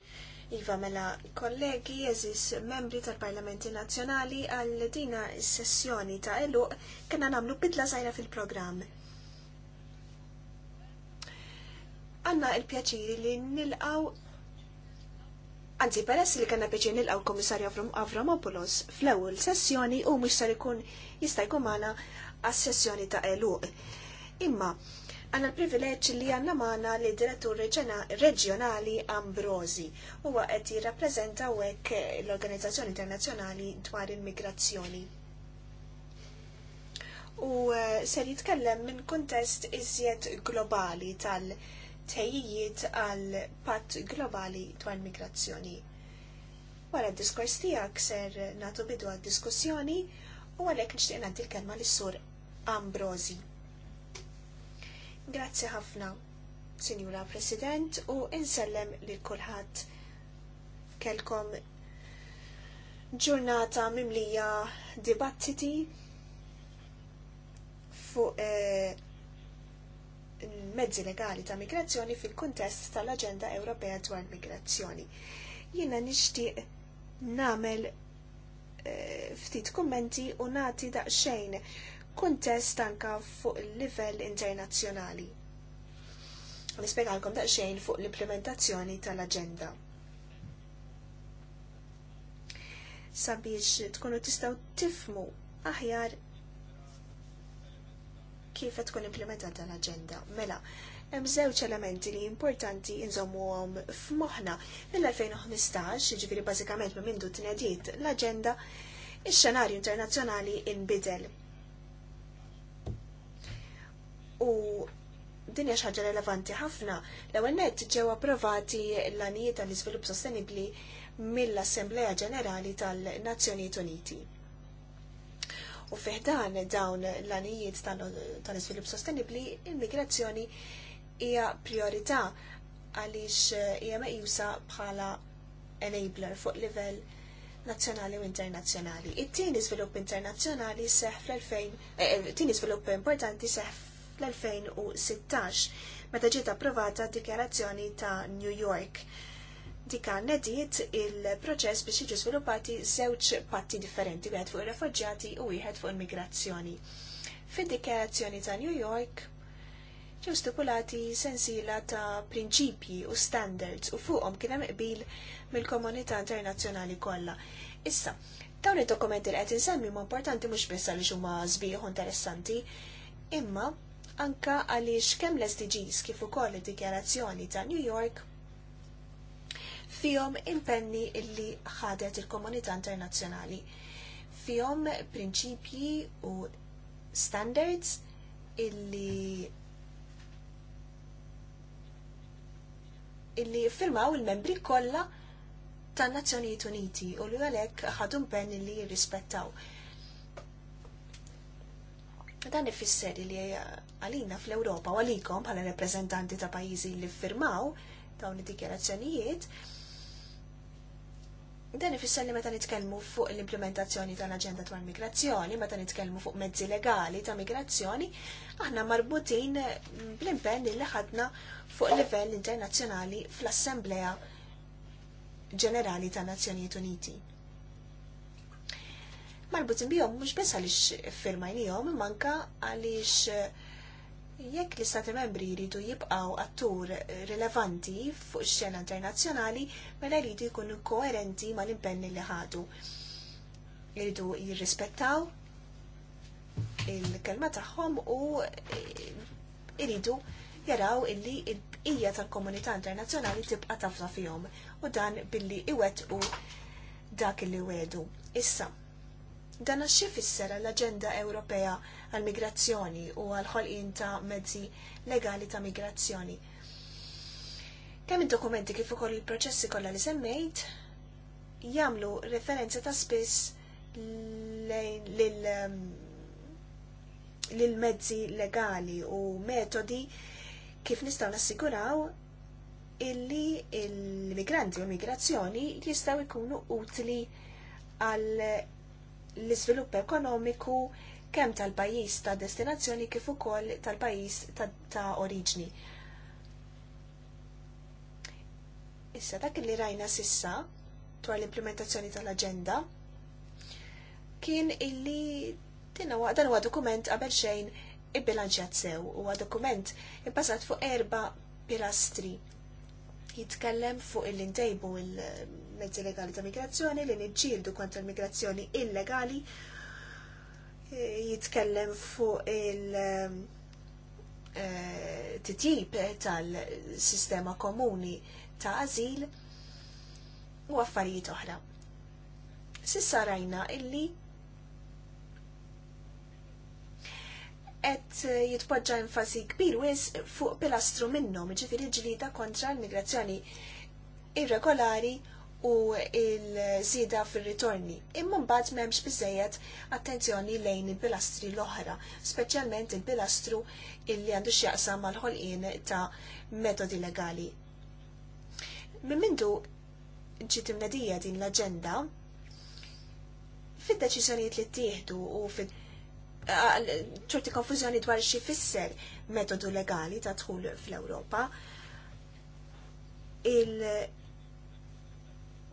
Iva mela kollegi, eżis membri tal-Parlamenti Nazzjonali għal dina s-sessjoni ta' eluq kena namlu bidla zaħira fil-programm. Għanna il-pjaċiri li nilqaw Anzi, peress li kanna peċi nilqaw komissarju Avramopoulos fl-ewwel sessjoni u mhux sar ikun jista' jkun għas-sessjoni ta' eluq. Imma, għanna l-privileġġ li għanna maħna li direttur reġjonali Ambrosi u għet jirrapprezenta u għek l-Organizzazzjoni Internazzjonali dwar il-Migrazzjoni. U eh, ser jitkellem minn kontest iżjed globali tal-tejjiet għal pat globali dwar il-migrazzjoni. Wara d-diskors tijak ser natu bidu għad-diskussjoni u għalek nishtiqna l-kelma l-sur Ambrosi. Grazzi ħafna, Sinjura President, u insellem li kulħadd kelkom ġurnata mimlija dibattiti fuq il eh, mezzi legali ta' migrazzjoni fil-kuntest tal-Aġenda Ewropea dwar migrazzjoni. Jiena nixtieq nagħmel eh, ftit kummenti u nagħti daqsxejn kuntest anka fuq il-livell internazzjonali. Nispjegalkom daqsxejn fuq l-implementazzjoni tal-aġenda. Sabiex tkunu tistgħu tifmu aħjar kif qed tkun implementata l-aġenda. Mela, hemm żewġ elementi li importanti nżommuhom f'moħħna mill-2015, ġifieri bażikament minn mindu tnediet l-aġenda, ix-xenarju internazzjonali inbidel. U din hija ħaġa relevanti ħafna. L-ewwel nett ġew approvati l-għanijiet tal-iżvilupp sostenibbli mill-Assembleja Ġenerali tal-Nazzjonijiet Uniti. U fiħdan dawn l-għanijiet tal-iżvilupp sostenibbli, immigrazzjoni hija priorità għaliex hija meqjusa bħala enabler fuq livell nazzjonali u internazzjonali. It-tieni żvilupp internazzjonali seħ fl-2000, eh, eh, tieni żvilupp importanti seħ fl-2016 meta ġiet approvata d-dikjarazzjoni ta' New York. Dik nediet il-proċess biex jiġu sviluppati żewġ patti differenti, wieħed fuq ir-refuġjati u wieħed fuq il-migrazzjoni. Fid-dikjarazzjoni ta' New York ġew stipulati sensiela ta' prinċipji u standards u fuqhom kien hemm qbil mill-komunità internazzjonali kollha. Issa, dawn id-dokumenti li qed insemmi huma importanti mhux biss għaliex huma sbieħ interessanti, imma anka għaliex kemm l-SDGs kif ukoll id-dikjarazzjoni ta' New York fihom impenni illi ħadet il-komunità internazzjonali. Fihom prinċipji u standards illi illi firmaw il-membri kollha tan-Nazzjonijiet Uniti u li għalhekk ħadu impenn li jirrispettaw. Dan ifisser li għalina fl-Ewropa u għalikom bħala reprezentanti ta' pajjiżi li firmaw dawn id-dikjarazzjonijiet, dan ifisser li meta nitkellmu fuq l-implementazzjoni tal-Aġenda dwar migrazzjoni, meta nitkellmu fuq mezzi legali ta' migrazzjoni, aħna marbutin bl-impenn li ħadna fuq livell internazzjonali fl-Assemblea Ġenerali ta' Nazzjonijiet Uniti marbutin bihom mhux biss għaliex firmajnijom, manka għaliex eh, jekk l-istati membri jridu jibqgħu attur rilevanti fuq ix-xena internazzjonali, mela jridu jkunu koerenti mal-impenni li ħadu. Jridu jirrispettaw il-kelma tagħhom u eh, jridu jaraw illi il-bqija tal-komunità internazzjonali tibqa' tafla fihom u dan billi iwettqu dak li wedu. Issa, Dan xie fisser l-Aġenda Ewropea għall migrazzjoni u għal ħolqien ta' mezzi legali ta' migrazzjoni. Kemm id-dokumenti kif ukoll il-proċessi kollha li semmejt jagħmlu referenza ta' spiss um, lil mezzi legali u metodi kif nistgħu nassiguraw illi il-migranti u migrazzjoni jistgħu jkunu utli għal l-iżvilupp ekonomiku kemm tal-pajjiż ta' destinazzjoni kif ukoll tal-pajjiż ta', ta oriġni. Issa dak li rajna sissa dwar l-implementazzjoni tal-aġenda kien illi din dan huwa dokument qabel xejn ibbilanċjat sew huwa dokument ibbażat fuq erba' pilastri jitkellem fuq il-intejbu il-, -intejbu, il mezzi legali ta' migrazzjoni li niġġieldu kontra l-migrazzjoni illegali e, jitkellem fuq il- e, titjib tal-sistema komuni ta' azil u affarijiet oħra. Sissa rajna illi qed jitpoġġa enfasi kbir wis fuq pilastru minnhom, ġifieri ġlida kontra l-migrazzjoni irregolari u il-żieda fil-ritorni. Imma mbagħad m'hemmx bizzejet attenzjoni lejn il-pilastri l-oħra, speċjalment il-pilastru illi għandu x'jaqsam mal-ħolqien ta' metodi legali. Minn mindu ġiet imnedija din l-aġenda fid-deċiżjonijiet li ttieħdu u fid- ċorti konfużjoni dwar xi fisser metodu legali ta' dħul fl-Ewropa.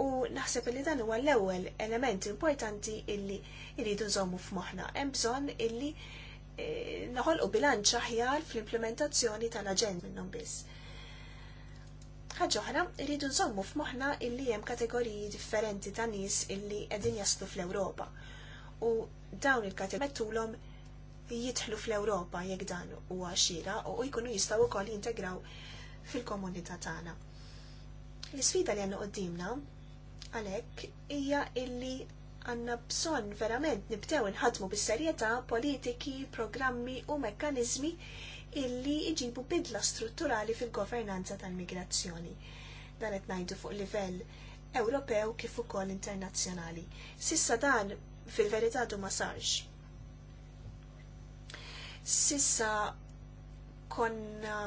U naħseb li dan huwa l-ewwel element importanti illi jridu nżommu f'moħħna. Hemm bżonn illi eh, naħolqu bilanċ aħjar fl-implementazzjoni tal-aġent minnhom biss. Ħaġa oħra, irridu nżommu f'moħħna illi hemm kategoriji differenti ta' nies illi qegħdin jaslu fl-Ewropa. U dawn il-kategoriji jidħlu fl-Ewropa jekk dan huwa xira u jkunu jistgħu wkoll jintegraw fil-komunità tagħna. L-isfida li għandna qoddimna għalhekk hija illi għandna bżonn verament nibdew inħadmu bis-serjetà politiki, programmi u mekkaniżmi illi jġibu bidla strutturali fil-governanza tal-migrazzjoni. Dan qed ngħidu fuq livell Ewropew kif ukoll internazzjonali. Sissa dan fil-verità du ma sarx. Sissa konna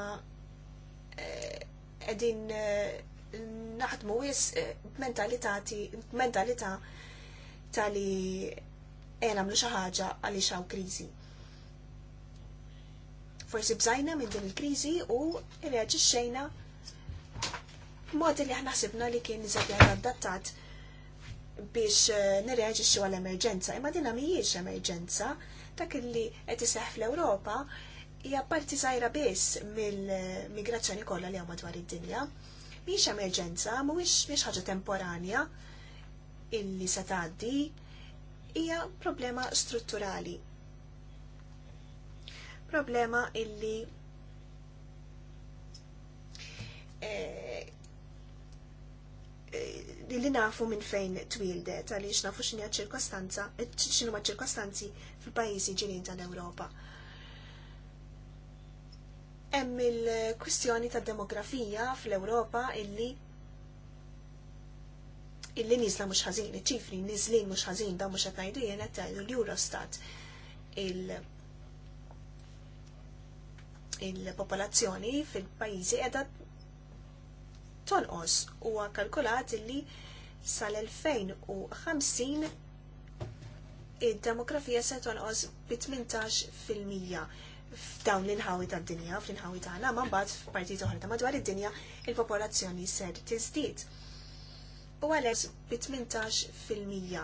qegħdin eh, eh naħdmu wis eh, mentalità tali ena eh, mlu xi ħaġa għaliex hawn kriżi. Forsi bżajna minn din il-kriżi u xejna mod li aħna ħsibna li kien iżgħar adattat biex eh, nirreaġixxu għal emerġenza, imma dinha mhijiex emerġenza dak li qed iseħħ fl-Ewropa hija parti żgħira biss mill-migrazzjoni kollha li hawn madwar id-dinja miex emerġenza, mhuwiex miex ħaġa temporanja illi se tgħaddi, hija problema strutturali. Problema illi e, eh, eh, li nafu minn fejn twildet, għaliex nafu x'inja ċirkostanza, eh, x'inhuma ċirkostanzi fil-pajjiżi ġirin tal-Ewropa hemm il-kwistjoni tad demografija fl-Ewropa illi illi nizla mhux ħażin, iċifri nizli mux mhux ħażin da mhux qed ngħidu jien qed l-Eurostat il il-popolazzjoni fil-pajjiżi qiegħda tonqos huwa kalkulat illi sal-2050 id-demografija se tonqos bi 18 fil-mija f'dawn l-inħawi ta' dinja, fl-inħawi ta' għana, man bat f'partijiet oħra ta' madwar id-dinja, il-popolazzjoni ser tiżdied. U għalhekk bi 18%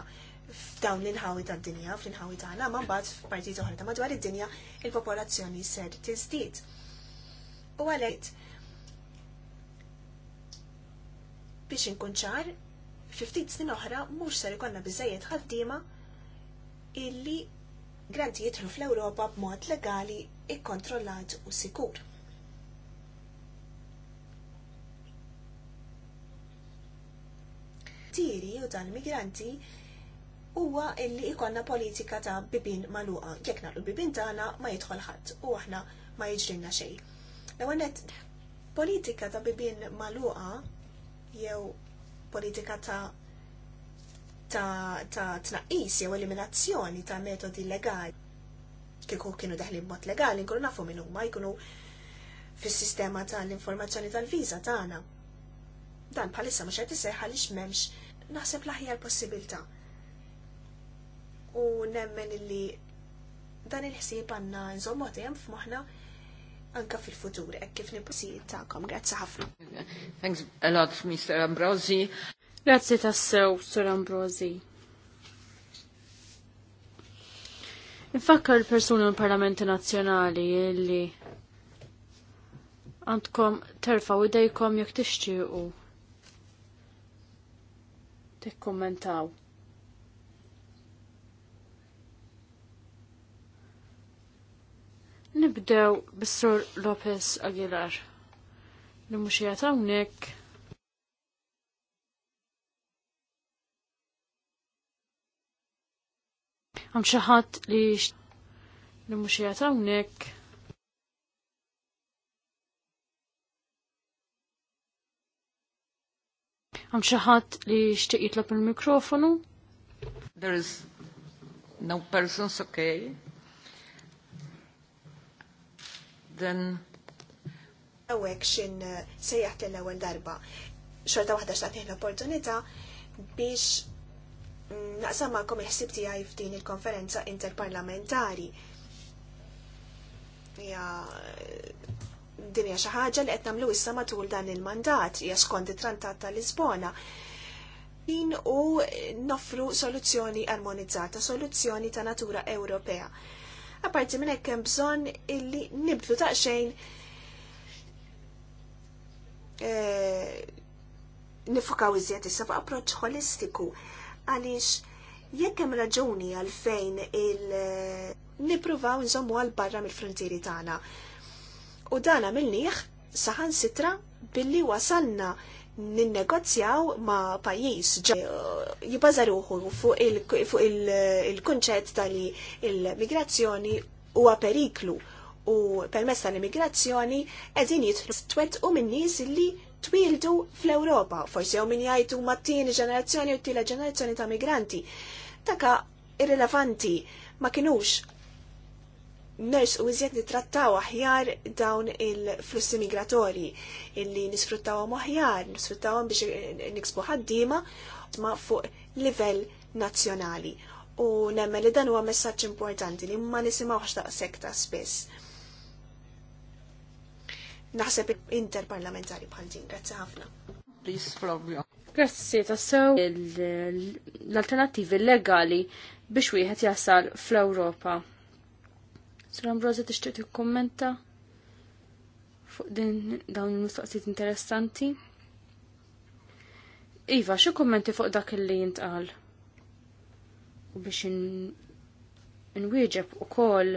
f'dawn l-inħawi ta' dinja, fl-inħawi ta' għana, man bat f'partijiet oħra ta' madwar id-dinja, il-popolazzjoni ser tiżdied. U għalhekk biex inkun ċar, ftit snin oħra mhux ser ikollna biżejjed ħaddiema illi grandi jidħlu fl-Ewropa b'mod legali ikkontrollat u sikur. Tiri u dan migranti huwa illi ikonna politika ta' bibin maluqa. Jekk naqlu bibin tagħna ma jidħol ħadd u aħna ma jiġrilna xejn. l politika ta' bibin maluqa jew politika ta' ta' ta' tnaqqis jew eliminazzjoni ta' metodi legali kieku kienu daħli mod legali, nkunu nafu minn huma jkunu fis-sistema tal-informazzjoni tal-viża tagħna. Dan bħalissa mhux qed iseħħ għaliex m'hemmx naħseb l-aħjar possibilità. U nemmen illi dan il-ħsieb għandna nżommu dejjem f'moħħna anka fil-futur, hekk kif nipposijiet tagħkom. Grazzi ħafna. Thanks a lot, Mr. Ambrosi. Grazzi tassew, Sur Ambrosi. Infakkar l-persuni l-Parlamenti Nazzjonali li għandkom terfaw idejkom jekk tixtiequ kommentaw. Nibdew bis-Sur Lopez Aguilar li mhux jagħtawnek Għam xaħat li li mux jgħatawnek. Għam xaħat li xtiq jitlab il-mikrofonu. There is no persons okay. Then għawek xin uh, sejjaħt l-ewel darba. Xorta wahda xtaħtih l-opportunita biex naqsam ma'kom iħsib tiegħi f'din il-konferenza interparlamentari. Ja hija xi ħaġa li qed nagħmlu issa matul dan il-mandat hija skont it-Trattat ta' Lisbona. Din u noffru soluzzjoni armonizzata, soluzzjoni ta' natura Ewropea. Apparti minn hekk hemm bżonn illi nibdlu taqxejn eh, nifukaw iżjed issa fuq approċċ holistiku għaliex jekk hemm raġuni għalfejn il nippruvaw nżommu għal barra mill-frontieri tagħna. U dan għamilnieh saħan sitra billi wasalna ninnegozjaw ma' pajis jibbażaruħu fuq il-kunċett tal-li il-migrazzjoni huwa periklu u permessa tal-immigrazzjoni edin jitlu twet u minn nies li twildu fl-Ewropa, forsi jew min jgħidu mat tieni ġenerazzjoni u t-tila ġenerazzjoni ta' migranti. Taka irrelevanti ma kinux nurs u iżjed nitrattaw aħjar dawn il-flussi migratori illi nisfruttawhom aħjar, nisfruttawhom biex niksbu ħaddiema ma fuq livell nazzjonali. U nemmen li dan huwa messaġġ importanti li ma nisimgħux daqshekk ta' spess naħseb interparlamentari bħal din. Grazzi ħafna. Grazzi, tassew l-alternativi legali biex wieħed jasal fl-Ewropa. Sur Ambrosi tixtieq tikkummenta fuq din dawn il-mistoqsijiet interessanti. Iva, xi kummenti fuq dak li jintqal? U biex inwieġeb ukoll